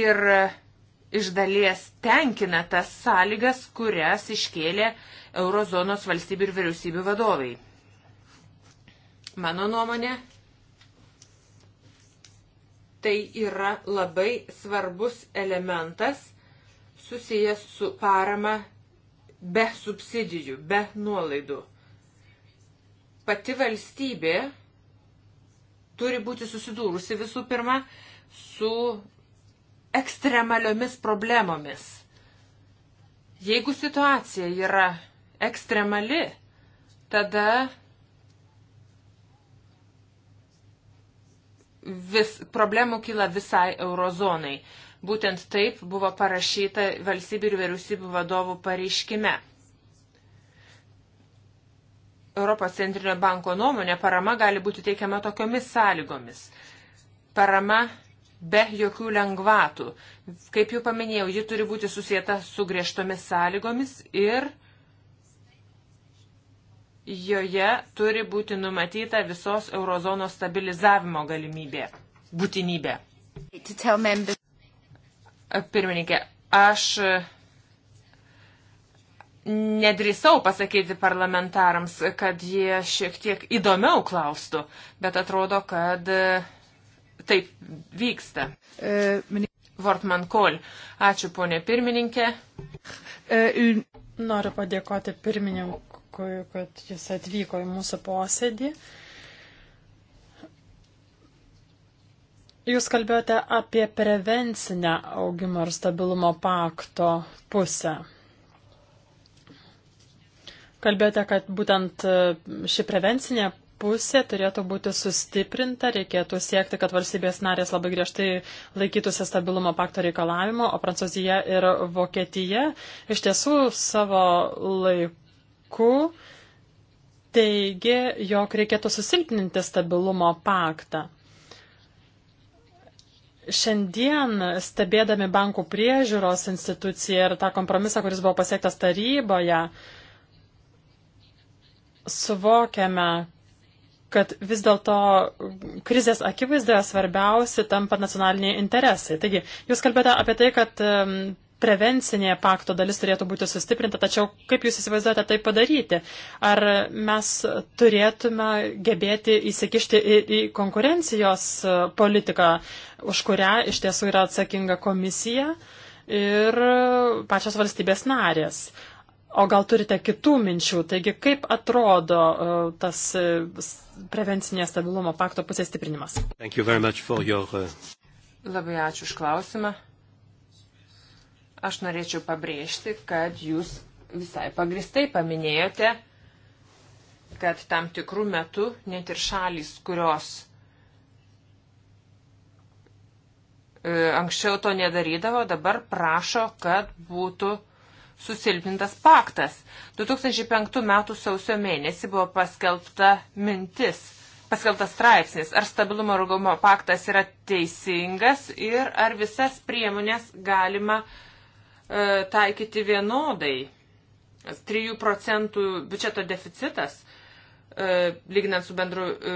ir e, iš dalies tenkina tas sąlygas, kurias iškėlė eurozonos valstybių ir vyriausybių vadovai. Mano nuomonė, tai yra labai svarbus elementas susijęs su parama be subsidijų, be nuolaidų. Pati valstybė turi būti susidūrusi visų pirma su ekstremaliomis problemomis. Jeigu situacija yra ekstremali, tada vis, problemų kyla visai eurozonai. Būtent taip buvo parašyta valstybių ir vyriausybių vadovų pareiškime. Europos centrinio banko nuomonė parama gali būti teikiama tokiomis sąlygomis. Parama be jokių lengvatų. Kaip jau paminėjau, ji turi būti susijęta su griežtomis sąlygomis ir uh, joje turi būti numatyta visos eurozonos stabilizavimo galimybė, būtinybė. Pirmininkė, aš e, nedrįsau pasakyti parlamentarams, kad jie šiek tiek įdomiau klaustų, bet atrodo, kad e, taip vyksta. Vortman e, Kol. Ačiū, ponė pirmininkė. Noriu padėkoti pirmininkui dėkui, kad jis atvyko į mūsų posėdį. Jūs kalbėjote apie prevencinę augimo ir stabilumo pakto pusę. Kalbėjote, kad būtent ši prevencinė pusė turėtų būti sustiprinta, reikėtų siekti, kad valstybės narės labai griežtai laikytųsi stabilumo pakto reikalavimo, o Prancūzija ir Vokietija iš tiesų savo laiku laiku teigė, jog reikėtų susilpninti stabilumo paktą. Šiandien, stebėdami bankų priežiūros instituciją ir tą kompromisą, kuris buvo pasiektas taryboje, suvokiame, kad vis dėlto krizės akivaizdoje svarbiausi tampa nacionaliniai interesai. Taigi, jūs kalbėte apie tai, kad um, prevencinė pakto dalis turėtų būti sustiprinta, tačiau kaip jūs įsivaizduojate tai padaryti? Ar mes turėtume gebėti įsikišti į, į konkurencijos e, politiką, už kurią iš tiesų yra atsakinga komisija ir pačios valstybės narės? O gal turite kitų minčių? Taigi, kaip atrodo e, tas e, prevencinės stabilumo pakto pusės stiprinimas? Your... Labai ačiū už klausimą. Aš norėčiau pabrėžti, kad jūs visai pagristai paminėjote, kad tam tikrų metų net ir šalis, kurios e, anksčiau to nedarydavo, dabar prašo, kad būtų susilpnintas paktas. 2005 m. sausio mėnesį buvo paskelbta mintis, paskelbtas straipsnis, ar stabilumo rūgumo paktas yra teisingas ir ar visas priemonės galima uh, E, taikyti vienodai. 3 procentų biudžeto deficitas, e, lyginant su bendru e,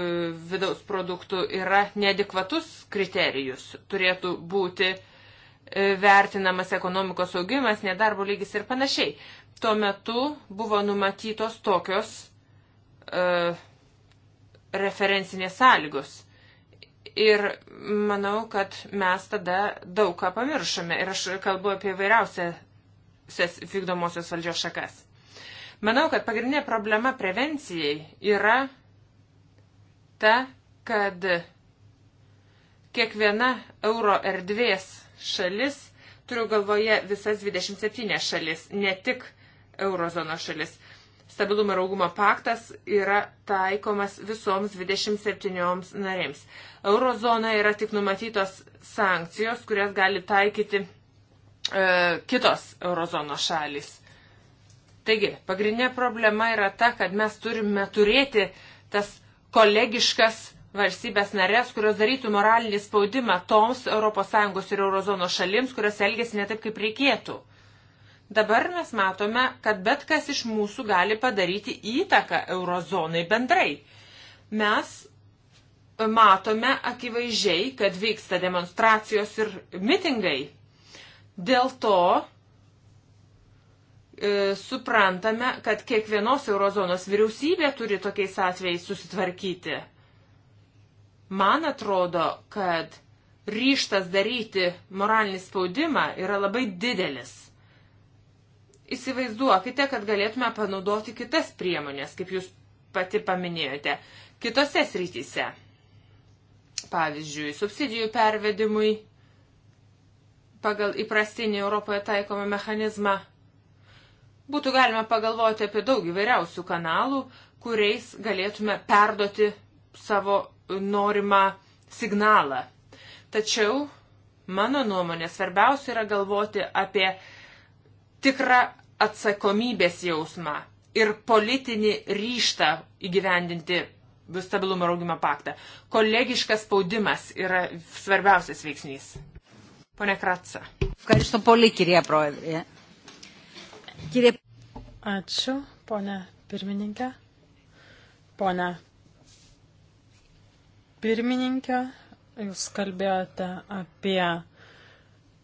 vidaus produktu, yra neadekvatus kriterijus. Turėtų būti vertinamas ekonomikos augimas, nedarbo lygis ir panašiai. Tuo metu buvo numatytos tokios referencinės sąlygos. Ir manau, kad mes tada daug ką pamiršome. Ir aš kalbu apie vairiausias vykdomosios valdžios šakas. Manau, kad pagrindinė problema prevencijai yra ta, kad kiekviena euro erdvės šalis, turiu galvoje visas 27 šalis, ne tik eurozono šalis, stabilumo ir augumo paktas yra taikomas visoms 27 narėms. Eurozonoje yra tik numatytos sankcijos, kurias gali taikyti e, kitos eurozono šalis. Taigi, pagrindinė problema yra ta, kad mes turime turėti tas kolegiškas valstybės narės, kurios darytų moralinį spaudimą toms ES ir eurozono šalims, kurios elgesi ne taip, kaip reikėtų. Uh, Dabar mes matome, kad bet kas iš mūsų gali padaryti įtaką eurozonai bendrai. Mes matome akivaizdžiai, kad vyksta demonstracijos ir mitingai. Dėl to e, suprantame, kad kiekvienos eurozonos vyriausybė turi tokiais atvejais susitvarkyti. Man atrodo, kad ryštas daryti moralinį spaudimą yra labai didelis Įsivaizduokite, kad galėtume panaudoti kitas priemonės, kaip jūs pati paminėjote, kitose srityse. Pavyzdžiui, subsidijų pervedimui pagal įprastinį Europoje taikomą mechanizmą. Būtų galima pagalvoti apie daug įvairiausių kanalų, kuriais galėtume perduoti savo norimą signalą. Tačiau, mano nuomonė, svarbiausia yra galvoti apie tikrą atsakomybės jausmą ir politinį ryštą įgyvendinti stabilumo ir augimo paktą. Kolegiškas spaudimas yra svarbiausias veiksnys. Pone Kratsa. Ačiū, ponė pirmininkė. Pone pirmininkė, jūs kalbėjote apie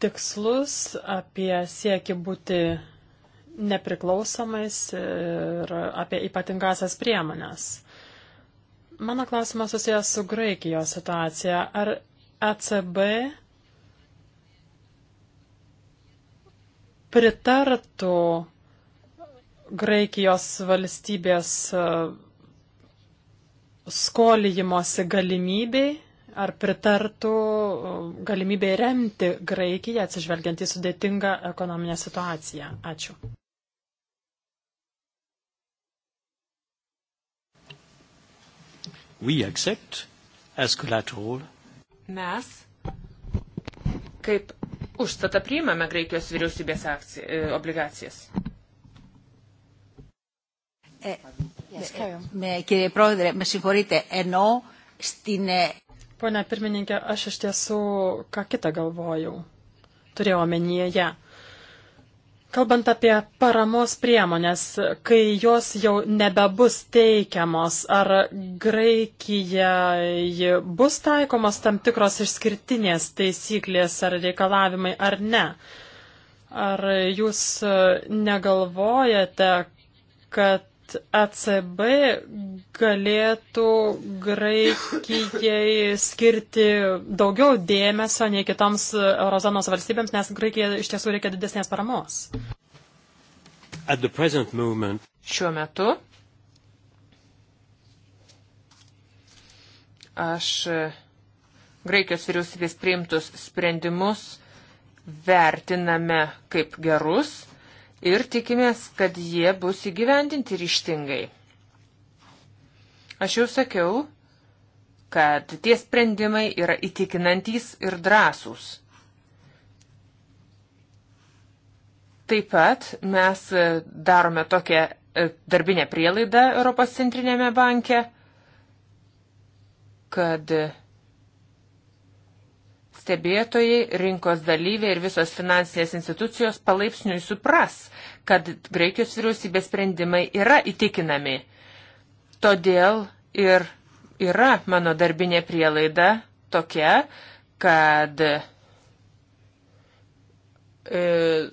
tikslus, apie siekį būti nepriklausomais ir apie ypatingasias priemonės. Mano klausimas susijęs su Graikijos situacija. Ar ECB pritartų Graikijos valstybės uh, skolijimosi galimybei, ar pritartų uh, galimybei remti Graikiją atsižvelgiant į sudėtingą ekonominę situaciją? Ačiū. we accept as collateral. Mes kaip užstatą priimame Graikijos vyriausybės akci, e, obligacijas. Ε, με, κύριε Πρόεδρε, με συγχωρείτε, ενώ στην... Pone pirmininkė, aš iš tiesų ką kitą galvojau. Turėjau omenyje, ja. Kalbant apie paramos priemonės, kai jos jau nebebus teikiamos, ar Graikija bus taikomos tam tikros išskirtinės taisyklės ar reikalavimai ar ne? Ar jūs negalvojate, kad ECB galėtų Graikijai skirti daugiau dėmesio nei kitoms eurozonos valstybėms, nes Graikijai iš tiesų reikia didesnės paramos. Moment... Šiuo metu aš e, Graikijos vyriausybės priimtus sprendimus vertiname kaip gerus ir tikimės, kad jie bus įgyvendinti ryštingai. Aš jau sakiau, kad tie sprendimai yra įtikinantys ir drąsūs. Taip pat mes darome tokią e, darbinę prielaidą Europos centrinėme banke, kad stebėtojai, rinkos dalyviai ir visos finansinės institucijos palaipsniui supras, kad Graikijos vyriausybės sprendimai yra įtikinami. Todėl ir yra mano darbinė prielaida tokia, kad e,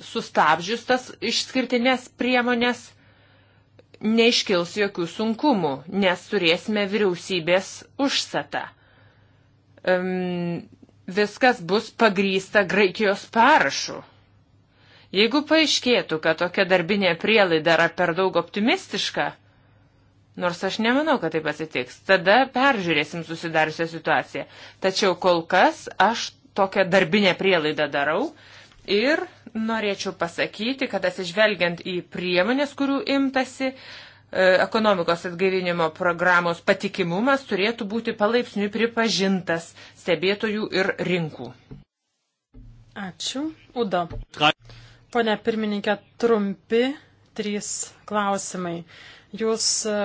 sustabdžius tas išskirtinės priemonės neiškils jokių sunkumų, nes turėsime vyriausybės užsatą. Um, viskas bus pagrysta Graikijos parašu. Jeigu paaiškėtų, kad tokia darbinė prielaida yra per daug optimistiška, nors aš nemanau, kad taip atsitiks, tada peržiūrėsim susidariusią situaciją. Tačiau kol kas aš tokią darbinę prielaidą darau ir norėčiau pasakyti, kad atsižvelgiant į priemonės, kurių imtasi, uh, E, ekonomikos atgaivinimo programos patikimumas turėtų būti palaipsniui pripažintas stebėtojų ir rinkų. Ačiū. Uda. Pone pirmininkė, trumpi trys klausimai. Jūs e,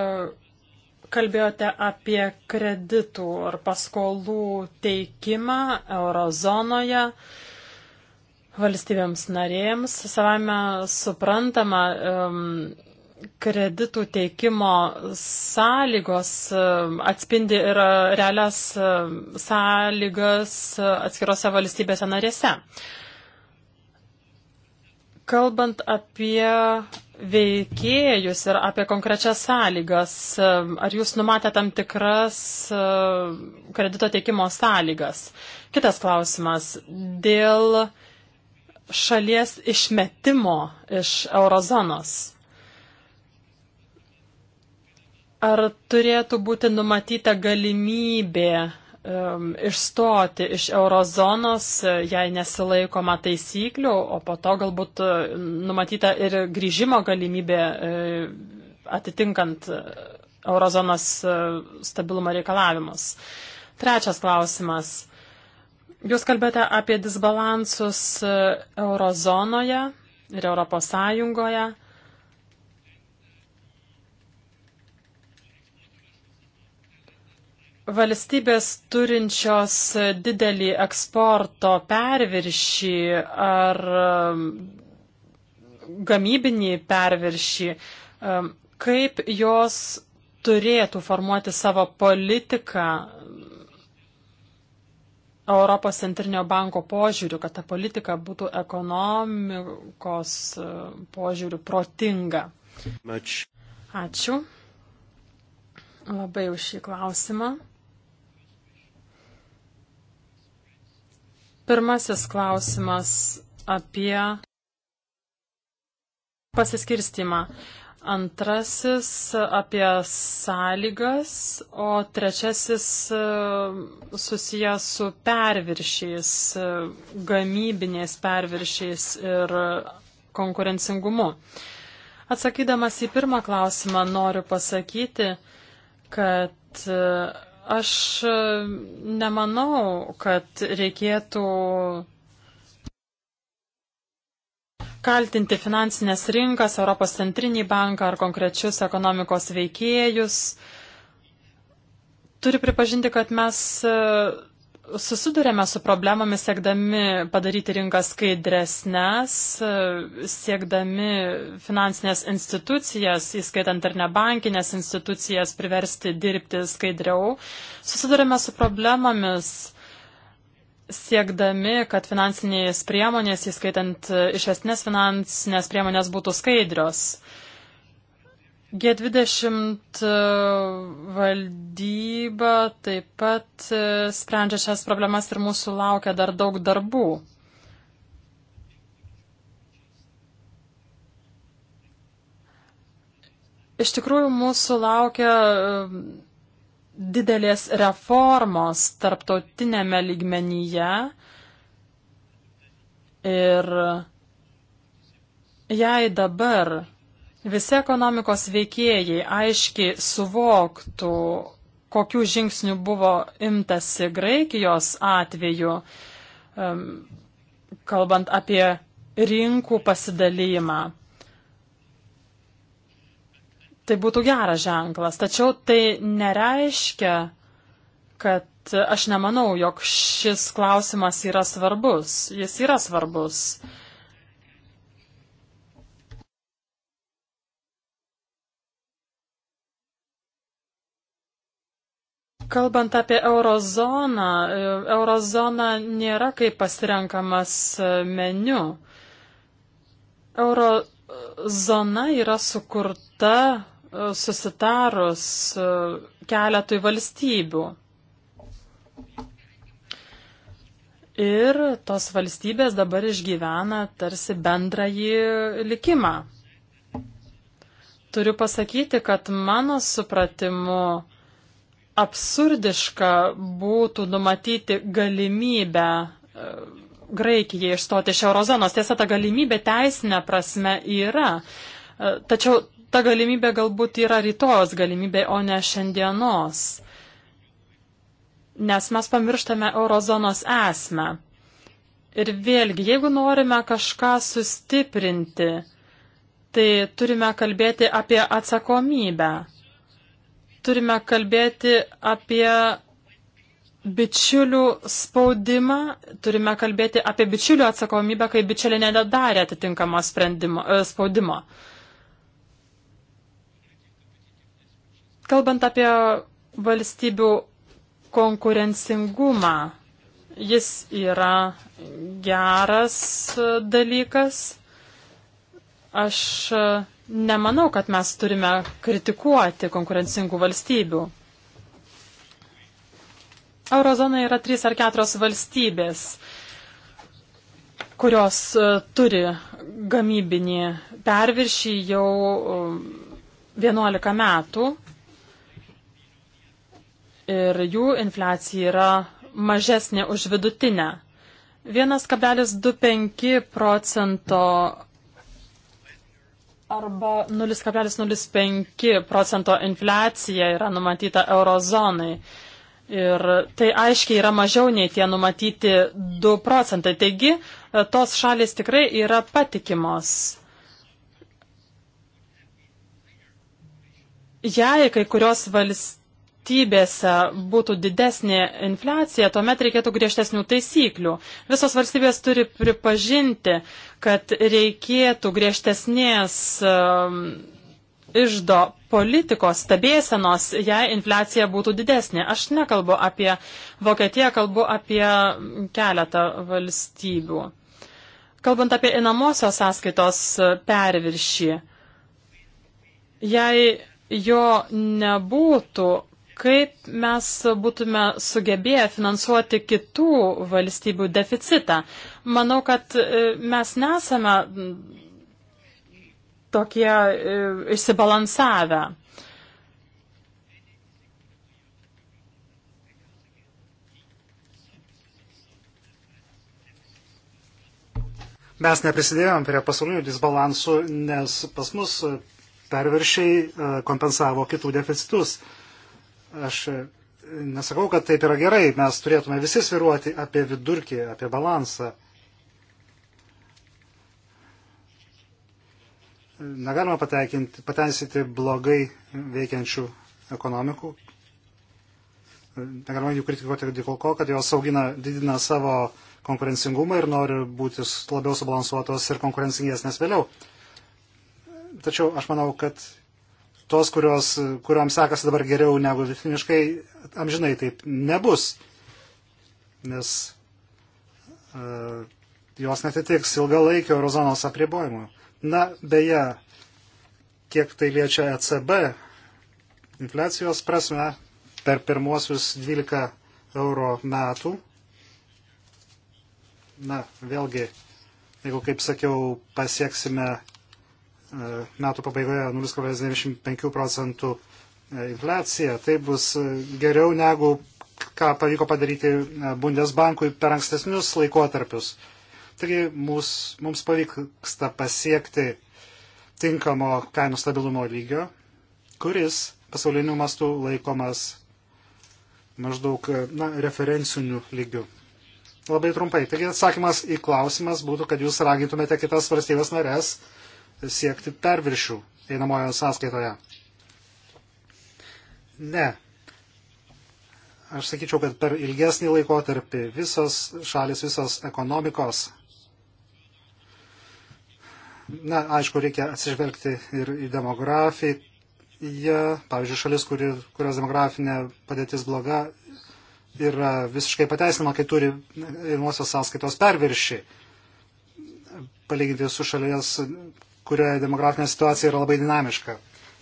kalbėjote apie kreditų ar paskolų teikimą eurozonoje valstybėms narėms. Savame suprantama, um, kreditų teikimo sąlygos e, atspindi ir e, realias e, sąlygas atskirose valstybėse narėse. Kalbant apie veikėjus ir apie konkrečias sąlygas, ar jūs numatė tam tikras kredito teikimo sąlygas? Kitas klausimas. Dėl šalies išmetimo iš eurozonos. Ar turėtų būti numatyta galimybė um, išstoti iš eurozonos, jei nesilaikoma taisyklių, o po to galbūt uh, numatyta ir grįžimo galimybė uh, atitinkant uh, eurozonos stabilumo reikalavimus? Trečias klausimas. Jūs kalbėte apie disbalansus eurozonoje ir Europos Sąjungoje. valstybės turinčios didelį eksporto perviršį ar um, gamybinį perviršį, um, kaip jos turėtų formuoti savo politiką Europos centrinio banko požiūrių, kad ta politika būtų ekonomikos um, požiūrių protinga. Ačiū. Ačiū. Labai už šį klausimą. Pirmasis klausimas apie pasiskirstimą. Antrasis apie sąlygas, o trečiasis e, susijęs su perviršiais, e, gamybiniais perviršiais ir konkurencingumu. Atsakydamas į pirmą klausimą noriu pasakyti, kad e, Aš e, nemanau, kad reikėtų kaltinti finansinės rinkas, Europos centrinį banką ar konkrečius ekonomikos veikėjus. Turi pripažinti, kad mes e, susidurėme su problemomis siekdami padaryti rinkas skaidresnės, siekdami finansinės institucijas, įskaitant ir nebankinės institucijas, priversti dirbti skaidriau. Susidurėme su problemomis siekdami, kad finansinės priemonės, įskaitant išvestinės finansinės priemonės, būtų skaidrios. Uh, G20 e, valdyba taip pat e, sprendžia šias problemas ir mūsų laukia dar daug darbų. Iš tikrųjų, mūsų laukia e, didelės reformos tarptautinėme lygmenyje ir jei dabar visi ekonomikos veikėjai aiškiai suvoktų, kokių žingsnių buvo imtasi Graikijos atveju, kalbant apie rinkų pasidalymą. Tai būtų geras ženklas, tačiau tai nereiškia, kad aš nemanau, jog šis klausimas yra svarbus. Jis yra svarbus. Kalbant apie eurozoną, e, eurozona nėra kaip pasirenkamas e, meniu. Eurozona yra sukurta e, susitarus keletui valstybių. Ir tos valstybės dabar išgyvena tarsi bendrąjį likimą. Turiu pasakyti, kad mano supratimu, absurdiška būtų numatyti galimybę e, Graikijai išstoti iš eurozonos. Tiesa, ta galimybė teisinė prasme yra. E, tačiau ta galimybė galbūt yra rytojos galimybė, o ne šiandienos. Nes mes pamirštame eurozonos esmę. Ir vėlgi, jeigu norime kažką sustiprinti, tai turime kalbėti apie atsakomybę turime kalbėti apie bičiulių spaudimą, turime kalbėti apie bičiulių atsakomybę, kai bičiuliai nedarė atitinkamo e, spaudimo. Kalbant apie valstybių konkurencingumą, jis yra geras dalykas. Aš Nemanau, kad mes turime kritikuoti konkurencingų valstybių. Eurozona yra trys ar keturios valstybės, kurios e, turi gamybinį perviršį jau 11 e, metų ir jų infliacija yra mažesnė už vidutinę. 1,25 procento arba 0,05 procento infliacija yra numatyta eurozonai. Ir tai aiškiai yra mažiau nei tie numatyti 2 procentai. Taigi, e, tos šalis tikrai yra patikimos. Jei kai kurios valstybės valstybėse būtų didesnė infliacija, tuomet reikėtų griežtesnių taisyklių. Visos valstybės turi pripažinti, kad reikėtų griežtesnės um, išdo politikos stebėsenos, jei infliacija būtų didesnė. Aš nekalbu apie Vokietiją, kalbu apie keletą valstybių. Kalbant apie einamosios sąskaitos perviršį, jei jo nebūtų, kaip mes būtume sugebėję finansuoti kitų valstybių deficitą. Manau, kad e, mes nesame tokie e, išsibalansavę. Mes neprisidėjom prie pasaulinių disbalansų, nes pas mus perviršiai e, kompensavo kitų deficitus. Aš e, nesakau, kad taip yra gerai, mes turėtume visi sviruoti apie vidurkį, apie balansą. Negalima pateisinti blogai veikiančių ekonomikų. Negalima jų kritikuoti dėl ko, kad jos augina, didina savo konkurencingumą ir nori būti labiau subalansuotos ir konkurencingesnės vėliau. Tačiau aš manau, kad tos, kurios, kuriuoms sekasi dabar geriau negu vidutiniškai, amžinai taip nebus, nes uh, jos netitiks ilgalaikio eurozonos apribojimų. Na, beje, kiek tai liečia ECB, infliacijos prasme, per pirmuosius 12 euro metų, na, vėlgi, jeigu, kaip sakiau, pasieksime E, metų pabaigoje 0,95 procentų e, infliacija, tai bus e, geriau negu ką pavyko padaryti Bundesbankui per ankstesnius laikotarpius. Taigi mūs, mums pavyksta pasiekti tinkamo kainų stabilumo lygio, kuris pasauliniu mastu laikomas maždaug na, referenciniu lygiu. Labai trumpai. Taigi atsakymas į klausimas būtų, kad jūs ragintumėte kitas valstybės narės siekti perviršių einamojo sąskaitoje. Ne. Aš sakyčiau, kad per ilgesnį laikotarpį visos šalis, visos ekonomikos. Na, aišku, reikia atsižvelgti ir į demografiją. Pavyzdžiui, šalis, kuri, kurios demografinė padėtis bloga, yra visiškai pateisinama, kai turi einamosios sąskaitos perviršį palyginti su šalies kurioje demografinė situacija yra labai dinamiška.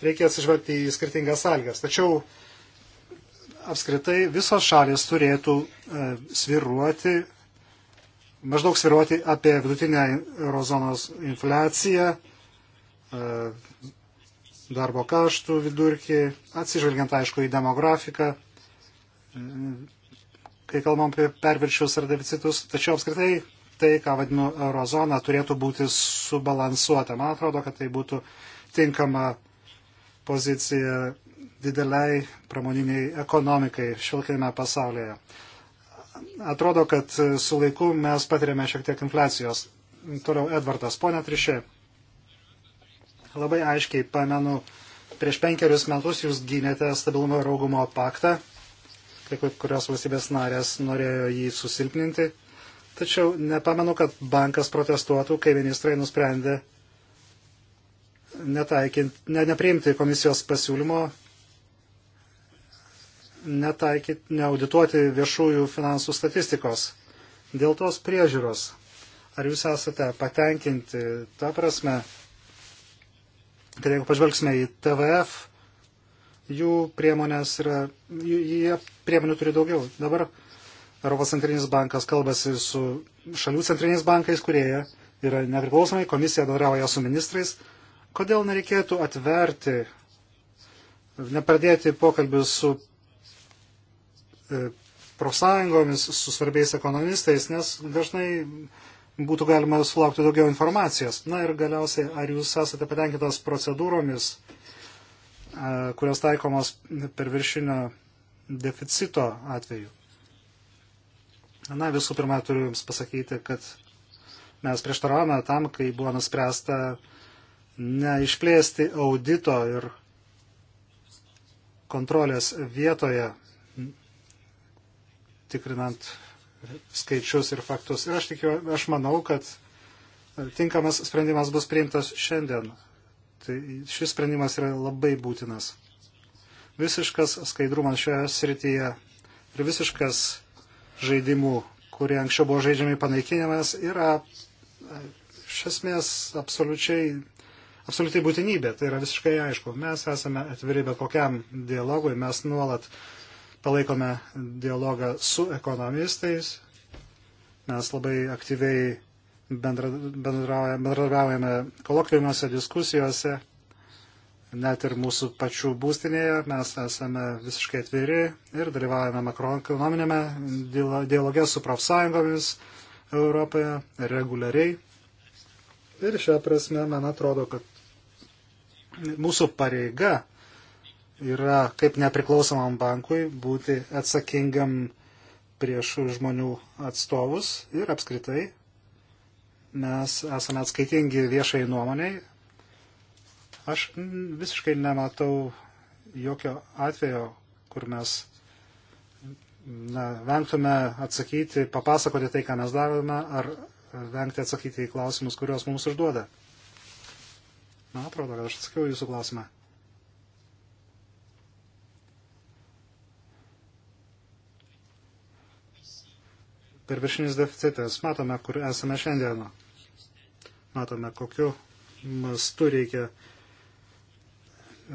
Reikia atsižvelgti į skirtingas sąlygas. Tačiau apskritai visos šalis turėtų e, sviruoti, maždaug sviruoti apie vidutinę eurozonos infliaciją, e, darbo kaštų vidurkį, atsižvelgiant aišku į demografiką, e, kai kalbam apie perviršius ar deficitus. Tačiau apskritai tai, ką vadinu eurozona, turėtų būti subalansuota. Man atrodo, kad tai būtų tinkama pozicija dideliai pramoniniai ekonomikai šilkime pasaulyje. Atrodo, kad su laiku mes patiriame šiek tiek infliacijos. Toliau Edvardas, ponia Trišė. Labai aiškiai pamenu, prieš penkerius metus jūs gynėte stabilumo ir augumo paktą, kai kurios valstybės narės norėjo jį susilpninti Tačiau nepamenu, kad bankas protestuotų, kai ministrai nusprendė netaikinti, ne, nepriimti komisijos pasiūlymo, netaikyti, neaudituoti viešųjų finansų statistikos. Dėl tos priežiūros, ar jūs esate patenkinti, ta prasme, kad tai jeigu pažvelgsime į TVF, jų priemonės yra, jie priemonių turi daugiau. Dabar Europos centrinis bankas kalbasi su šalių centriniais bankais, kurie yra nepriklausomai, komisija bendrauja su ministrais. Kodėl nereikėtų atverti, nepradėti pokalbių su e, profsąjungomis, su svarbiais ekonomistais, nes dažnai būtų galima sulaukti daugiau informacijos. Na ir galiausiai, ar jūs esate patenkintas procedūromis, e, kurios taikomos per viršinio deficito atveju? Na, visų pirma, turiu Jums pasakyti, kad mes prieštaravome tam, kai buvo nuspręsta neišplėsti audito ir kontrolės vietoje, tikrinant skaičius ir faktus. Ir aš, tikiu, aš manau, kad tinkamas sprendimas bus priimtas šiandien. Tai šis sprendimas yra labai būtinas. Visiškas skaidrumas šioje srityje ir visiškas žaidimų, kurie anksčiau buvo žaidžiami panaikinimas, yra e, iš esmės absoliučiai, absoliučiai būtinybė. Tai yra visiškai aišku. Mes esame atviri bet kokiam dialogui, mes nuolat palaikome dialogą su ekonomistais, mes labai aktyviai bendra, bendradarbiaujame kolokviumuose, diskusijose net ir mūsų pačių būstinėje mes esame visiškai atviri ir dalyvaujame makroekonominėme dialoge su profsąjungomis Europoje reguliariai. Ir šią prasme, man atrodo, kad mūsų pareiga yra kaip nepriklausomam bankui būti atsakingam prieš žmonių atstovus ir apskritai mes esame atskaitingi viešai nuomoniai Aš visiškai nematau jokio atvejo, kur mes na, vengtume atsakyti, papasakoti tai, ką mes darome, ar vengti atsakyti į klausimus, kuriuos mums užduoda. Man atrodo, kad aš atsakiau jūsų klausimą. per viršinis deficitas. Matome, kur esame šiandieną. Matome, kokiu mastu reikia E,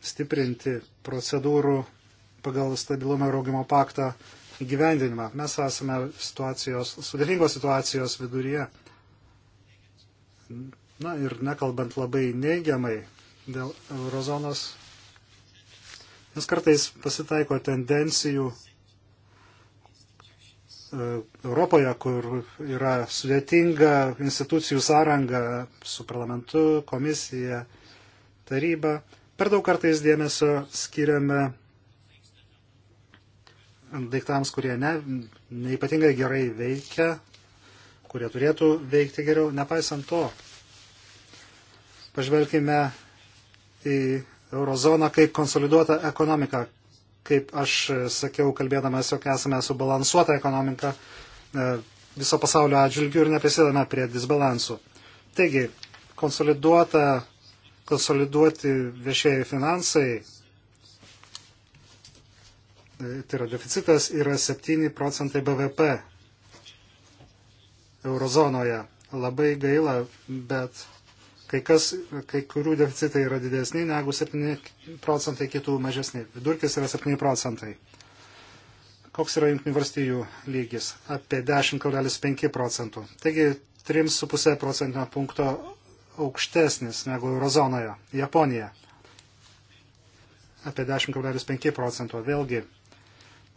stiprinti procedūrų pagal stabilumo ir augimo paktą įgyvendinimą. Mes esame situacijos, sudėtingos situacijos viduryje. Na ir nekalbant labai neigiamai dėl eurozonos, nes kartais pasitaiko tendencijų e, Europoje, kur yra sudėtinga institucijų sąranga su parlamentu, komisija, taryba. Per daug kartais dėmesio skiriame daiktams, kurie ne, neipatingai gerai veikia, kurie turėtų veikti geriau. Nepaisant to, pažvelkime į eurozoną kaip konsoliduotą ekonomiką. Kaip aš sakiau, kalbėdamas, jog esame subalansuota ekonomika e, viso pasaulio atžvilgių ir neprisidame prie disbalansų. Taigi, konsoliduota konsoliduoti viešieji finansai, tai yra deficitas, yra 7 procentai BVP eurozonoje. Labai gaila, bet kai, kas, kai kurių deficitai yra didesni negu 7 procentai, kitų mažesni. Vidurkis yra 7 procentai. Koks yra jungtinių valstybių lygis? Apie 10,5 procentų. Taigi 3,5 procentinio punkto aukštesnis negu eurozonoje. Japonija apie 10,5 procento, vėlgi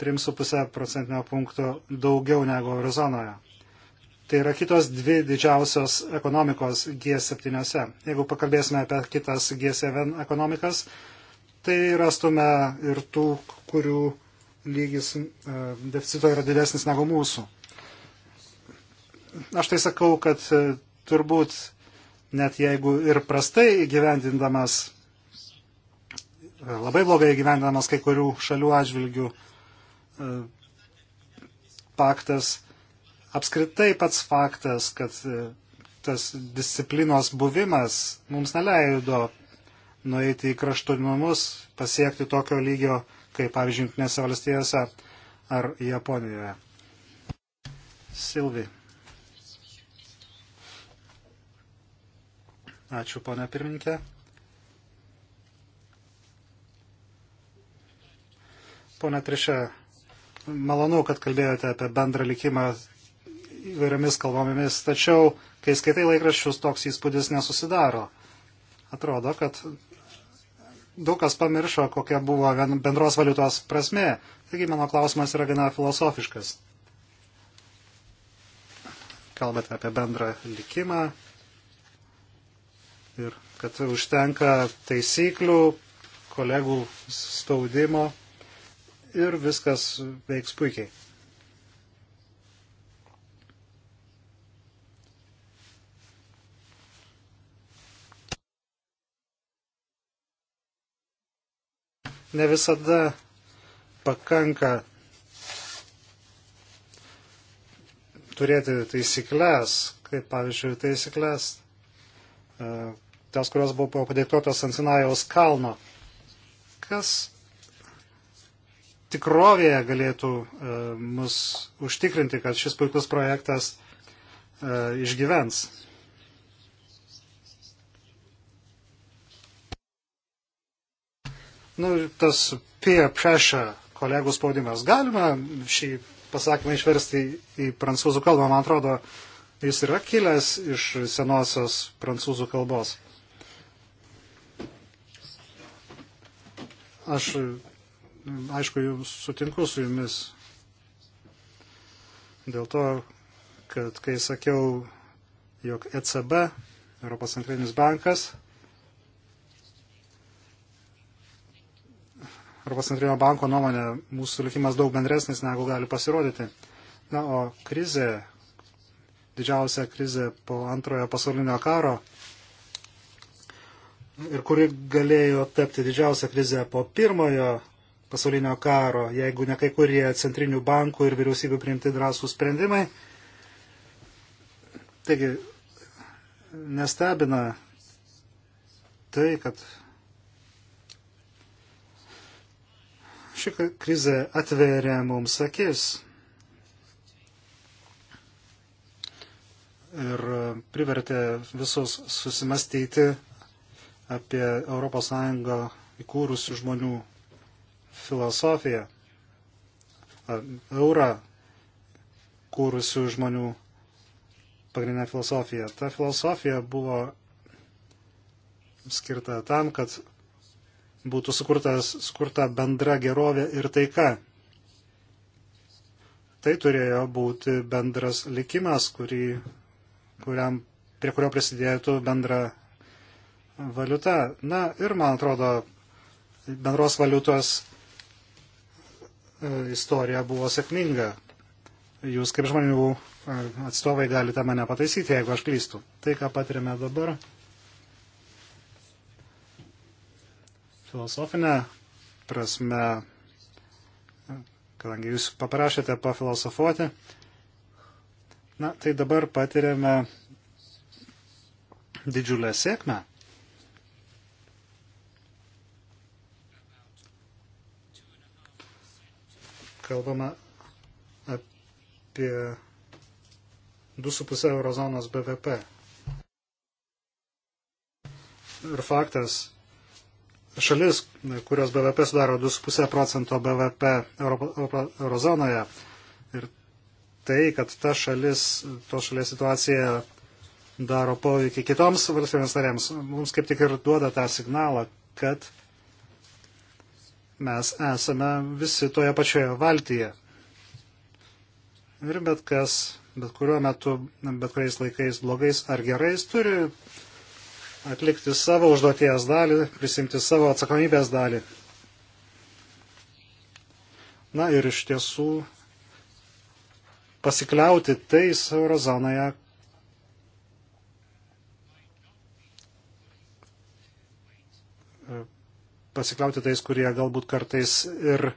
3,5 procentinio punkto daugiau negu eurozonoje. Tai yra kitos dvi didžiausios ekonomikos G7. Jeigu pakalbėsime apie kitas G7 ekonomikas, tai rastume ir tų, kurių lygis e, deficito yra didesnis negu mūsų. Aš tai sakau, kad e, turbūt net jeigu ir prastai gyvendindamas, labai blogai gyvendindamas kai kurių šalių atžvilgių e, paktas, apskritai pats faktas, kad e, tas disciplinos buvimas mums neleido nueiti į kraštutinumus, pasiekti tokio lygio, kaip pavyzdžiui, Junktinėse valstijose ar Japonijoje. Silvi. Ačiū, ponia pirminkė. Pone Trišė, malonu, kad kalbėjote apie bendrą likimą įvairiomis kalbomis, tačiau, kai skaitai laikraščius, toks įspūdis nesusidaro. Atrodo, kad daug kas pamiršo, kokia buvo bendros valiutos prasme. Taigi mano klausimas yra gana filosofiškas. Kalbate apie bendrą likimą, ir kad užtenka taisyklių, kolegų spaudimo ir viskas veiks puikiai. Ne visada pakanka turėti taisyklės, kaip pavyzdžiui taisyklės, e, tas, kurios buvo padiktuotos ant Sinajaus kalno. Kas tikrovėje galėtų e, mus užtikrinti, kad šis puikus projektas e, išgyvens? Nu, tas peer pressure, kolegų spaudimas. Galima šį pasakymą išversti į prancūzų kalbą, man atrodo, jis yra kilęs iš senosios prancūzų kalbos. Aš, aišku, jums sutinku su jumis dėl to, kad kai sakiau, jog ECB, Europos centrinis bankas, Europos centrinio banko nuomonė, mūsų likimas daug bendresnis, negu gali pasirodyti. Na, o krizė, didžiausia krizė po antrojo pasaulinio karo, ir kuri galėjo tapti didžiausią krizę po pirmojo pasaulinio karo, jeigu ne kai kurie centrinių bankų ir vyriausybių priimti drąsų sprendimai. Taigi, nestebina tai, kad ši krizė atvėrė mums akis ir privertė visus susimastyti apie ES įkūrusių žmonių filosofiją, eurą kūrusių žmonių pagrindinę filosofiją. Ta filosofija buvo skirta tam, kad būtų sukurtas, sukurta bendra gerovė ir taika. Tai turėjo būti bendras likimas, kurį, kuriam, prie kurio prisidėtų bendra valiuta. Na ir, man atrodo, bendros valiutos e, istorija buvo sėkminga. Jūs kaip žmonių e, atstovai galite mane pataisyti, jeigu aš klystu. Tai, ką patirime dabar, filosofinė prasme, kadangi jūs paprašėte pafilosofuoti, na, tai dabar patirėme didžiulę sėkmę. kalbama apie 2,5 eurozonos BVP. Ir faktas, šalis, kurios BVP sudaro 2,5 procento BVP eurozonoje, ir tai, kad ta šalis, to šalies situacija daro poveikį kitoms valstybėms narėms, mums kaip tik ir duoda tą signalą, kad mes esame visi toje pačioje valtyje. Ir bet kas, bet kuriuo metu, bet kuriais laikais blogais ar gerais turi atlikti savo užduoties dalį, prisimti savo atsakomybės dalį. Na ir iš tiesų pasikliauti tais eurozonoje, pasikliauti tais, kurie galbūt kartais ir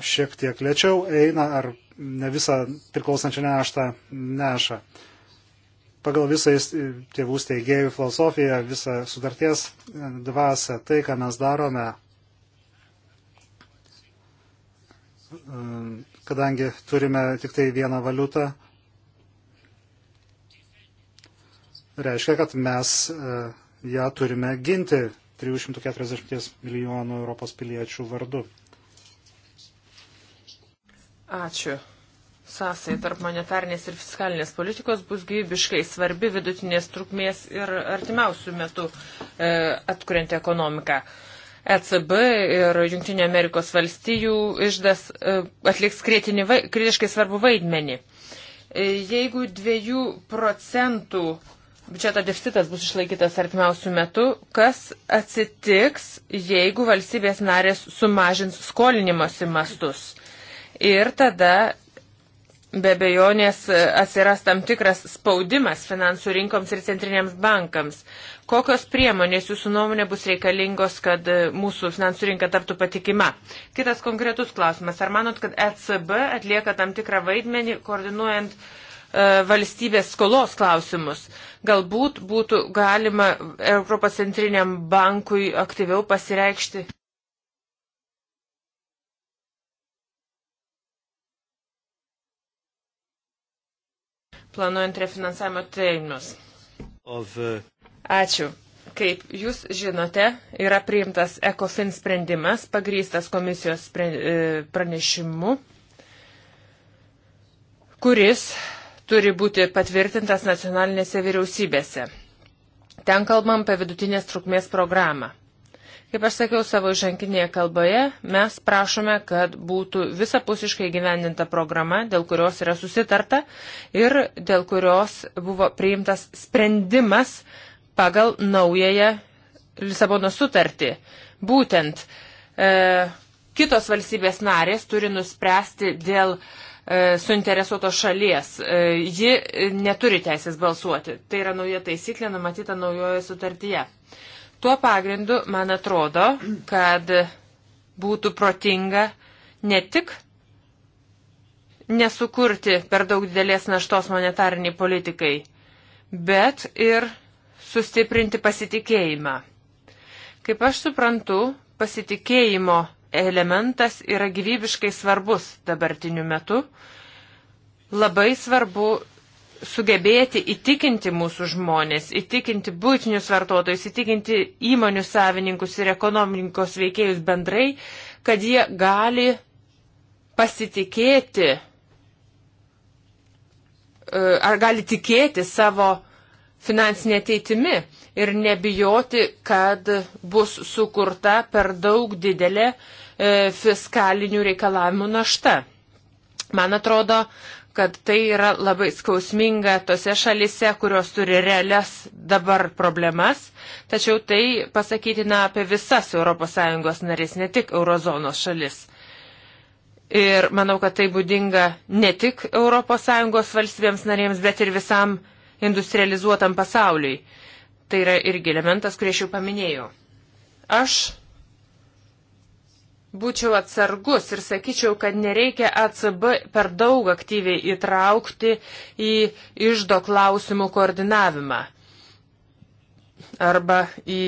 šiek tiek lėčiau eina ar ne visą priklausančią neštą neša. Pagal visą tėvų steigėjų filosofiją, visą sutarties dvasę, tai, ką mes darome, kadangi turime tik tai vieną valiutą, reiškia, kad mes e, ją turime ginti 340 milijonų Europos piliečių vardu. Ačiū. Sąsai tarp monetarnės ir fiskalinės politikos bus gyvybiškai svarbi vidutinės trukmės ir artimiausių metų e, atkuriant ekonomiką. ECB ir Junktinio Amerikos valstijų išdas e, atliks kritinį, kritiškai svarbu vaidmenį. E, jeigu dviejų procentų e, biudžeto deficitas bus išlaikytas artimiausių metų, kas atsitiks, jeigu valstybės narės sumažins skolinimosi mastus. Ir tada be bejonės atsiras tam tikras spaudimas finansų rinkoms ir centriniams bankams. Kokios priemonės jūsų nuomonė bus reikalingos, kad mūsų finansų rinka taptų patikima? Kitas konkretus klausimas. Ar manot, kad ECB atlieka tam tikrą vaidmenį koordinuojant uh, E, valstybės skolos klausimus. Galbūt būtų galima Europos centriniam bankui aktyviau pasireikšti. Planuojant refinansavimo terminus. E, Ačiū. Kaip jūs žinote, yra priimtas ECOFIN sprendimas, pagrystas komisijos e, pranešimu, kuris turi būti patvirtintas nacionalinėse vyriausybėse. Ten kalbam apie vidutinės trukmės programą. Kaip aš sakiau savo išankinėje kalboje, mes prašome, kad būtų visapusiškai gyvendinta programa, dėl kurios yra susitarta ir dėl kurios buvo priimtas sprendimas pagal naująją Lisabono sutartį. Būtent e, kitos valstybės narės turi nuspręsti dėl e, E, suinteresuotos šalies. E, ji neturi teisės balsuoti. Tai yra nauja taisyklė numatyta naujoje sutartyje. Tuo pagrindu, man atrodo, kad būtų protinga ne tik nesukurti per daug didelės naštos monetariniai politikai, bet ir sustiprinti pasitikėjimą. Kaip aš suprantu, pasitikėjimo elementas yra gyvybiškai svarbus dabartiniu metu. Labai svarbu sugebėti įtikinti mūsų žmonės, įtikinti būtinius vartotojus, įtikinti įmonių savininkus ir ekonomikos veikėjus bendrai, kad jie gali pasitikėti e, ar gali tikėti savo finansinė ateitimi ir nebijoti, kad bus sukurta per daug didelė uh, E, fiskalinių reikalavimų našta. Man atrodo, kad tai yra labai skausminga tose šalise, kurios turi realias dabar problemas, tačiau tai pasakytina apie visas ES narės, ne tik eurozonos šalis. Ir manau, kad tai būdinga ne tik ES valstybėms narėms, bet ir visam industrializuotam pasauliui. Tai yra irgi elementas, kurį aš jau paminėjau. Aš būčiau atsargus ir sakyčiau, kad nereikia ACB per daug aktyviai įtraukti į išdo klausimų koordinavimą arba į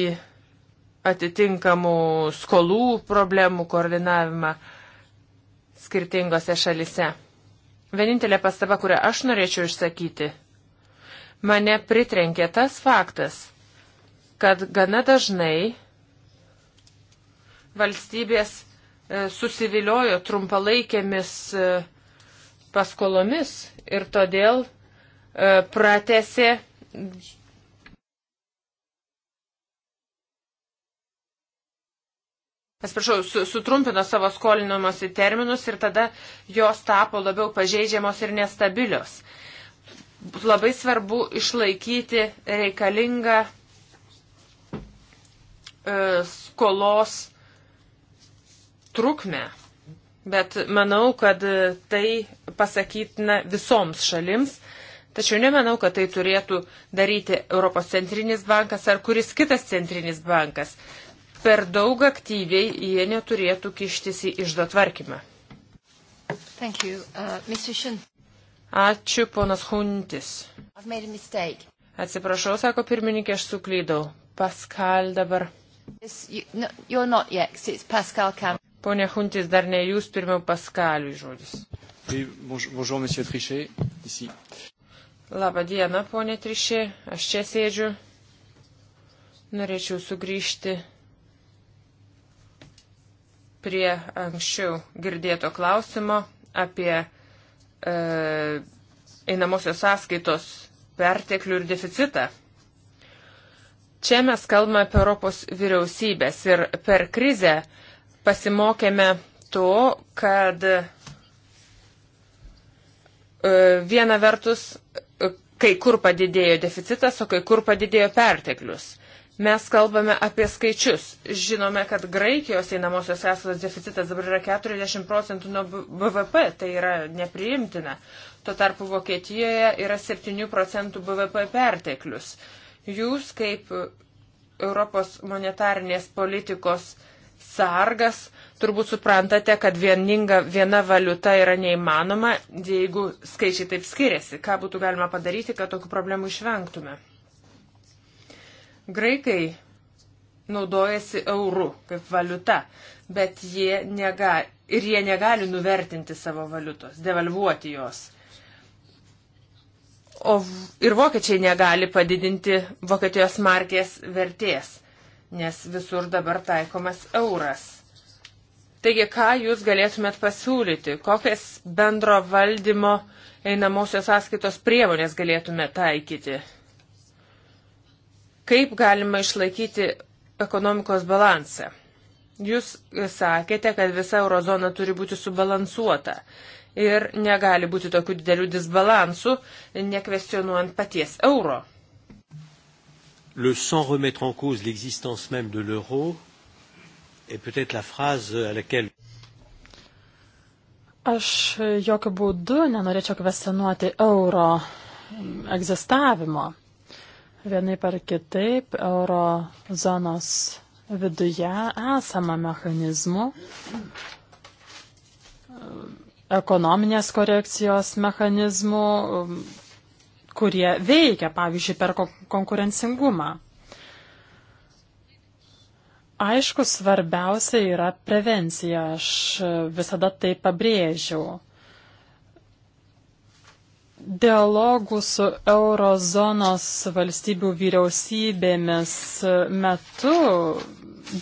atitinkamų skolų problemų koordinavimą skirtingose šalise. Vienintelė pastaba, kurią aš norėčiau išsakyti, mane pritrenkė tas faktas, kad gana dažnai valstybės E, susiviliojo trumpalaikėmis e, paskolomis ir todėl e, pratesė atsiprašau, su, sutrumpino savo skolinimuose terminus ir tada jos tapo labiau pažeidžiamos ir nestabilios. Labai svarbu išlaikyti reikalingą e, skolos trukmę, bet manau, kad tai pasakytina visoms šalims. Tačiau nemanau, kad tai turėtų daryti Europos centrinis bankas ar kuris kitas centrinis bankas. Per daug aktyviai jie neturėtų kištis į išdo tvarkymą. Uh, Ačiū, ponas Huntis. Atsiprašau, sako pirmininkė, aš suklydau. Pascal dabar. Yes, you, no, yet, Pascal Pone Huntis, dar ne jūs, pirmiau Paskaliui žodis. Oui, bonjour, monsieur Trichet, ici. Labą dieną, ponė Trišė, aš čia sėdžiu. Norėčiau sugrįžti prie anksčiau girdėto klausimo apie e, einamosios sąskaitos perteklių ir deficitą. Čia mes kalbame apie Europos vyriausybės ir per krizę e, pasimokėme to, kad e, viena vertus e, kai kur padidėjo deficitas, o kai kur padidėjo perteklius. Mes kalbame apie skaičius. Žinome, kad Graikijos einamosios sąskaitos deficitas dabar yra 40 procentų nuo BVP, tai yra nepriimtina. Tuo tarpu Vokietijoje yra 7 procentų BVP perteklius. Jūs kaip Europos monetarinės politikos uh, sargas, turbūt suprantate, kad vieninga viena valiuta yra neįmanoma, jeigu skaičiai taip skiriasi. Ką būtų galima padaryti, kad tokių problemų išvengtume? Graikai naudojasi eurų kaip valiuta, bet jie negali, ir jie negali nuvertinti savo valiutos, devalvuoti jos. O ir vokiečiai negali padidinti Vokietijos markės vertės nes visur dabar taikomas euras. Taigi, ką jūs galėtumėt pasiūlyti, kokias bendro valdymo einamosios sąskaitos priemonės galėtume taikyti? Kaip galima išlaikyti ekonomikos balansą? Jūs sakėte, kad visa eurozona turi būti subalansuota ir negali būti tokių didelių disbalansų, nekvestionuojant paties euro le sans remettre en cause l'existence même de l'euro est peut-être la phrase à laquelle. Aš jokių būdų nenorėčiau kvestionuoti euro egzistavimo. Vienaip ar kitaip euro zonos viduje esama mechanizmų, ekonominės korekcijos mechanizmų, kurie veikia, pavyzdžiui, per konkurencingumą. Aišku, svarbiausia yra prevencija, aš visada tai pabrėžiau. Dialogų su eurozonos valstybių vyriausybėmis metu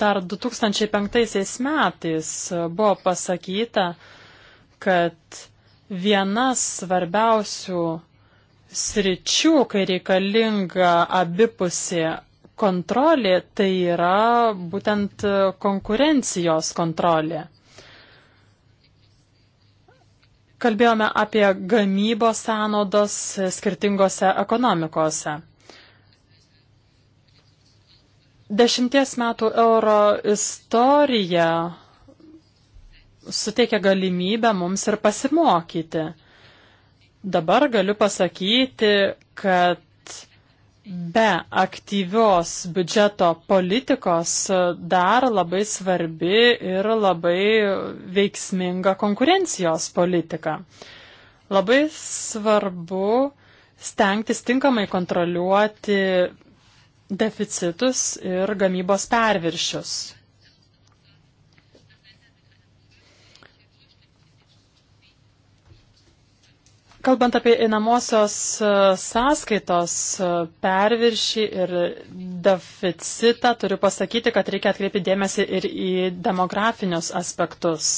dar 2005 metais buvo pasakyta, kad viena svarbiausių sričių, kai reikalinga abipusė kontrolė, tai yra būtent konkurencijos kontrolė. Kalbėjome apie gamybos sąnaudos skirtingose ekonomikose. Dešimties metų euro istorija suteikia galimybę mums ir pasimokyti dabar galiu pasakyti, kad be aktyvios biudžeto politikos dar labai svarbi ir labai veiksminga konkurencijos politika. Labai svarbu stengtis tinkamai kontroliuoti deficitus ir gamybos perviršius. Kalbant apie einamosios e, sąskaitos e, perviršį ir deficitą, turiu pasakyti, kad reikia atkreipti dėmesį ir į demografinius aspektus.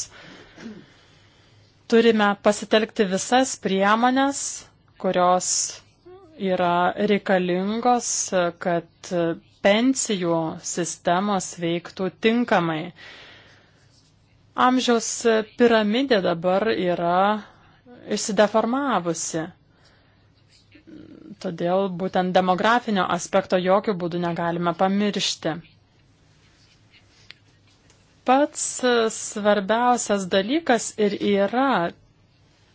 Turime pasitelkti visas priemonės, kurios yra reikalingos, e, kad pensijų sistemos veiktų tinkamai. Amžiaus piramidė dabar yra išsideformavusi. Todėl būtent demografinio aspekto jokių būdų negalime pamiršti. Pats svarbiausias dalykas ir yra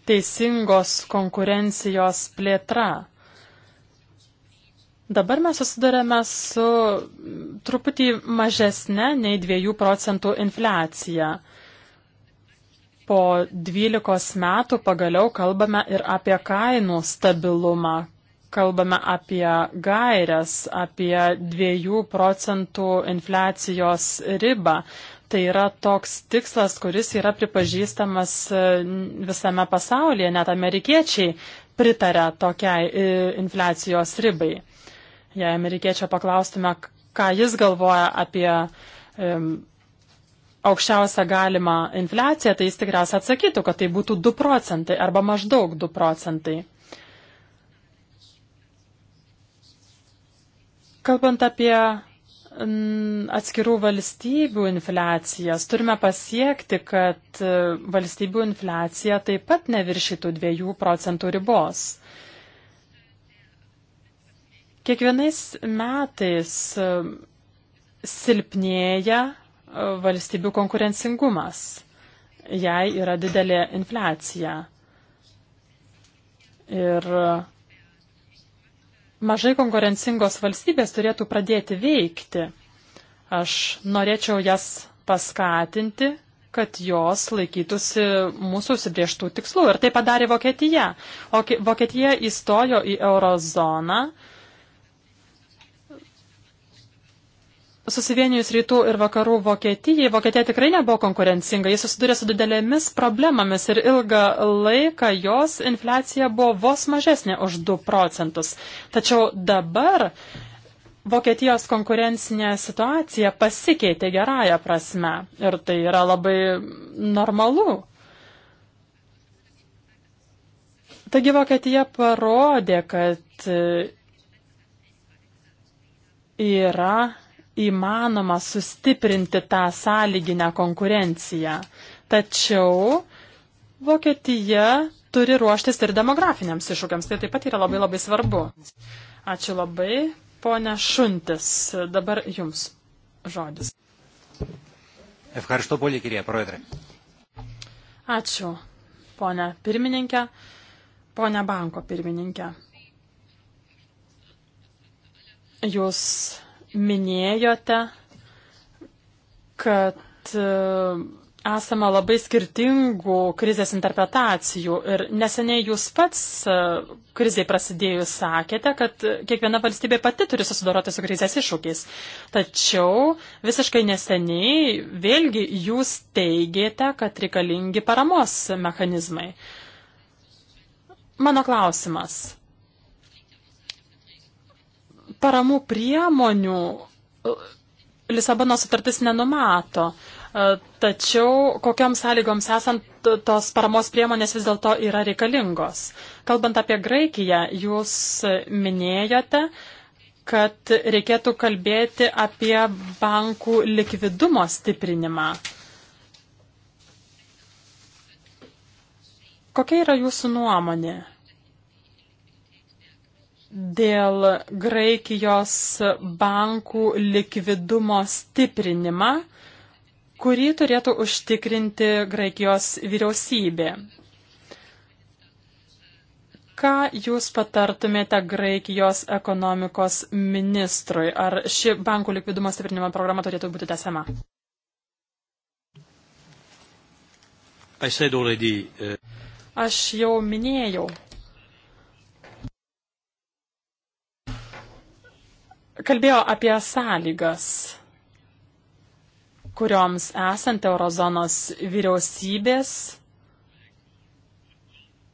teisingos konkurencijos plėtra. Dabar mes susidurėme su truputį mažesne nei 2 procentų infliacija po 12 metų pagaliau kalbame ir apie kainų stabilumą, kalbame apie gairias, apie 2 procentų infliacijos ribą. Tai yra toks tikslas, kuris yra pripažįstamas e, visame pasaulyje, net amerikiečiai pritarė tokiai e, infliacijos ribai. Jei amerikiečio paklaustume, ką jis galvoja apie aukščiausią galimą infliaciją, tai jis tikriausiai atsakytų, kad tai būtų 2 procentai arba maždaug 2 procentai. Kalbant apie atskirų valstybių infliacijas, turime pasiekti, kad e, valstybių infliacija taip pat neviršytų 2 procentų ribos. Kiekvienais metais e, silpnėja valstybių konkurencingumas, jei yra didelė infliacija. Ir mažai konkurencingos valstybės turėtų pradėti veikti. Aš norėčiau jas paskatinti, kad jos laikytųsi mūsų užsibrieštų tikslų. Ir tai padarė Vokietija. O Vokietija įstojo į eurozoną susivienijus rytų ir vakarų Vokietijai, Vokietija tikrai nebuvo konkurencinga, jis susidurė su didelėmis problemomis ir ilgą laiką jos infliacija buvo vos mažesnė už 2 procentus. Tačiau dabar Vokietijos konkurencinė situacija pasikeitė gerąją prasme ir tai yra labai normalu. Taigi Vokietija parodė, kad yra įmanoma sustiprinti tą sąlyginę konkurenciją. Tačiau Vokietija turi ruoštis ir demografiniams iššūkiams. Tai taip pat yra labai labai svarbu. Ačiū labai, ponia Šuntis. Dabar jums žodis. Ευχαριστώ πολύ, κυρία Πρόεδρε. Ačiū, ponia pirmininkė, ponia banko pirmininkė. Jūs minėjote, kad e, esama labai skirtingų krizės interpretacijų ir neseniai jūs pats e, kriziai prasidėjus sakėte, kad kiekviena valstybė pati turi susidoroti su krizės iššūkiais. Tačiau visiškai neseniai vėlgi jūs teigėte, kad reikalingi paramos mechanizmai. Mano klausimas paramų priemonių e, Lisabono sutartis nenumato. E, tačiau kokioms sąlygoms esant tos paramos priemonės vis dėlto yra reikalingos. Kalbant apie Graikiją, jūs minėjote, kad reikėtų kalbėti apie bankų likvidumo stiprinimą. Kokia yra jūsų nuomonė? dėl Graikijos bankų likvidumo stiprinimą, kurį turėtų užtikrinti Graikijos vyriausybė. Ką Jūs patartumėte Graikijos ekonomikos ministrui? Ar ši bankų likvidumo stiprinimo programa turėtų būti tęsiama? Uh, Aš jau minėjau, kalbėjo apie sąlygas, kurioms esant eurozonos vyriausybės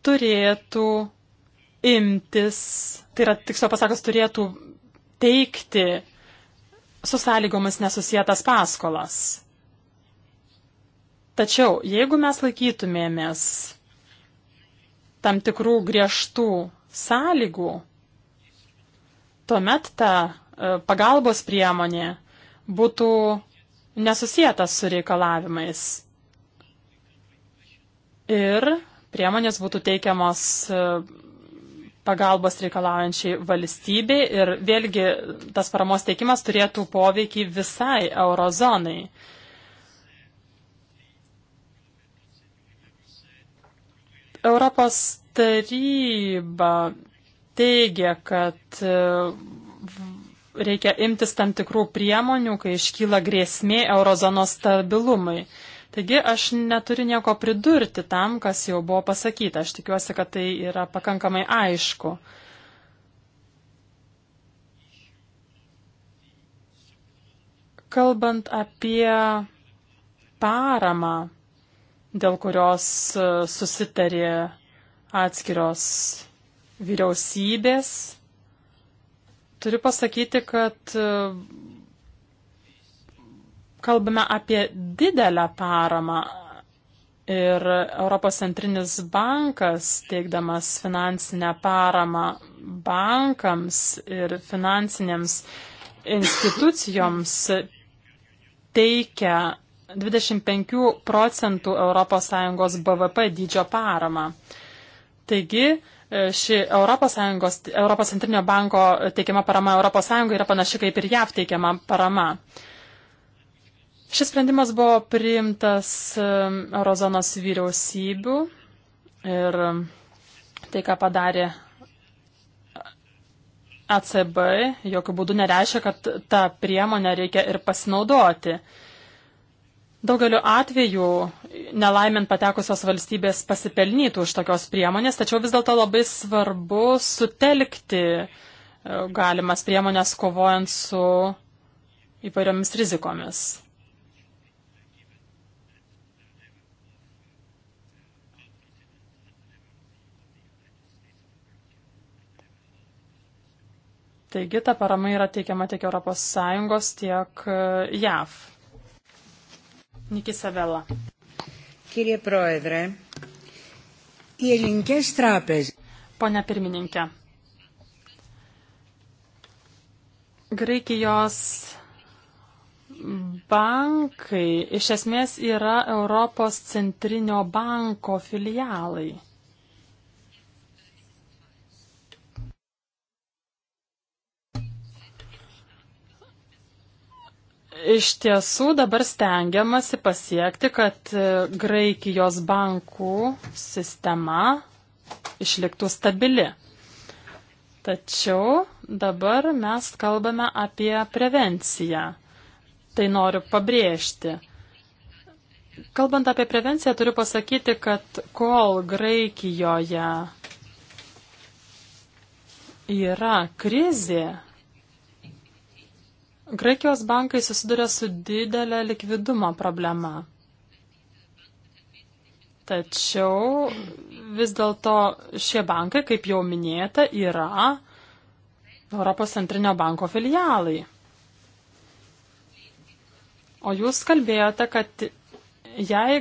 turėtų imtis, tai yra tiksliau pasakas, turėtų teikti su sąlygomis nesusietas paskolas. Tačiau, jeigu mes laikytumėmės tam tikrų griežtų sąlygų, tuomet ta E, pagalbos priemonė būtų nesusijęs su reikalavimais. Ir priemonės būtų teikiamos e, pagalbos reikalaujančiai valstybei ir vėlgi tas paramos teikimas turėtų poveikį visai eurozonai. Europos taryba teigia, kad e, reikia imtis tam tikrų priemonių, kai iškyla grėsmė eurozonos stabilumui. Taigi aš neturiu nieko pridurti tam, kas jau buvo pasakyta. Aš tikiuosi, kad tai yra pakankamai aišku. Kalbant apie paramą, dėl kurios e, susitarė atskiros vyriausybės, Turiu pasakyti, kad e, kalbame apie didelę paramą. Ir Europos centrinis bankas, teikdamas finansinę paramą bankams ir finansinėms institucijoms, teikia 25 procentų ES BVP dydžio paramą. Taigi, E, ši ES, Europos centrinio banko teikiama parama ES yra panaši kaip ir JAV teikiama parama. Šis sprendimas buvo priimtas e, Eurozonos vyriausybių ir tai, ką padarė ECB, jokių būdų nereiškia, kad tą priemonę reikia ir pasinaudoti. Daugeliu atveju nelaimint patekusios valstybės pasipelnytų iš tokios priemonės, tačiau vis dėlto labai svarbu sutelkti e, galimas priemonės kovojant su įvairiomis rizikomis. Taigi ta parama yra teikiama tiek ES, tiek e, JAV. Νίκη Σαβέλα. Κύριε Πρόεδρε, οι ελληνικές τράπεζες... Pone pirmininkė, Graikijos bankai iš esmės yra Europos centrinio banko filialai. Iš tiesų dabar stengiamasi pasiekti, kad e, Graikijos bankų sistema išliktų stabili. Tačiau dabar mes kalbame apie prevenciją. Tai noriu pabrėžti. Kalbant apie prevenciją, turiu pasakyti, kad kol Graikijoje yra krizė, Graikijos bankai susiduria su didelė likvidumo problema. Tačiau vis dėlto šie bankai, kaip jau minėta, yra Europos centrinio banko filialai. O jūs kalbėjote, kad jei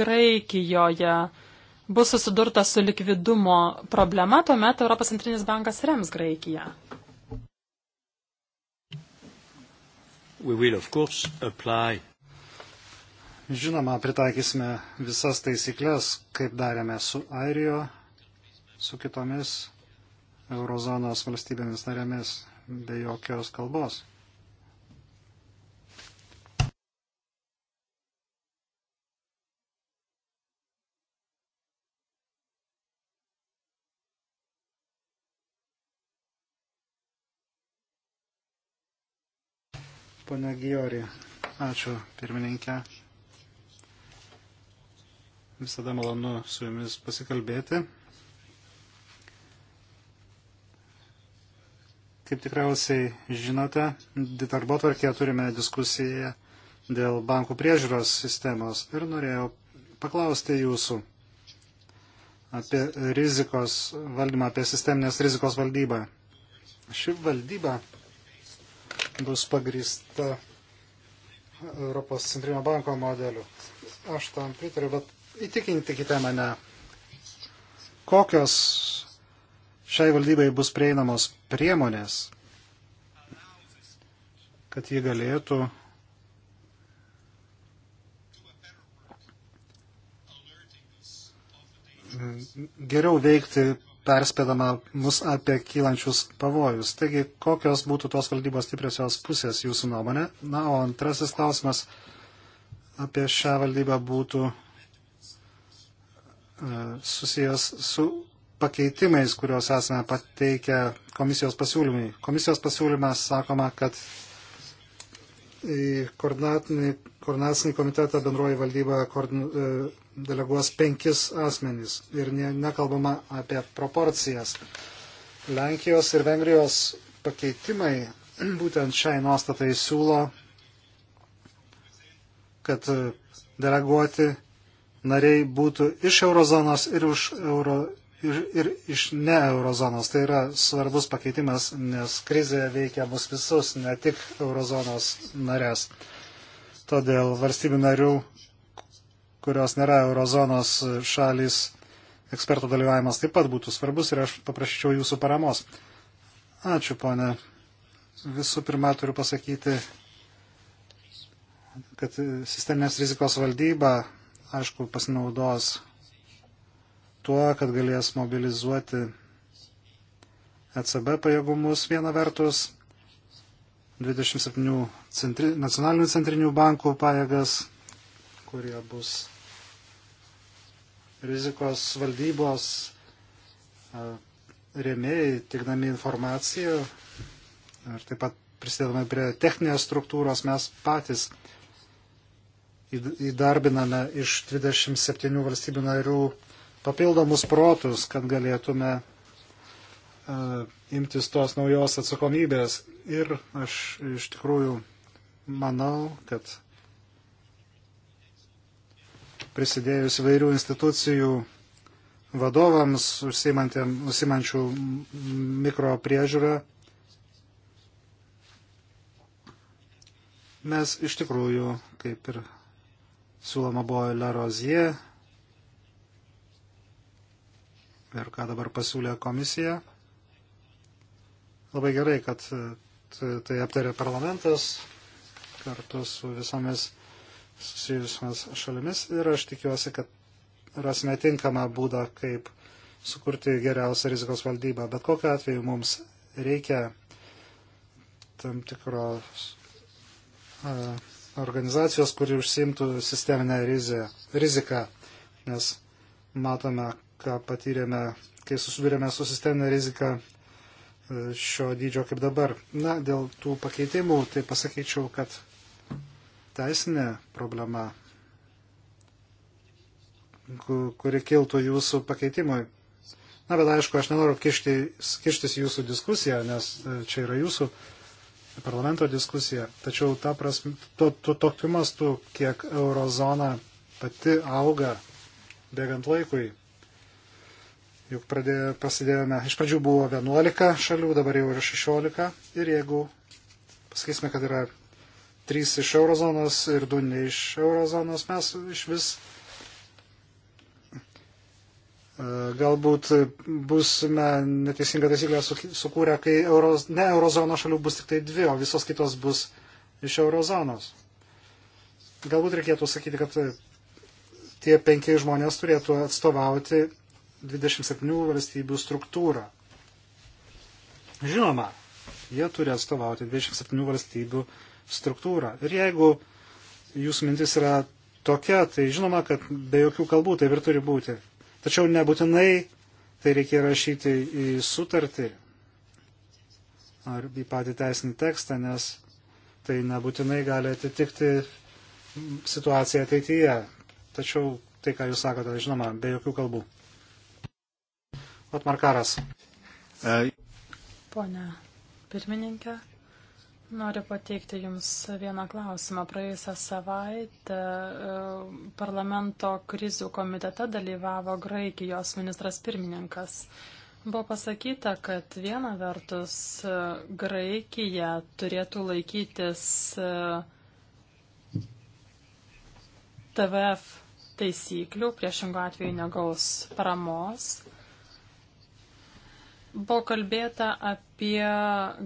Graikijoje bus susidurta su likvidumo problema, tuomet Europos centrinis bankas rems Graikiją. we will of course apply. Žinoma, pritaikysime visas taisyklės, kaip darėme su Airijo, su kitomis eurozonos valstybėmis narėmis, be jokios kalbos. Pone Giori, ačiū pirmininkė. Visada malonu su jumis pasikalbėti. Kaip tikriausiai žinote, darbo tvarkėje turime diskusiją dėl bankų priežiūros sistemos ir norėjau paklausti jūsų apie rizikos valdymą, apie sisteminės rizikos valdybą. Ši valdyba bus pagrįsta Europos centrinio banko modeliu. Aš tam pritariu, bet įtikinkite mane, kokios šiai valdybai bus prieinamos priemonės, kad ji galėtų geriau veikti perspėdama mus apie kylančius pavojus. Taigi, kokios būtų tos valdybos stipriosios pusės jūsų nuomonė? Na, o antrasis klausimas apie šią valdybą būtų e, susijęs su pakeitimais, kuriuos esame pateikę komisijos pasiūlymai. Komisijos pasiūlymas sakoma, kad į koordinatinį koordinacinį komitetą bendroji valdyba e, deleguos penkis asmenys ir ne, nekalbama apie proporcijas. Lenkijos ir Vengrijos pakeitimai būtent šiai nuostatai siūlo, kad e, deleguoti nariai būtų iš eurozonos ir, už euro, ir, ir iš ne eurozonos. Tai yra svarbus pakeitimas, nes krizė veikia mus visus, ne tik eurozonos narės todėl valstybių narių, kurios nėra eurozonos šalis, eksperto dalyvavimas taip pat būtų svarbus ir aš paprašyčiau jūsų paramos. Ačiū, ponė. Visų pirma, turiu pasakyti, kad sisteminės rizikos valdyba, aišku, pasinaudos tuo, kad galės mobilizuoti ECB pajėgumus viena vertus 27 centri, nacionalinių centrinių bankų pajėgas, kurie bus rizikos valdybos rėmėjai, tikdami informaciją ir taip pat prisidedame prie techninės struktūros, mes patys įdarbiname iš 27 valstybių narių papildomus protus, kad galėtume imtis tos naujos atsakomybės. Ir aš iš tikrųjų manau, kad prisidėjus vairių institucijų vadovams užsimančių mikro priežiūrą, mes iš tikrųjų, kaip ir siūloma buvo Larozie ir ką dabar pasiūlė komisija, Labai gerai, kad e, tai aptarė parlamentas kartu su visomis susijusiamis šalimis ir aš tikiuosi, kad rasime tinkamą būdą, kaip sukurti geriausią rizikos valdybą. Bet kokiu atveju mums reikia tam tikros uh, e, organizacijos, kuri užsimtų sisteminę riziką, nes matome, ką patyrėme, kai susidurėme su sisteminė rizika šio dydžio kaip dabar. Na, dėl tų pakeitimų, tai pasakyčiau, kad teisinė problema, kuri kiltų jūsų pakeitimui. Na, bet aišku, aš nenoriu kišti, kištis jūsų diskusiją, nes e, čia yra jūsų parlamento diskusija. Tačiau ta prasme, to, to, tokiu mastu, kiek eurozona pati auga bėgant laikui, Juk pradėjo, prasidėjome, iš pradžių buvo 11 šalių, dabar jau yra 16 ir jeigu pasakysime, kad yra 3 iš eurozonos ir 2 ne iš eurozonos, mes iš vis e, galbūt busime neteisingą taisyklę sukūrę, kai euros, ne eurozono šalių bus tik tai dvi, o visos kitos bus iš eurozonos. Galbūt reikėtų sakyti, kad tie penki žmonės turėtų atstovauti 27 valstybių struktūrą. Žinoma, jie turi atstovauti 27 valstybių struktūrą. Ir jeigu jūsų mintis yra tokia, tai žinoma, kad be jokių kalbų taip ir turi būti. Tačiau nebūtinai tai reikia rašyti į sutartį ar į patį teisinį tekstą, nes tai nebūtinai gali atitikti situaciją ateityje. Tačiau tai, ką jūs sakote, žinoma, be jokių kalbų. Otmarkaras. Pone pirmininkė, noriu pateikti Jums vieną klausimą. Praėjusią savaitę e, parlamento krizių komitete dalyvavo Graikijos ministras pirmininkas. Buvo pasakyta, kad viena vertus e, Graikija turėtų laikytis e, TVF taisyklių, priešingų atveju negaus paramos. Buvo kalbėta apie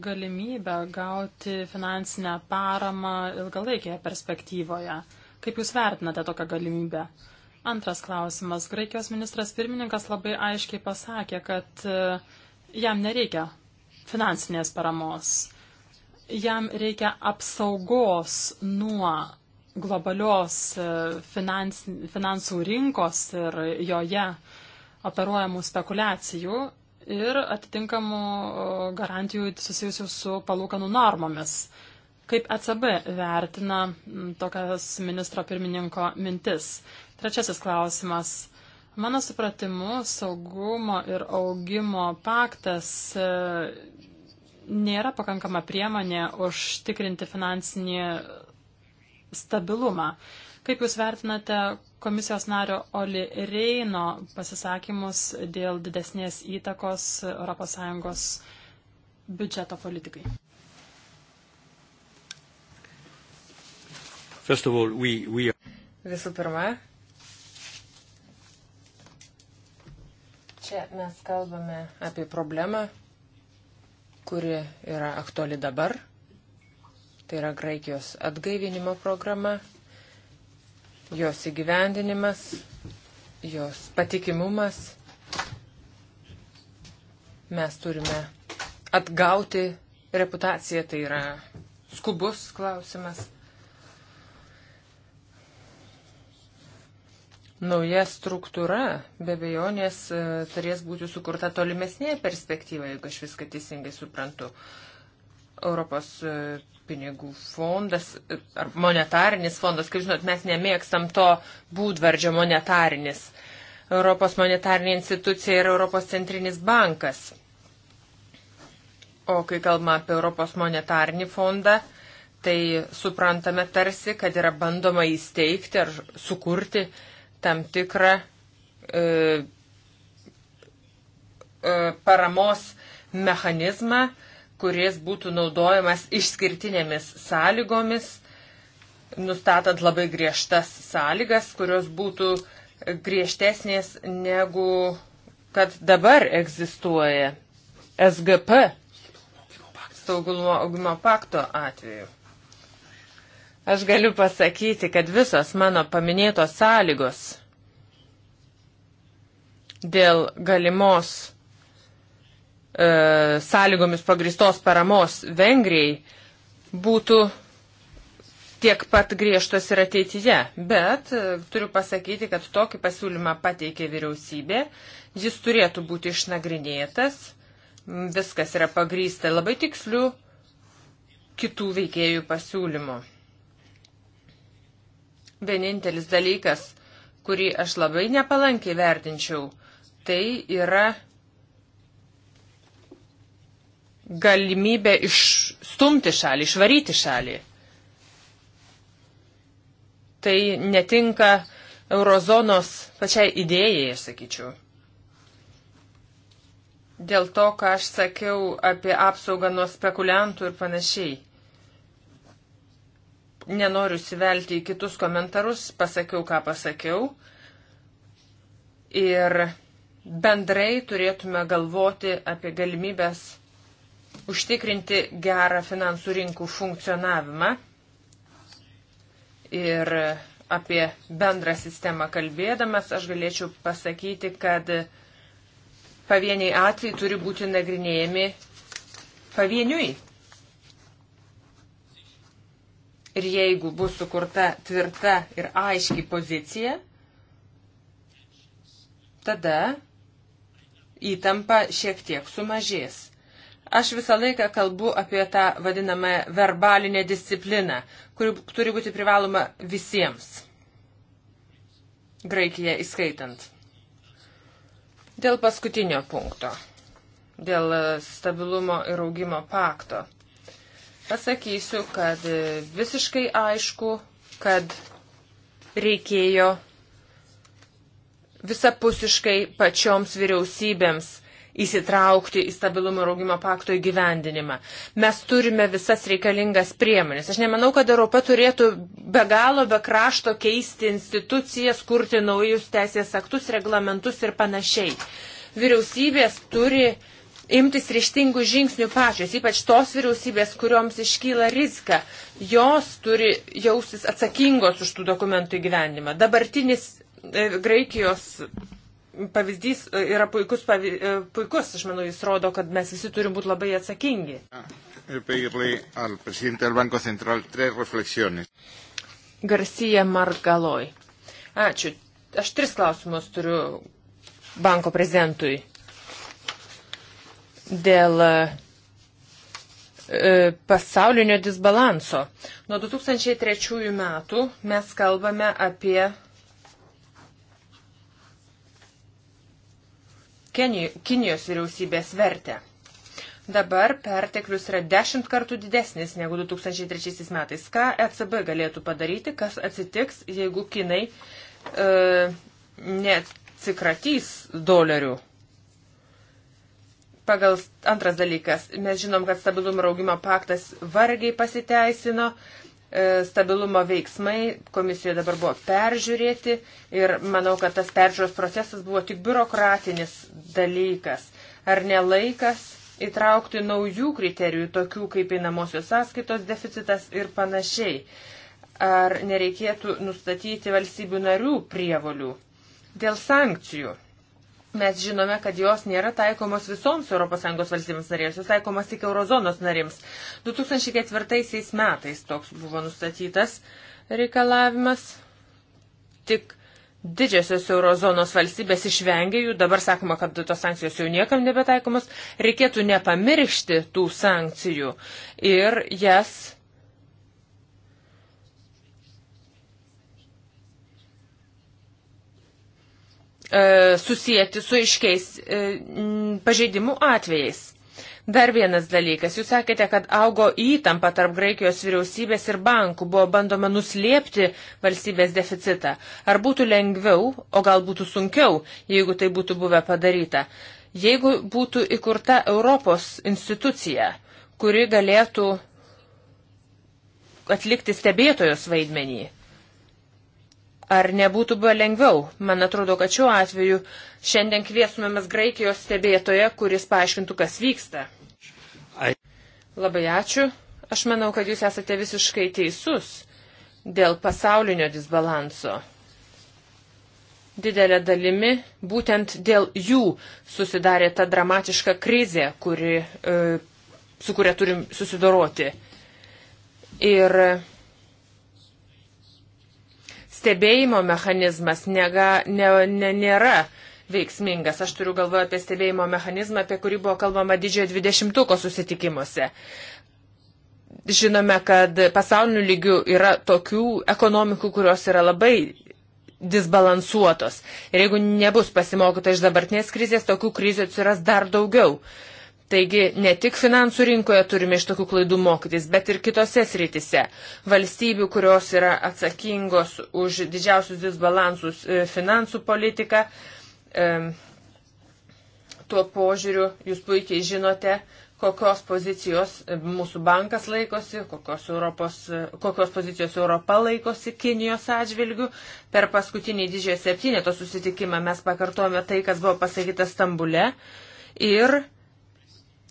galimybę gauti finansinę paramą ilgalaikėje perspektyvoje. Kaip Jūs vertinate tokią galimybę? Antras klausimas. Graikijos ministras pirmininkas labai aiškiai pasakė, kad e, jam nereikia finansinės paramos. Jam reikia apsaugos nuo globalios e, finans, finansų rinkos ir joje operuojamų spekulacijų ir atitinkamų garantijų susijusių su palūkanų normomis. Kaip ECB vertina tokias ministro pirmininko mintis? Trečiasis klausimas. Mano supratimu, saugumo ir augimo paktas e, nėra pakankama priemonė užtikrinti finansinį stabilumą. Kaip Jūs vertinate komisijos nario Oli Reino pasisakymus dėl didesnės įtakos ES biudžeto politikai? All, we, we are... Visų pirma, čia mes kalbame apie problemą, kuri yra aktuali dabar. Tai yra Graikijos atgaivinimo programa, jos įgyvendinimas, jos patikimumas. Mes turime atgauti reputaciją, tai yra skubus klausimas. Nauja struktūra be bejonės e, turės būti sukurta tolimesnėje perspektyvoje, jeigu aš viską teisingai suprantu. Europos e, pinigų fondas ar monetarinis fondas, kaip žinot, mes nemėgstam to būdvardžio monetarinis. Europos monetarinė institucija yra Europos centrinis bankas. O kai kalbame apie Europos monetarinį fondą, tai suprantame tarsi, kad yra bandoma įsteigti ar sukurti tam tikrą e, e, paramos mechanizmą, e, kuris būtų naudojamas išskirtinėmis sąlygomis, nustatant labai griežtas sąlygas, kurios būtų griežtesnės negu kad dabar egzistuoja SGP saugumo augimo pakto atveju. Aš galiu pasakyti, kad visos mano paminėtos sąlygos dėl galimos e, sąlygomis pagristos paramos Vengrijai būtų tiek pat griežtos ir ateityje. Bet e, turiu pasakyti, kad tokį pasiūlymą pateikė vyriausybė, jis turėtų būti išnagrinėtas, viskas yra pagrysta labai tiksliu kitų veikėjų pasiūlymu. Vienintelis dalykas, kurį aš labai nepalankiai vertinčiau, tai yra galimybę išstumti šalį, išvaryti šalį. Tai netinka eurozonos pačiai idėjai, aš sakyčiau. Dėl to, ką aš sakiau apie apsaugą nuo spekuliantų ir panašiai. Nenoriu sivelti į kitus komentarus, pasakiau, ką pasakiau. Ir bendrai turėtume galvoti apie galimybės užtikrinti gerą finansų rinkų funkcionavimą ir apie bendrą sistemą kalbėdamas, aš galėčiau pasakyti, kad pavieniai atvejai turi būti nagrinėjami pavieniui. Ir jeigu bus sukurta tvirta ir aiški pozicija, tada įtampa šiek tiek sumažės. Aš visą laiką kalbu apie tą vadinamą verbalinę discipliną, kuri turi būti privaloma visiems. Graikija įskaitant. Dėl paskutinio punkto. Dėl e, stabilumo ir augimo pakto. Pasakysiu, kad e, visiškai aišku, kad reikėjo visapusiškai pačioms vyriausybėms įsitraukti į stabilumo ir augimo pakto įgyvendinimą. Mes turime visas reikalingas priemonės. Aš nemanau, kad Europa turėtų be galo, be krašto keisti institucijas, kurti naujus teisės aktus, reglamentus ir panašiai. Vyriausybės turi imtis ryštingų žingsnių pačios, ypač tos vyriausybės, kurioms iškyla rizika, jos turi jaustis atsakingos už tų dokumentų įgyvendimą. Dabartinis e, Graikijos pavyzdys e, yra puikus, pavy, e, puikus, aš manau, jis rodo, kad mes visi turim būti labai atsakingi. Garcija Margaloj. Ačiū. Aš tris klausimus turiu banko prezidentui dėl e, pasaulinio disbalanso. Nuo 2003 metų mes kalbame apie Kinijos vyriausybės vertę. Dabar perteklius yra dešimt kartų didesnis negu 2003 metais. Ką ECB galėtų padaryti, kas atsitiks, jeigu Kinai e, neatsikratys dolerių? Pagal antras dalykas, mes žinom, kad stabilumo augimo paktas vargiai pasiteisino. E, E, stabilumo veiksmai komisija dabar buvo peržiūrėti ir manau, kad tas peržiūros procesas buvo tik biurokratinis dalykas. Ar ne laikas įtraukti naujų kriterijų, tokių kaip einamosios sąskaitos deficitas ir panašiai? Ar nereikėtų nustatyti valstybių narių prievolių dėl sankcijų? Mes žinome, kad jos nėra taikomos visoms ES valstybėms narėms, jos taikomos tik eurozonos narėms. 2004 metais toks buvo nustatytas reikalavimas. Tik didžiosios eurozonos valstybės išvengia jų, dabar sakoma, kad tos sankcijos jau niekam nebetaikomos. Reikėtų nepamiršti tų sankcijų ir jas E, susijęti su iškiais e, pažeidimų atvejais. Dar vienas dalykas. Jūs sakėte, kad augo įtampa tarp Graikijos vyriausybės ir bankų, buvo bandoma nuslėpti valstybės deficitą. Ar būtų lengviau, o gal būtų sunkiau, jeigu tai būtų buvę padaryta, jeigu būtų įkurta Europos institucija, kuri galėtų atlikti stebėtojos vaidmenį? Ar nebūtų buvę lengviau? Man atrodo, kad šiuo atveju šiandien kviesumėmės Graikijos stebėtoje, kuris paaiškintų, kas vyksta. Labai ačiū. Aš manau, kad jūs esate visiškai teisus dėl pasaulinio disbalanso. Didelė dalimi būtent dėl jų susidarė ta dramatiška krizė, kuri, e, su kuria turim susidoroti. Ir stebėjimo mechanizmas nega, ne, ne, nėra veiksmingas. Aš turiu galvoje apie stebėjimo mechanizmą, apie kurį buvo kalbama didžiojo dvidešimtuko susitikimuose. Žinome, kad pasaulinių lygių yra tokių ekonomikų, kurios yra labai disbalansuotos. Ir jeigu nebus pasimokyta iš dabartinės krizės, tokių krizių atsiras dar daugiau. Uh, Taigi ne tik finansų rinkoje turime iš tokių klaidų mokytis, bet ir kitose sritise. Valstybių, kurios yra atsakingos už didžiausius disbalansus e, finansų politiką, e, tuo požiūriu jūs puikiai žinote, kokios pozicijos e, mūsų bankas laikosi, kokios, Europos, kokios pozicijos Europa laikosi Kinijos atžvilgių. Per paskutinį didžiojo septyneto susitikimą mes pakartojame tai, kas buvo pasakyta Stambule. Ir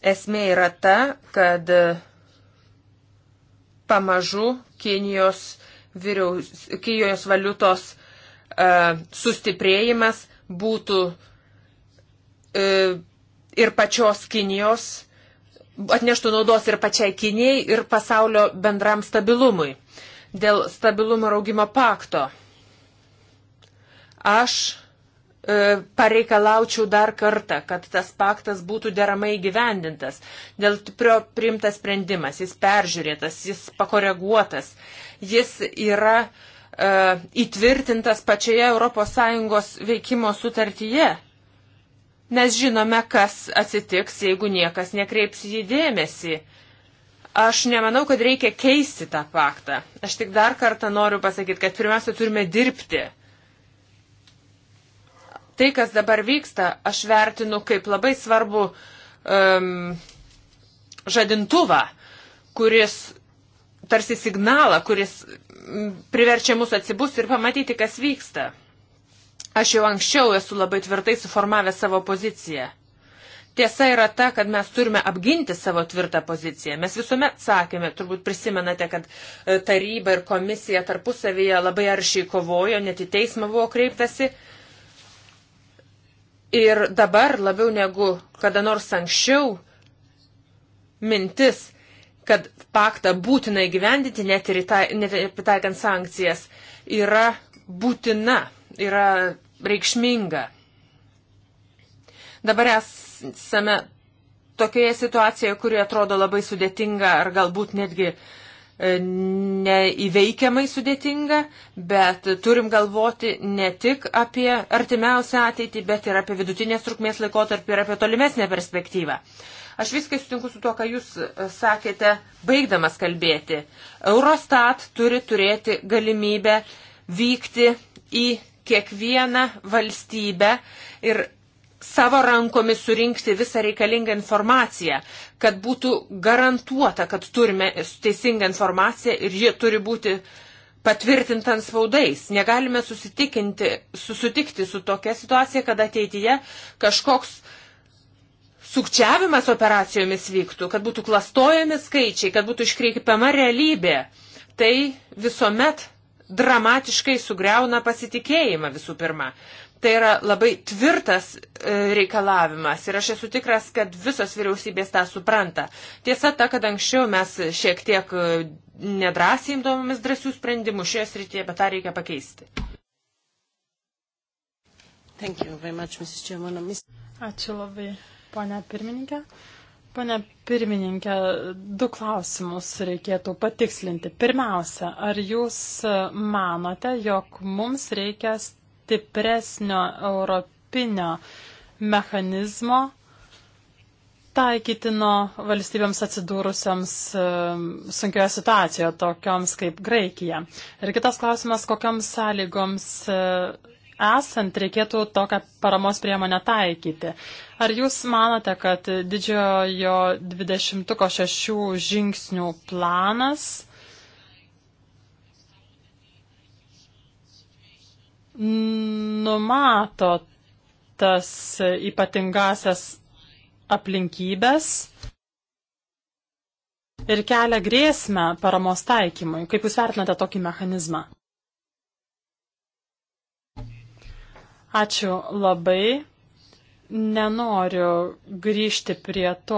Esmė yra ta, kad pamažu Kinijos, vyriaus, Kinijos valiutos e, sustiprėjimas būtų e, ir pačios Kinijos, atneštų naudos ir pačiai Kinijai, ir pasaulio bendram stabilumui. Dėl stabilumo raugimo pakto. Aš E, pareikalaučiau dar kartą, kad tas paktas būtų deramai gyvendintas. Dėl prio priimtas sprendimas, jis peržiūrėtas, jis pakoreguotas, jis yra e, įtvirtintas pačioje ES veikimo sutartyje. Nes žinome, kas atsitiks, jeigu niekas nekreips jį dėmesį. Aš nemanau, kad reikia keisti tą paktą. Aš tik dar kartą noriu pasakyti, kad pirmiausia turime dirbti. Tai, kas dabar vyksta, aš vertinu kaip labai svarbu um, žadintuvą, kuris tarsi signalą, kuris priverčia mus atsibus ir pamatyti, kas vyksta. Aš jau anksčiau esu labai tvirtai suformavęs savo poziciją. Tiesa yra ta, kad mes turime apginti savo tvirtą poziciją. Mes visuomet sakėme, turbūt prisimenate, kad e, taryba ir komisija tarpusavyje labai aršiai kovojo, net į teismą buvo kreiptasi. Ir dabar labiau negu kada nors anksčiau mintis, kad paktą būtina įgyvendinti net ir pritaikant sankcijas, yra būtina, yra reikšminga. Dabar esame tokioje situacijoje, kuri atrodo labai sudėtinga ar galbūt netgi uh, E, neįveikiamai sudėtinga, bet turim galvoti ne tik apie artimiausią ateitį, bet ir apie vidutinės trukmės laikotarpį ir apie tolimesnę perspektyvą. Aš viskai sutinku su tuo, ką jūs e, sakėte, baigdamas kalbėti. Eurostat turi turėti galimybę vykti į kiekvieną valstybę ir savo rankomis surinkti visą reikalingą informaciją, kad būtų garantuota, kad turime teisingą informaciją ir ji turi būti patvirtinta ant spaudais. Negalime susitikti su tokia situacija, kad ateityje kažkoks sukčiavimas operacijomis vyktų, kad būtų klastojami skaičiai, kad būtų iškreipiama realybė. Tai visuomet dramatiškai sugriauna pasitikėjimą visų pirma. Tai yra labai tvirtas e, reikalavimas ir aš esu tikras, kad visos vyriausybės tą supranta. Tiesa ta, kad anksčiau mes šiek tiek e, nedrąsiai imdavomės drąsių sprendimų šioje srityje, bet tą reikia pakeisti. Much, Ačiū labai, ponia pirmininkė. Pane pirmininkė, du klausimus reikėtų patikslinti. Pirmiausia, ar jūs manote, jog mums reikia stipresnio europinio mechanizmo taikytino valstybėms atsidūrusiams sunkioje situacijoje, tokioms kaip Graikija. Ir kitas klausimas, kokiams sąlygoms e, esant reikėtų tokią paramos priemonę taikyti. Ar jūs manote, kad didžiojo 26 žingsnių planas numato tas ypatingasias aplinkybės ir kelia grėsmę paramos taikymui. Kaip Jūs vertinate tokį mechanizmą? Ačiū labai. Nenoriu grįžti prie to,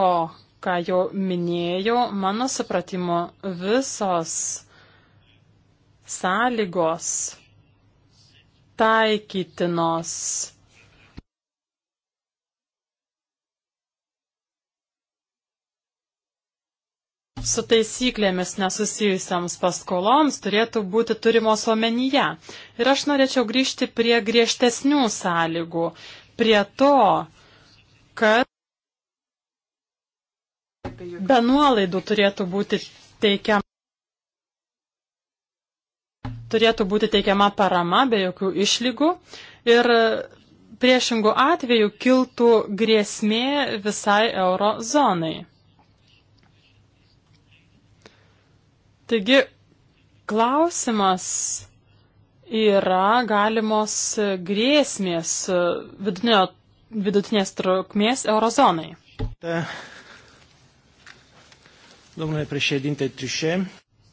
ką jau minėjau. Mano supratimo visos sąlygos taikytinos. Su taisyklėmis nesusijusiams paskoloms turėtų būti turimos omenyje. Ir aš norėčiau grįžti prie griežtesnių sąlygų, prie to, kad be nuolaidų turėtų būti teikiam turėtų būti teikiama parama be jokių išlygų ir priešingų atvejų kiltų grėsmė visai euro zonai. Taigi klausimas yra galimos grėsmės vidutinio, vidutinės trukmės eurozonai. Domnule președinte Trișe.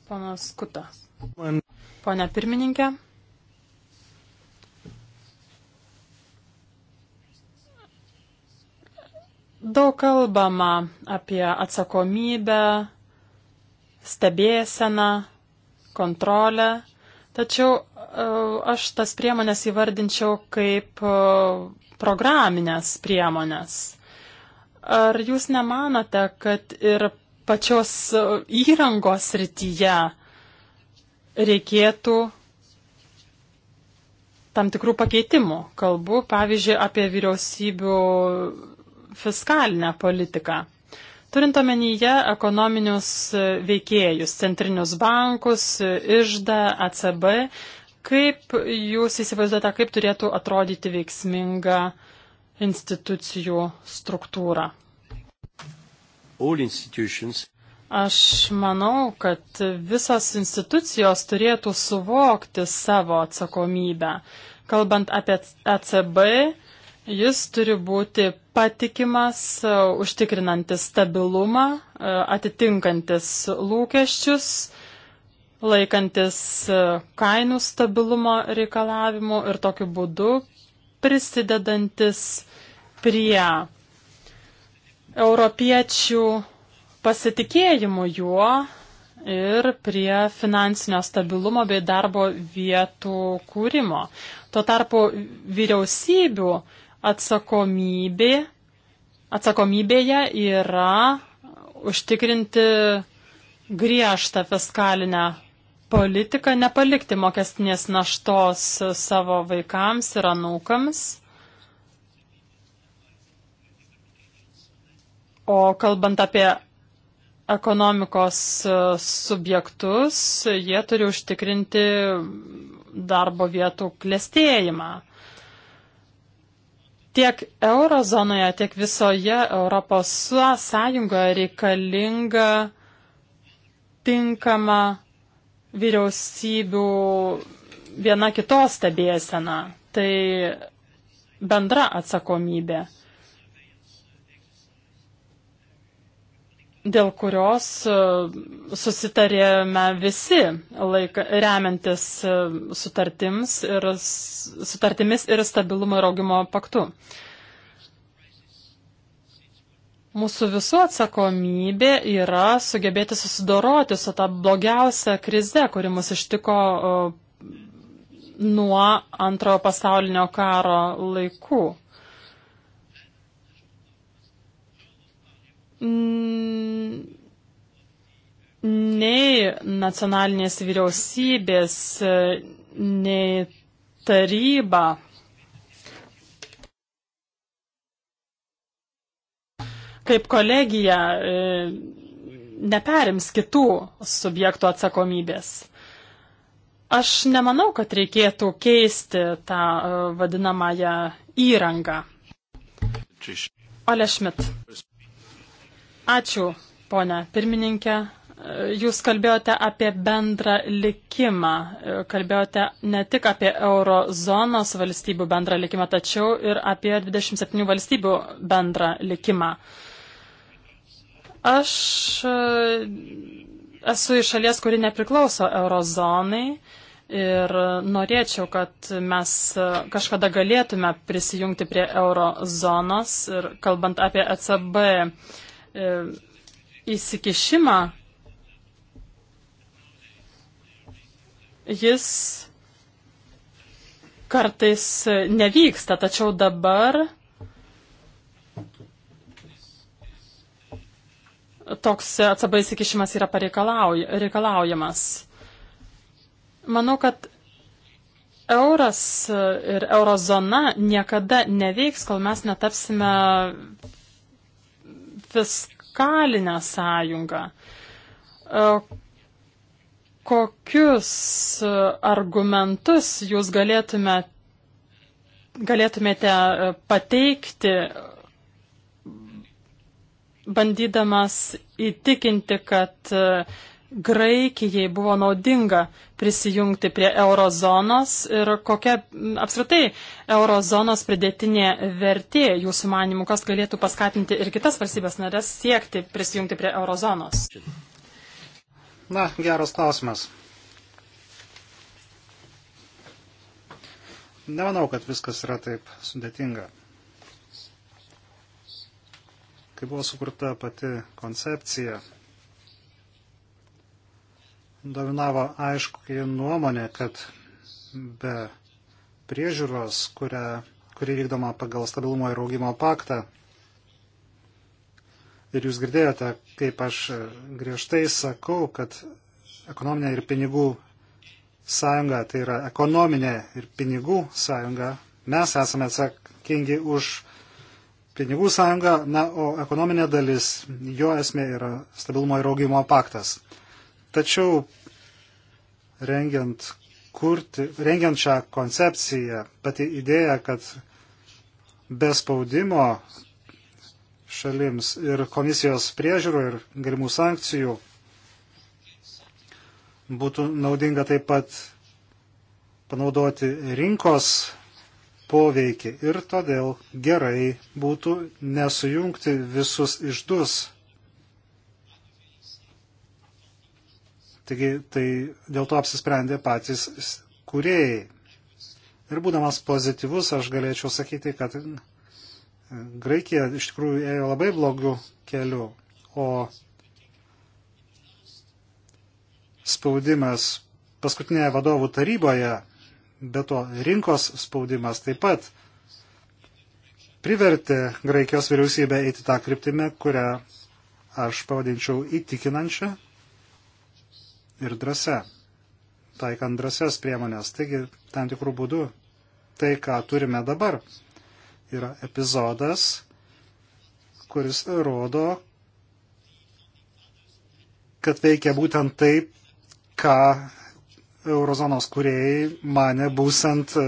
Panas Cuta. În Pone pirmininkė. Daug kalbama apie atsakomybę, stebėseną, kontrolę, tačiau e, aš tas priemonės įvardinčiau kaip e, programinės priemonės. Ar jūs nemanote, kad ir pačios e, įrangos rytyje reikėtų tam tikrų pakeitimų. Kalbu, pavyzdžiui, apie vyriausybių fiskalinę politiką. Turint omenyje ekonominius veikėjus, centrinius bankus, išdą, ACB, kaip jūs įsivaizduojate, kaip turėtų atrodyti veiksminga institucijų struktūra? All institutions Aš manau, kad visos institucijos turėtų suvokti savo atsakomybę. Kalbant apie ECB, jis turi būti patikimas, užtikrinantis stabilumą, atitinkantis lūkesčius, laikantis kainų stabilumo reikalavimų ir tokiu būdu prisidedantis prie europiečių pasitikėjimu juo ir prie finansinio stabilumo bei darbo vietų kūrimo. Tuo tarpu vyriausybių atsakomybė, atsakomybėje yra užtikrinti griežtą fiskalinę politiką, nepalikti mokestinės naštos savo vaikams ir anūkams. O kalbant apie ekonomikos e, subjektus, jie turi užtikrinti darbo vietų klėstėjimą. Tiek eurozonoje, tiek visoje Europos sąjungoje reikalinga tinkama vyriausybių viena kitos stebėsena. Tai bendra atsakomybė. dėl kurios e, susitarėme visi laik, remiantis e, sutartims ir, sutartimis ir stabilumo ir augimo paktu. Mūsų visų atsakomybė yra sugebėti susidoroti su tą blogiausią krize, kuri mus ištiko e, nuo antrojo pasaulinio karo laikų. Mm, nei nacionalinės vyriausybės, nei taryba. Kaip kolegija e, neperims kitų subjektų atsakomybės. Aš nemanau, kad reikėtų keisti tą e, vadinamąją įrangą. Ole Schmidt. Ačiū, ponia pirmininkė. Jūs kalbėjote apie bendrą likimą, kalbėjote ne tik apie eurozonos valstybių bendrą likimą, tačiau ir apie 27 valstybių bendrą likimą. Aš e, esu iš šalies, kuri nepriklauso eurozonai ir norėčiau, kad mes e, kažkada galėtume prisijungti prie eurozonos ir kalbant apie ECB E, įsikišimą, jis kartais nevyksta, tačiau dabar toks atsaba įsikišimas yra pareikalaujamas. Manau, kad euras ir eurozona niekada neveiks, kol mes netapsime fiskalinę sąjungą. E, kokius argumentus jūs galėtume, galėtumėte e, pateikti, bandydamas įtikinti, kad e, Graikijai buvo naudinga prisijungti prie eurozonos ir kokia apskritai eurozonos pridėtinė vertė jūsų manimų, kas galėtų paskatinti ir kitas valstybės narės siekti prisijungti prie eurozonos? Na, geras klausimas. Nemanau, kad viskas yra taip sudėtinga. Kai buvo sukurta pati koncepcija dominavo aiškiai nuomonė, kad be priežiūros, kurią, kuri vykdoma pagal stabilumo ir augimo paktą, ir jūs girdėjote, kaip aš griežtai sakau, kad ekonominė ir pinigų sąjunga, tai yra ekonominė ir pinigų sąjunga, mes esame atsakingi už pinigų sąjungą, na, o ekonominė dalis, jo esmė yra stabilumo ir augimo paktas. Tačiau rengiant, kurti, rengiant šią koncepciją, pati idėja, kad be spaudimo šalims ir komisijos priežiūrų ir galimų sankcijų būtų naudinga taip pat panaudoti rinkos poveikį ir todėl gerai būtų nesujungti visus išdus Taigi tai dėl to apsisprendė patys kūrėjai. Ir būdamas pozityvus, aš galėčiau sakyti, kad Graikija iš tikrųjų ėjo labai blogių kelių, o spaudimas paskutinėje vadovų taryboje, be to rinkos spaudimas taip pat privertė Graikijos vyriausybę eiti tą kryptimę, kurią aš pavadinčiau įtikinančią ir drąsa, taikant drąsias priemonės. Taigi, tam tikrų būdų, tai, ką turime dabar, yra epizodas, kuris rodo, kad veikia būtent taip, ką eurozonos kuriejai mane būsant e,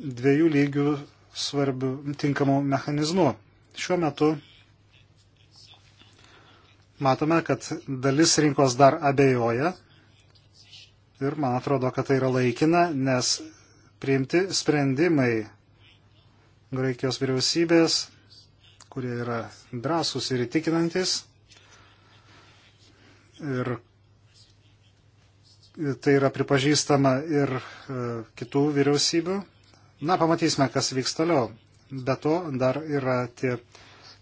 dviejų lygių svarbių tinkamų mechanizmų. Šiuo metu matome, kad dalis rinkos dar abejoja ir man atrodo, kad tai yra laikina, nes priimti sprendimai Graikijos vyriausybės, kurie yra drąsus ir įtikinantis. Ir tai yra pripažįstama ir e, kitų vyriausybių. Na, pamatysime, kas vyks toliau. Be to dar yra tie uh,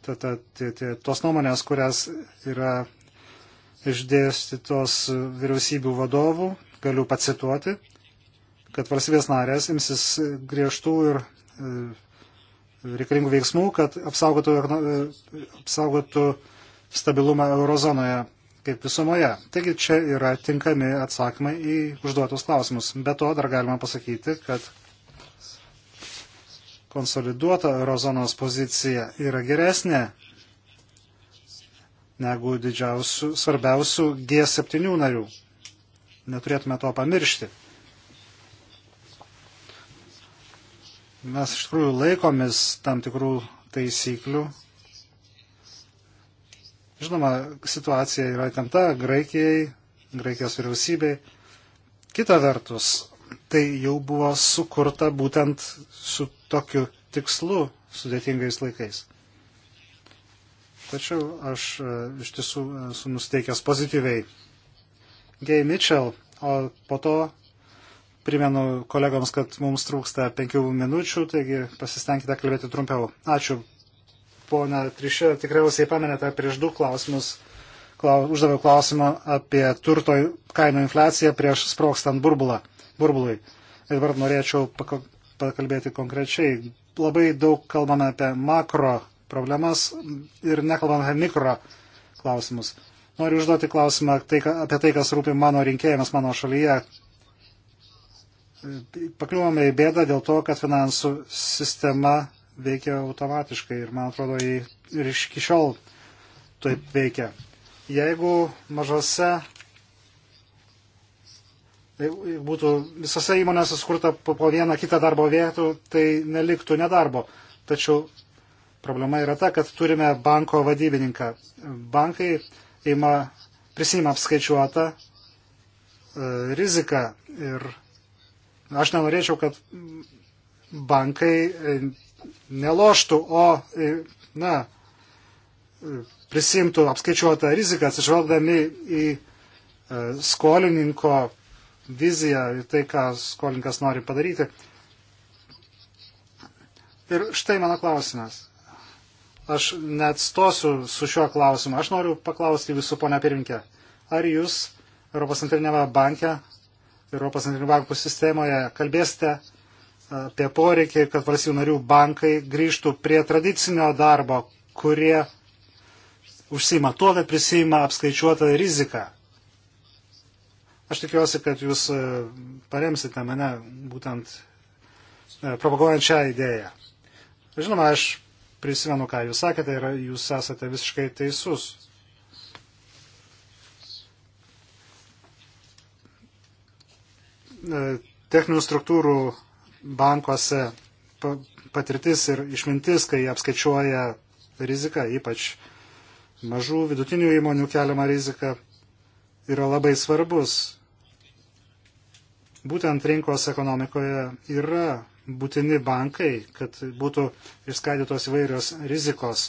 ta, ta, ta, ta, tos nuomonės, kurias yra išdėstytos vyriausybių vadovų, galiu pacituoti, kad valstybės narės imsis griežtų ir e, reikalingų veiksmų, kad apsaugotų, e, apsaugotų stabilumą eurozonoje kaip visumoje. Taigi čia yra tinkami atsakymai į užduotus klausimus. Be to dar galima pasakyti, kad konsoliduota eurozonos pozicija yra geresnė negu didžiausių, svarbiausių G7 narių. Neturėtume to pamiršti. Mes iš tikrųjų laikomis tam tikrų taisyklių. Žinoma, situacija yra įtempta Graikijai, Graikijos vyriausybei. Kita vertus, tai jau buvo sukurta būtent su tokiu tikslu sudėtingais laikais. Tačiau aš e, iš tiesų esu nusteikęs pozityviai. Gay Mitchell, o po to primenu kolegoms, kad mums trūksta penkių minučių, taigi pasistengkite kalbėti trumpiau. Ačiū. Pone Trišė, tikriausiai pamenėte prieš du klausimus. Klau, uždaviau klausimą apie turto kainų infliaciją prieš sprokstant burbulą burbului. Ir dabar norėčiau pakalbėti konkrečiai. Labai daug kalbame apie makro problemas ir nekalbame apie mikro klausimus. Noriu užduoti klausimą tai, apie tai, kas rūpi mano rinkėjams mano šalyje. Pakliūvame į bėdą dėl to, kad finansų sistema veikia automatiškai ir, man atrodo, ir iš iki šiol taip veikia. Jeigu mažose Tai būtų visose įmonėse skurta po vieną kitą darbo vietų, tai neliktų nedarbo. Tačiau problema yra ta, kad turime banko vadybininką. Bankai ima, prisima apskaičiuotą e, riziką ir aš nenorėčiau, kad bankai e, neloštų, o, e, na, e, prisimtų apskaičiuotą riziką atsižvelgdami į e, skolininko viziją į tai, ką skolininkas nori padaryti. Ir štai mano klausimas. Aš neatstosiu su šiuo klausimu. Aš noriu paklausti visų, ponia pirminkė. Ar jūs Europos centrinėme banke, Europos centrinio bankų sistemoje kalbėsite apie poreikį, kad valstybių narių bankai grįžtų prie tradicinio darbo, kurie užsima tuo, kad prisima apskaičiuotą riziką. Aš tikiuosi, kad jūs e, paremsite mane būtent e, propaguojant šią idėją. Žinoma, aš prisimenu, ką jūs sakėte ir jūs esate visiškai teisus. E, techninių struktūrų bankuose patirtis ir išmintis, kai apskaičiuoja riziką, ypač mažų vidutinių įmonių keliamą riziką, yra labai svarbus. Būtent rinkos ekonomikoje yra būtini bankai, kad būtų išskaidytos įvairios rizikos,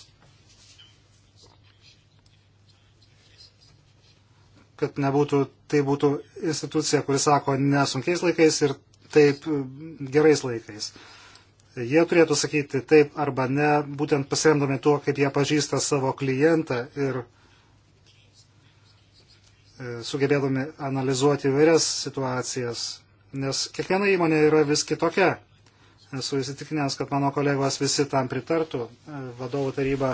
kad nebūtų, tai būtų institucija, kuri sako nesunkiais laikais ir taip gerais laikais. Jie turėtų sakyti taip arba ne, būtent pasiremdami tuo, kaip jie pažįsta savo klientą ir e, sugebėdami analizuoti įvairias situacijas, nes kiekviena įmonė yra vis kitokia. Esu įsitikinęs, kad mano kolegos visi tam pritartų. E, vadovų taryba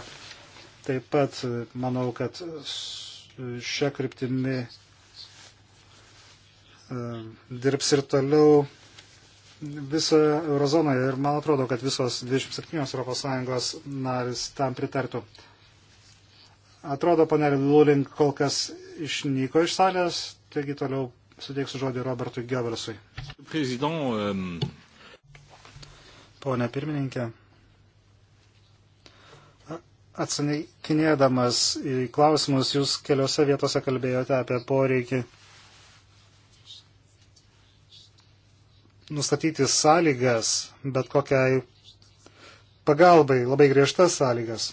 taip pat, e, manau, kad šią kryptimį e, dirbs ir toliau visoje eurozonoje ir man atrodo, kad visos 27 ES narys tam pritartų. Atrodo, panelė Lulink kol kas išnyko iš salės, taigi toliau suteiksiu žodį Robertui Geversui. Pone pirmininkė, atsakinėdamas į klausimus, jūs keliose vietose kalbėjote apie poreikį nustatyti sąlygas, bet kokiai pagalbai, labai griežtas sąlygas.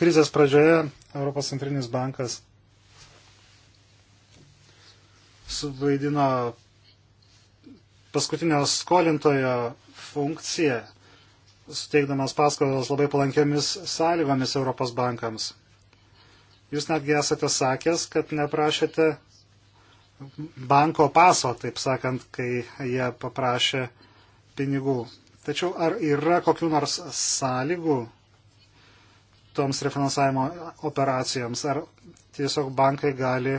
Krizės pradžioje Europos centrinis bankas suvaidino paskutinio skolintojo funkciją, suteikdamas paskolas labai palankiamis sąlygomis Europos bankams. Jūs netgi esate sakęs, kad neprašėte banko paso, taip sakant, kai jie paprašė pinigų. Tačiau ar yra kokių nors sąlygų toms refinansavimo operacijoms? Ar tiesiog bankai gali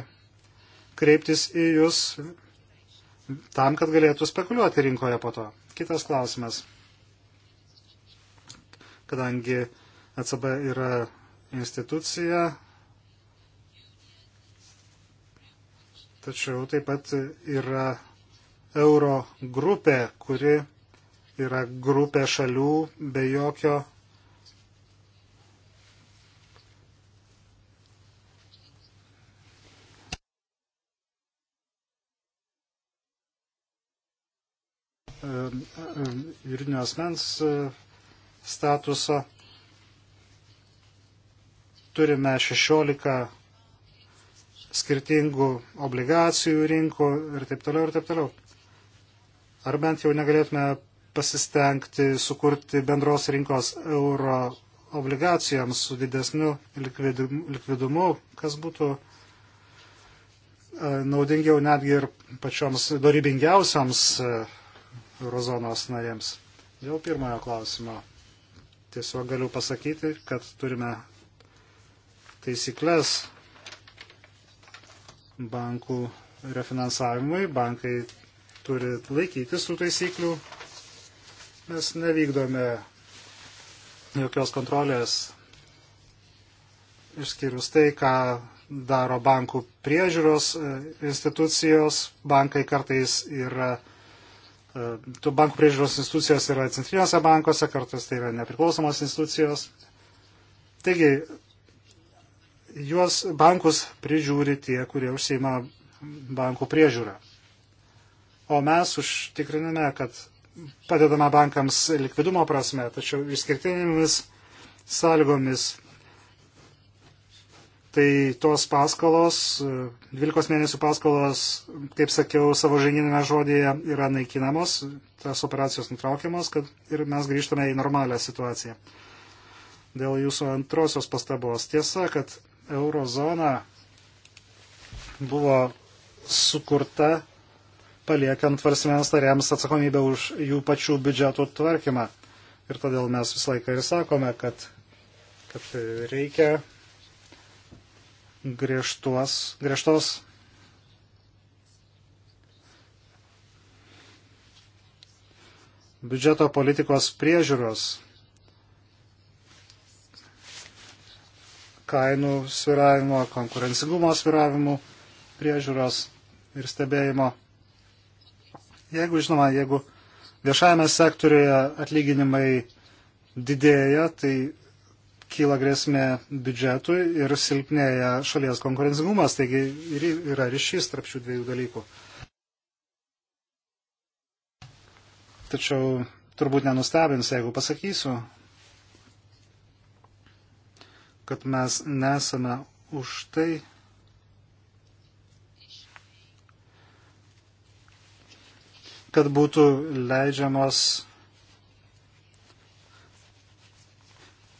kreiptis į jūs tam, kad galėtų spekuliuoti rinkoje po to. Kitas klausimas. Kadangi ECB yra institucija, tačiau taip pat yra euro grupė, kuri yra grupė šalių be jokio juridinio asmens e, statuso. Turime 16 skirtingų obligacijų rinkų ir taip toliau ir taip toliau. Ar bent jau negalėtume pasistengti sukurti bendros rinkos euro obligacijoms su didesniu likvidumu, kas būtų e, naudingiau netgi ir pačioms dorybingiausiams e, eurozonos narėms. Dėl pirmojo klausimo. Tiesiog galiu pasakyti, kad turime taisyklės bankų refinansavimui. Bankai turi laikytis tų taisyklių. Mes nevykdome jokios kontrolės išskyrus tai, ką daro bankų priežiūros e, institucijos. Bankai kartais yra tų bankų priežiūros institucijos yra centriniuose bankuose, kartais tai yra nepriklausomos institucijos. Taigi, juos bankus prižiūri tie, kurie užsieima bankų priežiūrą. O mes užtikriname, kad padedame bankams likvidumo prasme, tačiau išskirtinėmis sąlygomis tai tos paskolos, 12 mėnesių paskolos, kaip sakiau savo žaininėme žodėje, yra naikinamos, tas operacijos nutraukiamos kad, ir mes grįžtame į normalią situaciją. Dėl jūsų antrosios pastabos tiesa, kad eurozona buvo sukurta paliekant valstybėms tariams atsakomybę už jų pačių biudžetų tvarkymą. Ir todėl mes visą laiką ir sakome, kad, kad reikia griežtuos, griežtos biudžeto politikos priežiūros kainų sviravimo, konkurencingumo sviravimų priežiūros ir stebėjimo. Jeigu, žinoma, jeigu viešajame sektoriuje atlyginimai didėja, tai kyla grėsmė biudžetui ir silpnėja šalies konkurencingumas, taigi yra ryšys tarp šių dviejų dalykų. Tačiau turbūt nenustebins, jeigu pasakysiu, kad mes nesame už tai, kad būtų leidžiamos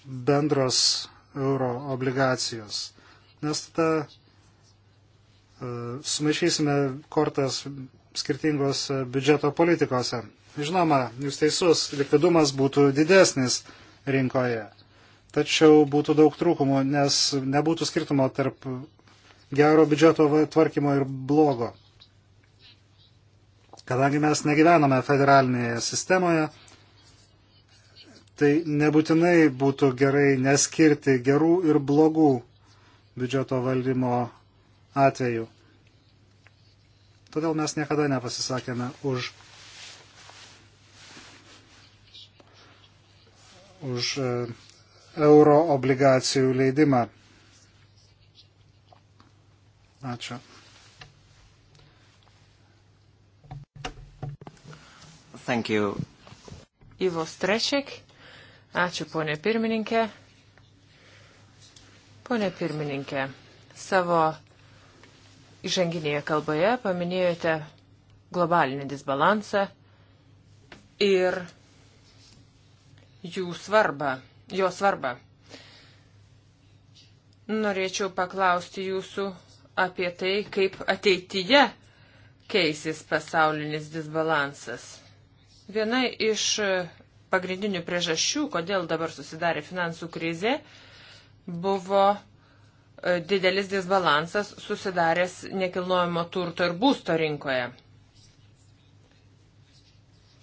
bendros euro obligacijos. Nes tada e, sumaišysime kortas skirtingos biudžeto politikose. Žinoma, jūs teisus, likvidumas būtų didesnis rinkoje, tačiau būtų daug trūkumų, nes nebūtų skirtumo tarp gero biudžeto tvarkymo ir blogo. Kadangi mes negyvename federalinėje sistemoje, tai nebūtinai būtų gerai neskirti gerų ir blogų biudžeto valdymo atveju. Todėl mes niekada nepasisakėme už, už e, euro obligacijų leidimą. Ačiū. Thank you. Ivo Streček. Ačiū, ponė pirmininkė. Pone pirmininkė, savo įžanginėje kalboje paminėjote globalinį disbalansą ir jų svarbą, jo svarbą. Norėčiau paklausti jūsų apie tai, kaip ateityje keisis pasaulinis disbalansas. Viena iš pagrindinių priežasčių, kodėl dabar susidarė finansų krizė, buvo e, didelis disbalansas susidaręs nekilnojamo turto ir būsto rinkoje.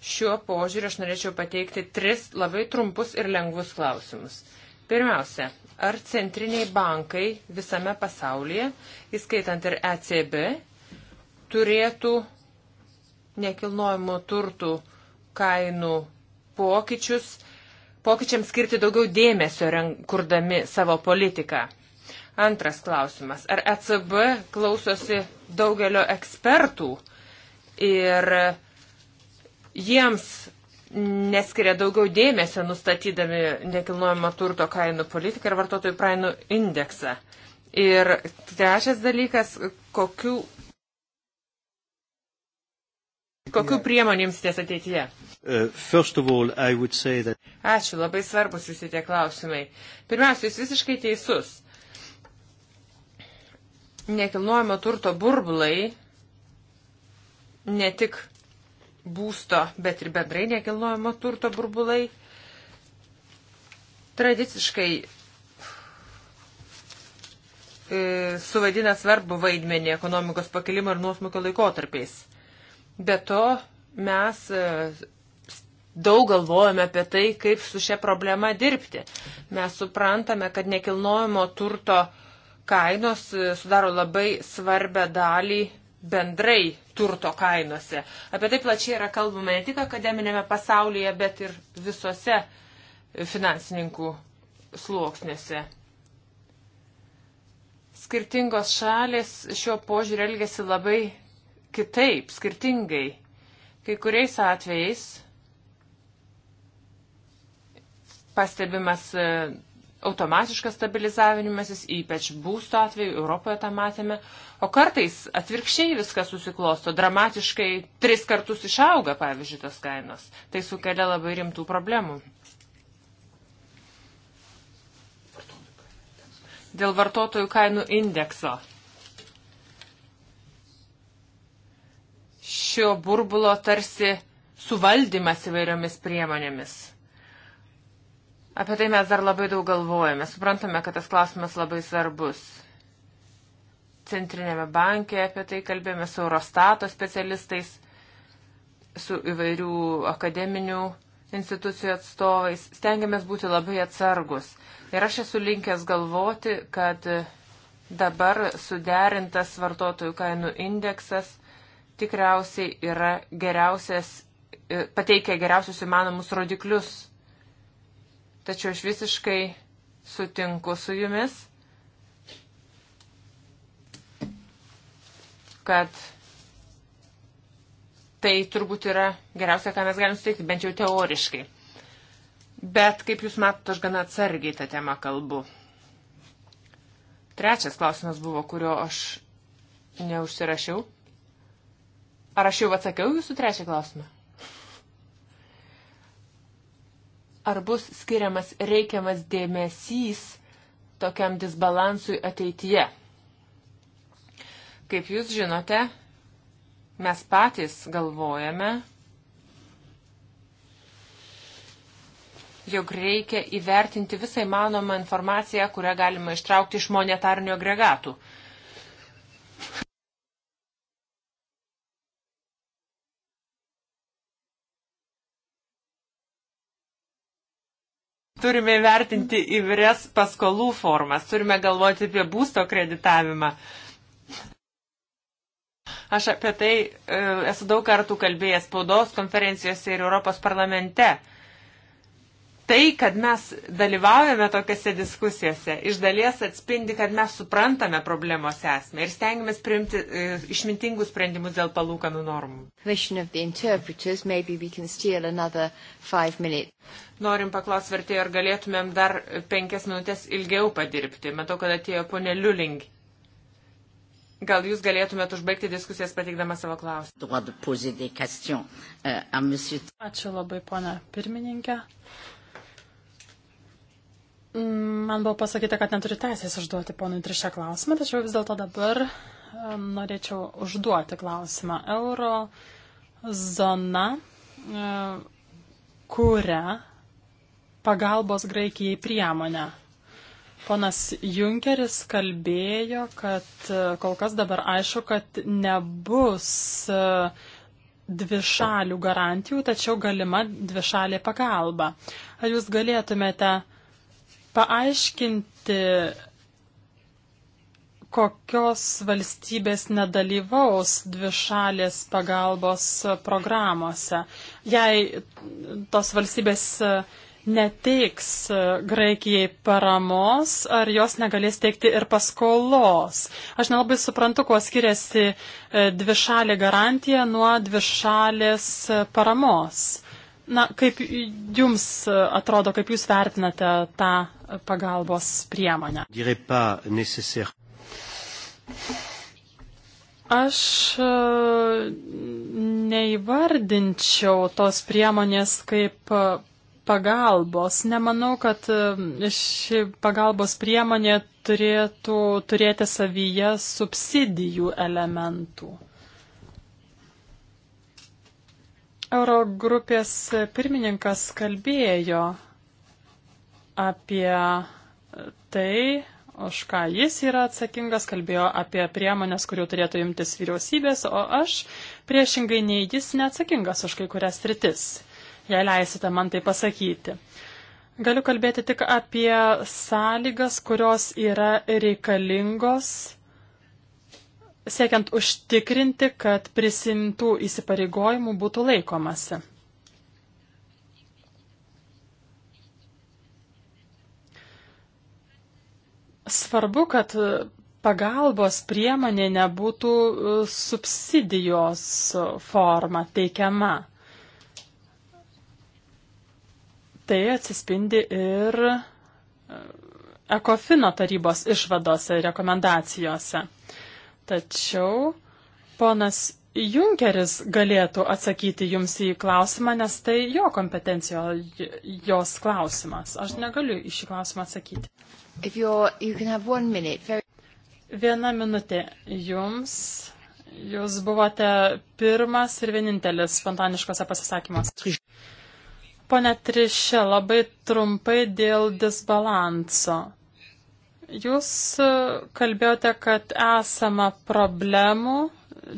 Šiuo požiūriu aš norėčiau pateikti tris labai trumpus ir lengvus klausimus. Pirmiausia, ar centriniai bankai visame pasaulyje, įskaitant ir ECB, turėtų nekilnojimo turtų kainų pokyčius, pokyčiams skirti daugiau dėmesio, kurdami savo politiką. Antras klausimas. Ar ECB klausosi daugelio ekspertų ir jiems neskiria daugiau dėmesio nustatydami nekilnojamo turto kainų politiką ir vartotojų kainų indeksą? Ir trečias dalykas, kokiu Kokiu priemonėms ties ateityje? Uh, all, that... Ačiū, labai svarbus visi tie klausimai. Pirmiausia, jūs visiškai teisus. Nekilnojamo turto burblai ne tik būsto, bet ir bendrai nekilnojamo turto burbulai tradiciškai e, suvadina svarbu vaidmenį ekonomikos pakilimo ir nuosmukio laikotarpiais. Be to, mes e, daug galvojame apie tai, kaip su šia problema dirbti. Mes suprantame, kad nekilnojimo turto kainos e, sudaro labai svarbę dalį bendrai turto kainose. Apie tai plačiai yra kalbama ne tik akademinėme pasaulyje, bet ir visose finansininkų sluoksnėse. Skirtingos šalis šiuo požiūriu elgesi labai kitaip, skirtingai. Kai kuriais atvejais pastebimas e, automatiškas stabilizavimasis, ypač būsto atveju, Europoje tą matėme, o kartais atvirkščiai viskas susiklosto, dramatiškai tris kartus išauga, pavyzdžiui, tos kainos. Tai sukelia labai rimtų problemų. Dėl vartotojų kainų indekso. šio burbulo tarsi suvaldymas įvairiomis priemonėmis. Apie tai mes dar labai daug galvojame. Suprantame, kad tas klausimas labai svarbus. Centrinėme banke apie tai kalbėjome su Eurostato specialistais, su įvairių akademinių institucijų atstovais. Stengiamės būti labai atsargus. Ir aš esu linkęs galvoti, kad dabar suderintas vartotojų kainų indeksas tikriausiai yra geriausias, e, pateikia geriausius įmanomus rodiklius. Tačiau aš visiškai sutinku su jumis, kad tai turbūt yra geriausia, ką mes galim suteikti, bent jau teoriškai. Bet, kaip jūs matote, aš gana atsargiai tą temą kalbu. Trečias klausimas buvo, kurio aš neužsirašiau. Ar aš jau atsakiau jūsų trečią klausimą? Ar bus skiriamas reikiamas dėmesys tokiam disbalansui ateityje? Kaip jūs žinote, mes patys galvojame, jog reikia įvertinti visą įmanomą informaciją, kurią galima ištraukti iš monetarnių agregatų. Turime vertinti įvairias paskolų formas, turime galvoti apie būsto kreditavimą. Aš apie tai e, esu daug kartų kalbėjęs spaudos konferencijose ir Europos parlamente. E, tai, kad mes dalyvaujame tokiuose diskusijose, iš dalies atspindi, kad mes suprantame problemos esmę ir stengiamės priimti e, išmintingus sprendimus dėl palūkanų normų. Norim paklaus vertėjo, ar galėtumėm dar penkias minutės ilgiau padirbti. Matau, kad atėjo ponė Liuling. Gal jūs galėtumėt užbaigti diskusijas pateikdama savo klausimą. Euh, Ačiū labai, ponė pirmininkė. Man buvo pasakyta, kad neturiu teisės užduoti ponui Trišę klausimą, tačiau vis dėlto dabar norėčiau užduoti klausimą. Euro zona e, kuria pagalbos Graikijai priemonę. Ponas Junkeris kalbėjo, kad e, kol kas dabar aišku, kad nebus e, dvišalių garantijų, tačiau galima dvišalė pagalba. Ar jūs galėtumėte paaiškinti, kokios valstybės nedalyvaus dvišalės pagalbos programuose. Jei tos valstybės neteiks Graikijai paramos, ar jos negalės teikti ir paskolos. Aš nelabai suprantu, kuo skiriasi e, dvišalė garantija nuo dvišalės paramos. Na, kaip jums atrodo, kaip jūs vertinate tą pagalbos priemonę. Aš e, neįvardinčiau tos priemonės kaip e, pagalbos. Nemanau, kad e, ši pagalbos priemonė turėtų turėti savyje subsidijų elementų. Eurogrupės pirmininkas kalbėjo apie tai, už ką jis yra atsakingas, kalbėjo apie priemonės, kurių turėtų imtis vyriausybės, o aš priešingai nei jis neatsakingas už kai kurias rytis, jei leisite man tai pasakyti. Galiu kalbėti tik apie sąlygas, kurios yra reikalingos siekiant užtikrinti, kad prisimtų įsipareigojimų būtų laikomasi. Svarbu, kad pagalbos priemonė nebūtų e, subsidijos forma teikiama. Tai atsispindi ir e, Ekofino tarybos išvadose ir rekomendacijose. Tačiau ponas Junkeris galėtų atsakyti jums į klausimą, nes tai jo kompetencijos klausimas. Aš negaliu į šį klausimą atsakyti. You minute, very... Viena minutė jums. Jūs buvote pirmas ir vienintelis spontaniškose pasisakymuose. Pone Trišė, labai trumpai dėl disbalanso. Jūs kalbėjote, kad esama problemų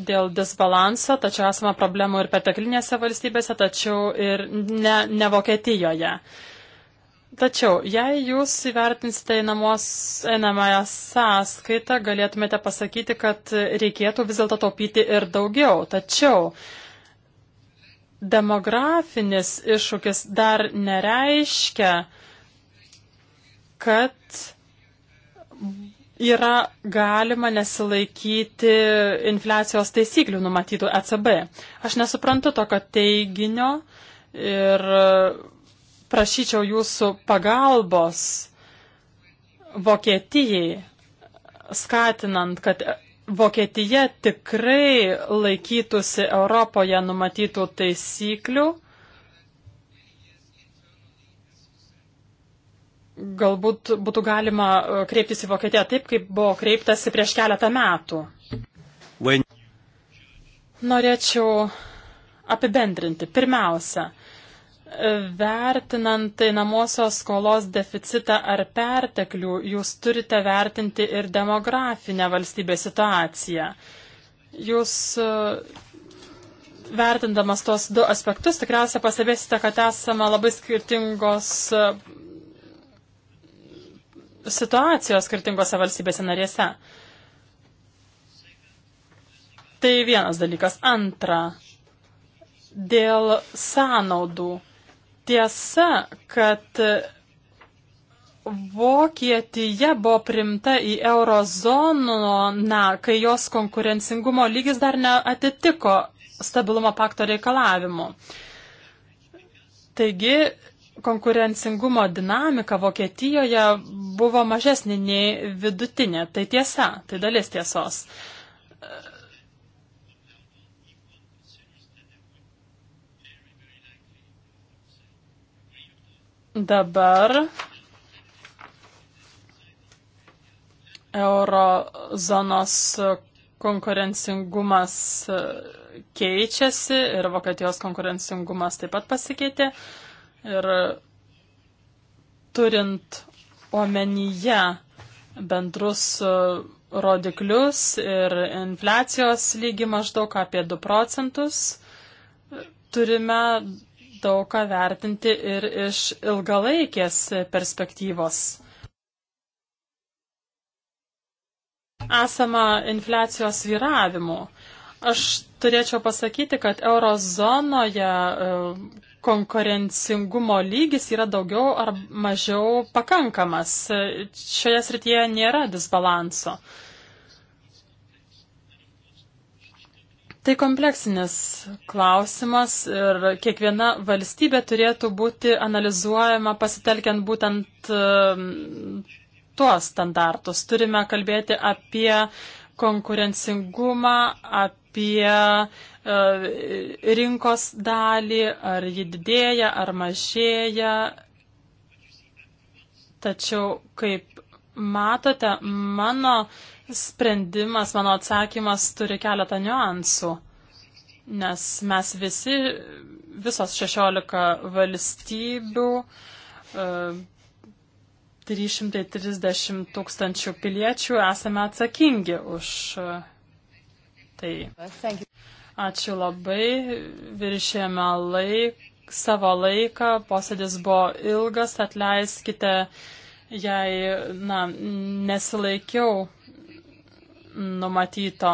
dėl disbalanso, tačiau esama problemų ir perteklinėse valstybėse, tačiau ir ne, ne Vokietijoje. Tačiau, jei jūs įvertinsite einamos einamąją sąskaitą, galėtumėte pasakyti, kad reikėtų vis dėlto taupyti ir daugiau. Tačiau demografinis iššūkis dar nereiškia, kad yra galima nesilaikyti infliacijos taisyklių numatytų ECB. Aš nesuprantu tokio teiginio ir prašyčiau jūsų pagalbos Vokietijai, skatinant, kad Vokietija tikrai laikytųsi Europoje numatytų taisyklių galbūt būtų galima e, kreiptis į Vokietiją taip, kaip buvo kreiptasi prieš keletą metų. When... Norėčiau apibendrinti. Pirmiausia, e, vertinant einamosios skolos deficitą ar perteklių, jūs turite vertinti ir demografinę valstybės situaciją. Jūs e, vertindamas tos du aspektus tikriausiai pastebėsite, kad esame labai skirtingos situacijos skirtingose valstybėse narėse. Tai vienas dalykas. Antra, dėl sąnaudų. Tiesa, kad Vokietija buvo primta į eurozoną, kai jos konkurencingumo lygis dar neatitiko stabilumo pakto reikalavimu. Taigi konkurencingumo dinamika Vokietijoje buvo mažesnė nei vidutinė. Tai tiesa, tai dalis tiesos. Dabar eurozonos konkurencingumas keičiasi ir Vokietijos konkurencingumas taip pat pasikeitė. Uh, Ir turint omenyje bendrus e, rodiklius ir infliacijos lygį maždaug apie 2 procentus, turime daug ką vertinti ir iš ilgalaikės perspektyvos. Esama infliacijos vyravimų. Aš turėčiau pasakyti, kad eurozonoje e, konkurencingumo lygis yra daugiau ar mažiau pakankamas. Šioje srityje nėra disbalanso. Tai kompleksinis klausimas ir kiekviena valstybė turėtų būti analizuojama pasitelkiant būtent um, tuos standartus. Turime kalbėti apie konkurencingumą, apie E, rinkos dalį, ar ji didėja, ar mažėja. Tačiau, kaip matote, mano sprendimas, mano atsakymas turi keletą niuansų, nes mes visi, visos 16 valstybių, 330 e, tūkstančių piliečių esame atsakingi už e, tai. Ačiū labai, viršėme laik, savo laiką, posėdis buvo ilgas, atleiskite, jei na, nesilaikiau numatyto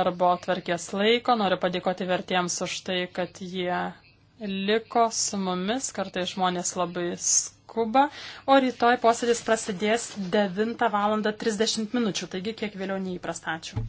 darbo atverkės laiko. Noriu padėkoti vertiems už tai, kad jie liko su mumis, kartai žmonės labai skuba, o rytoj posėdis prasidės 9 val. 30 min. taigi kiek vėliau neįprastačiau.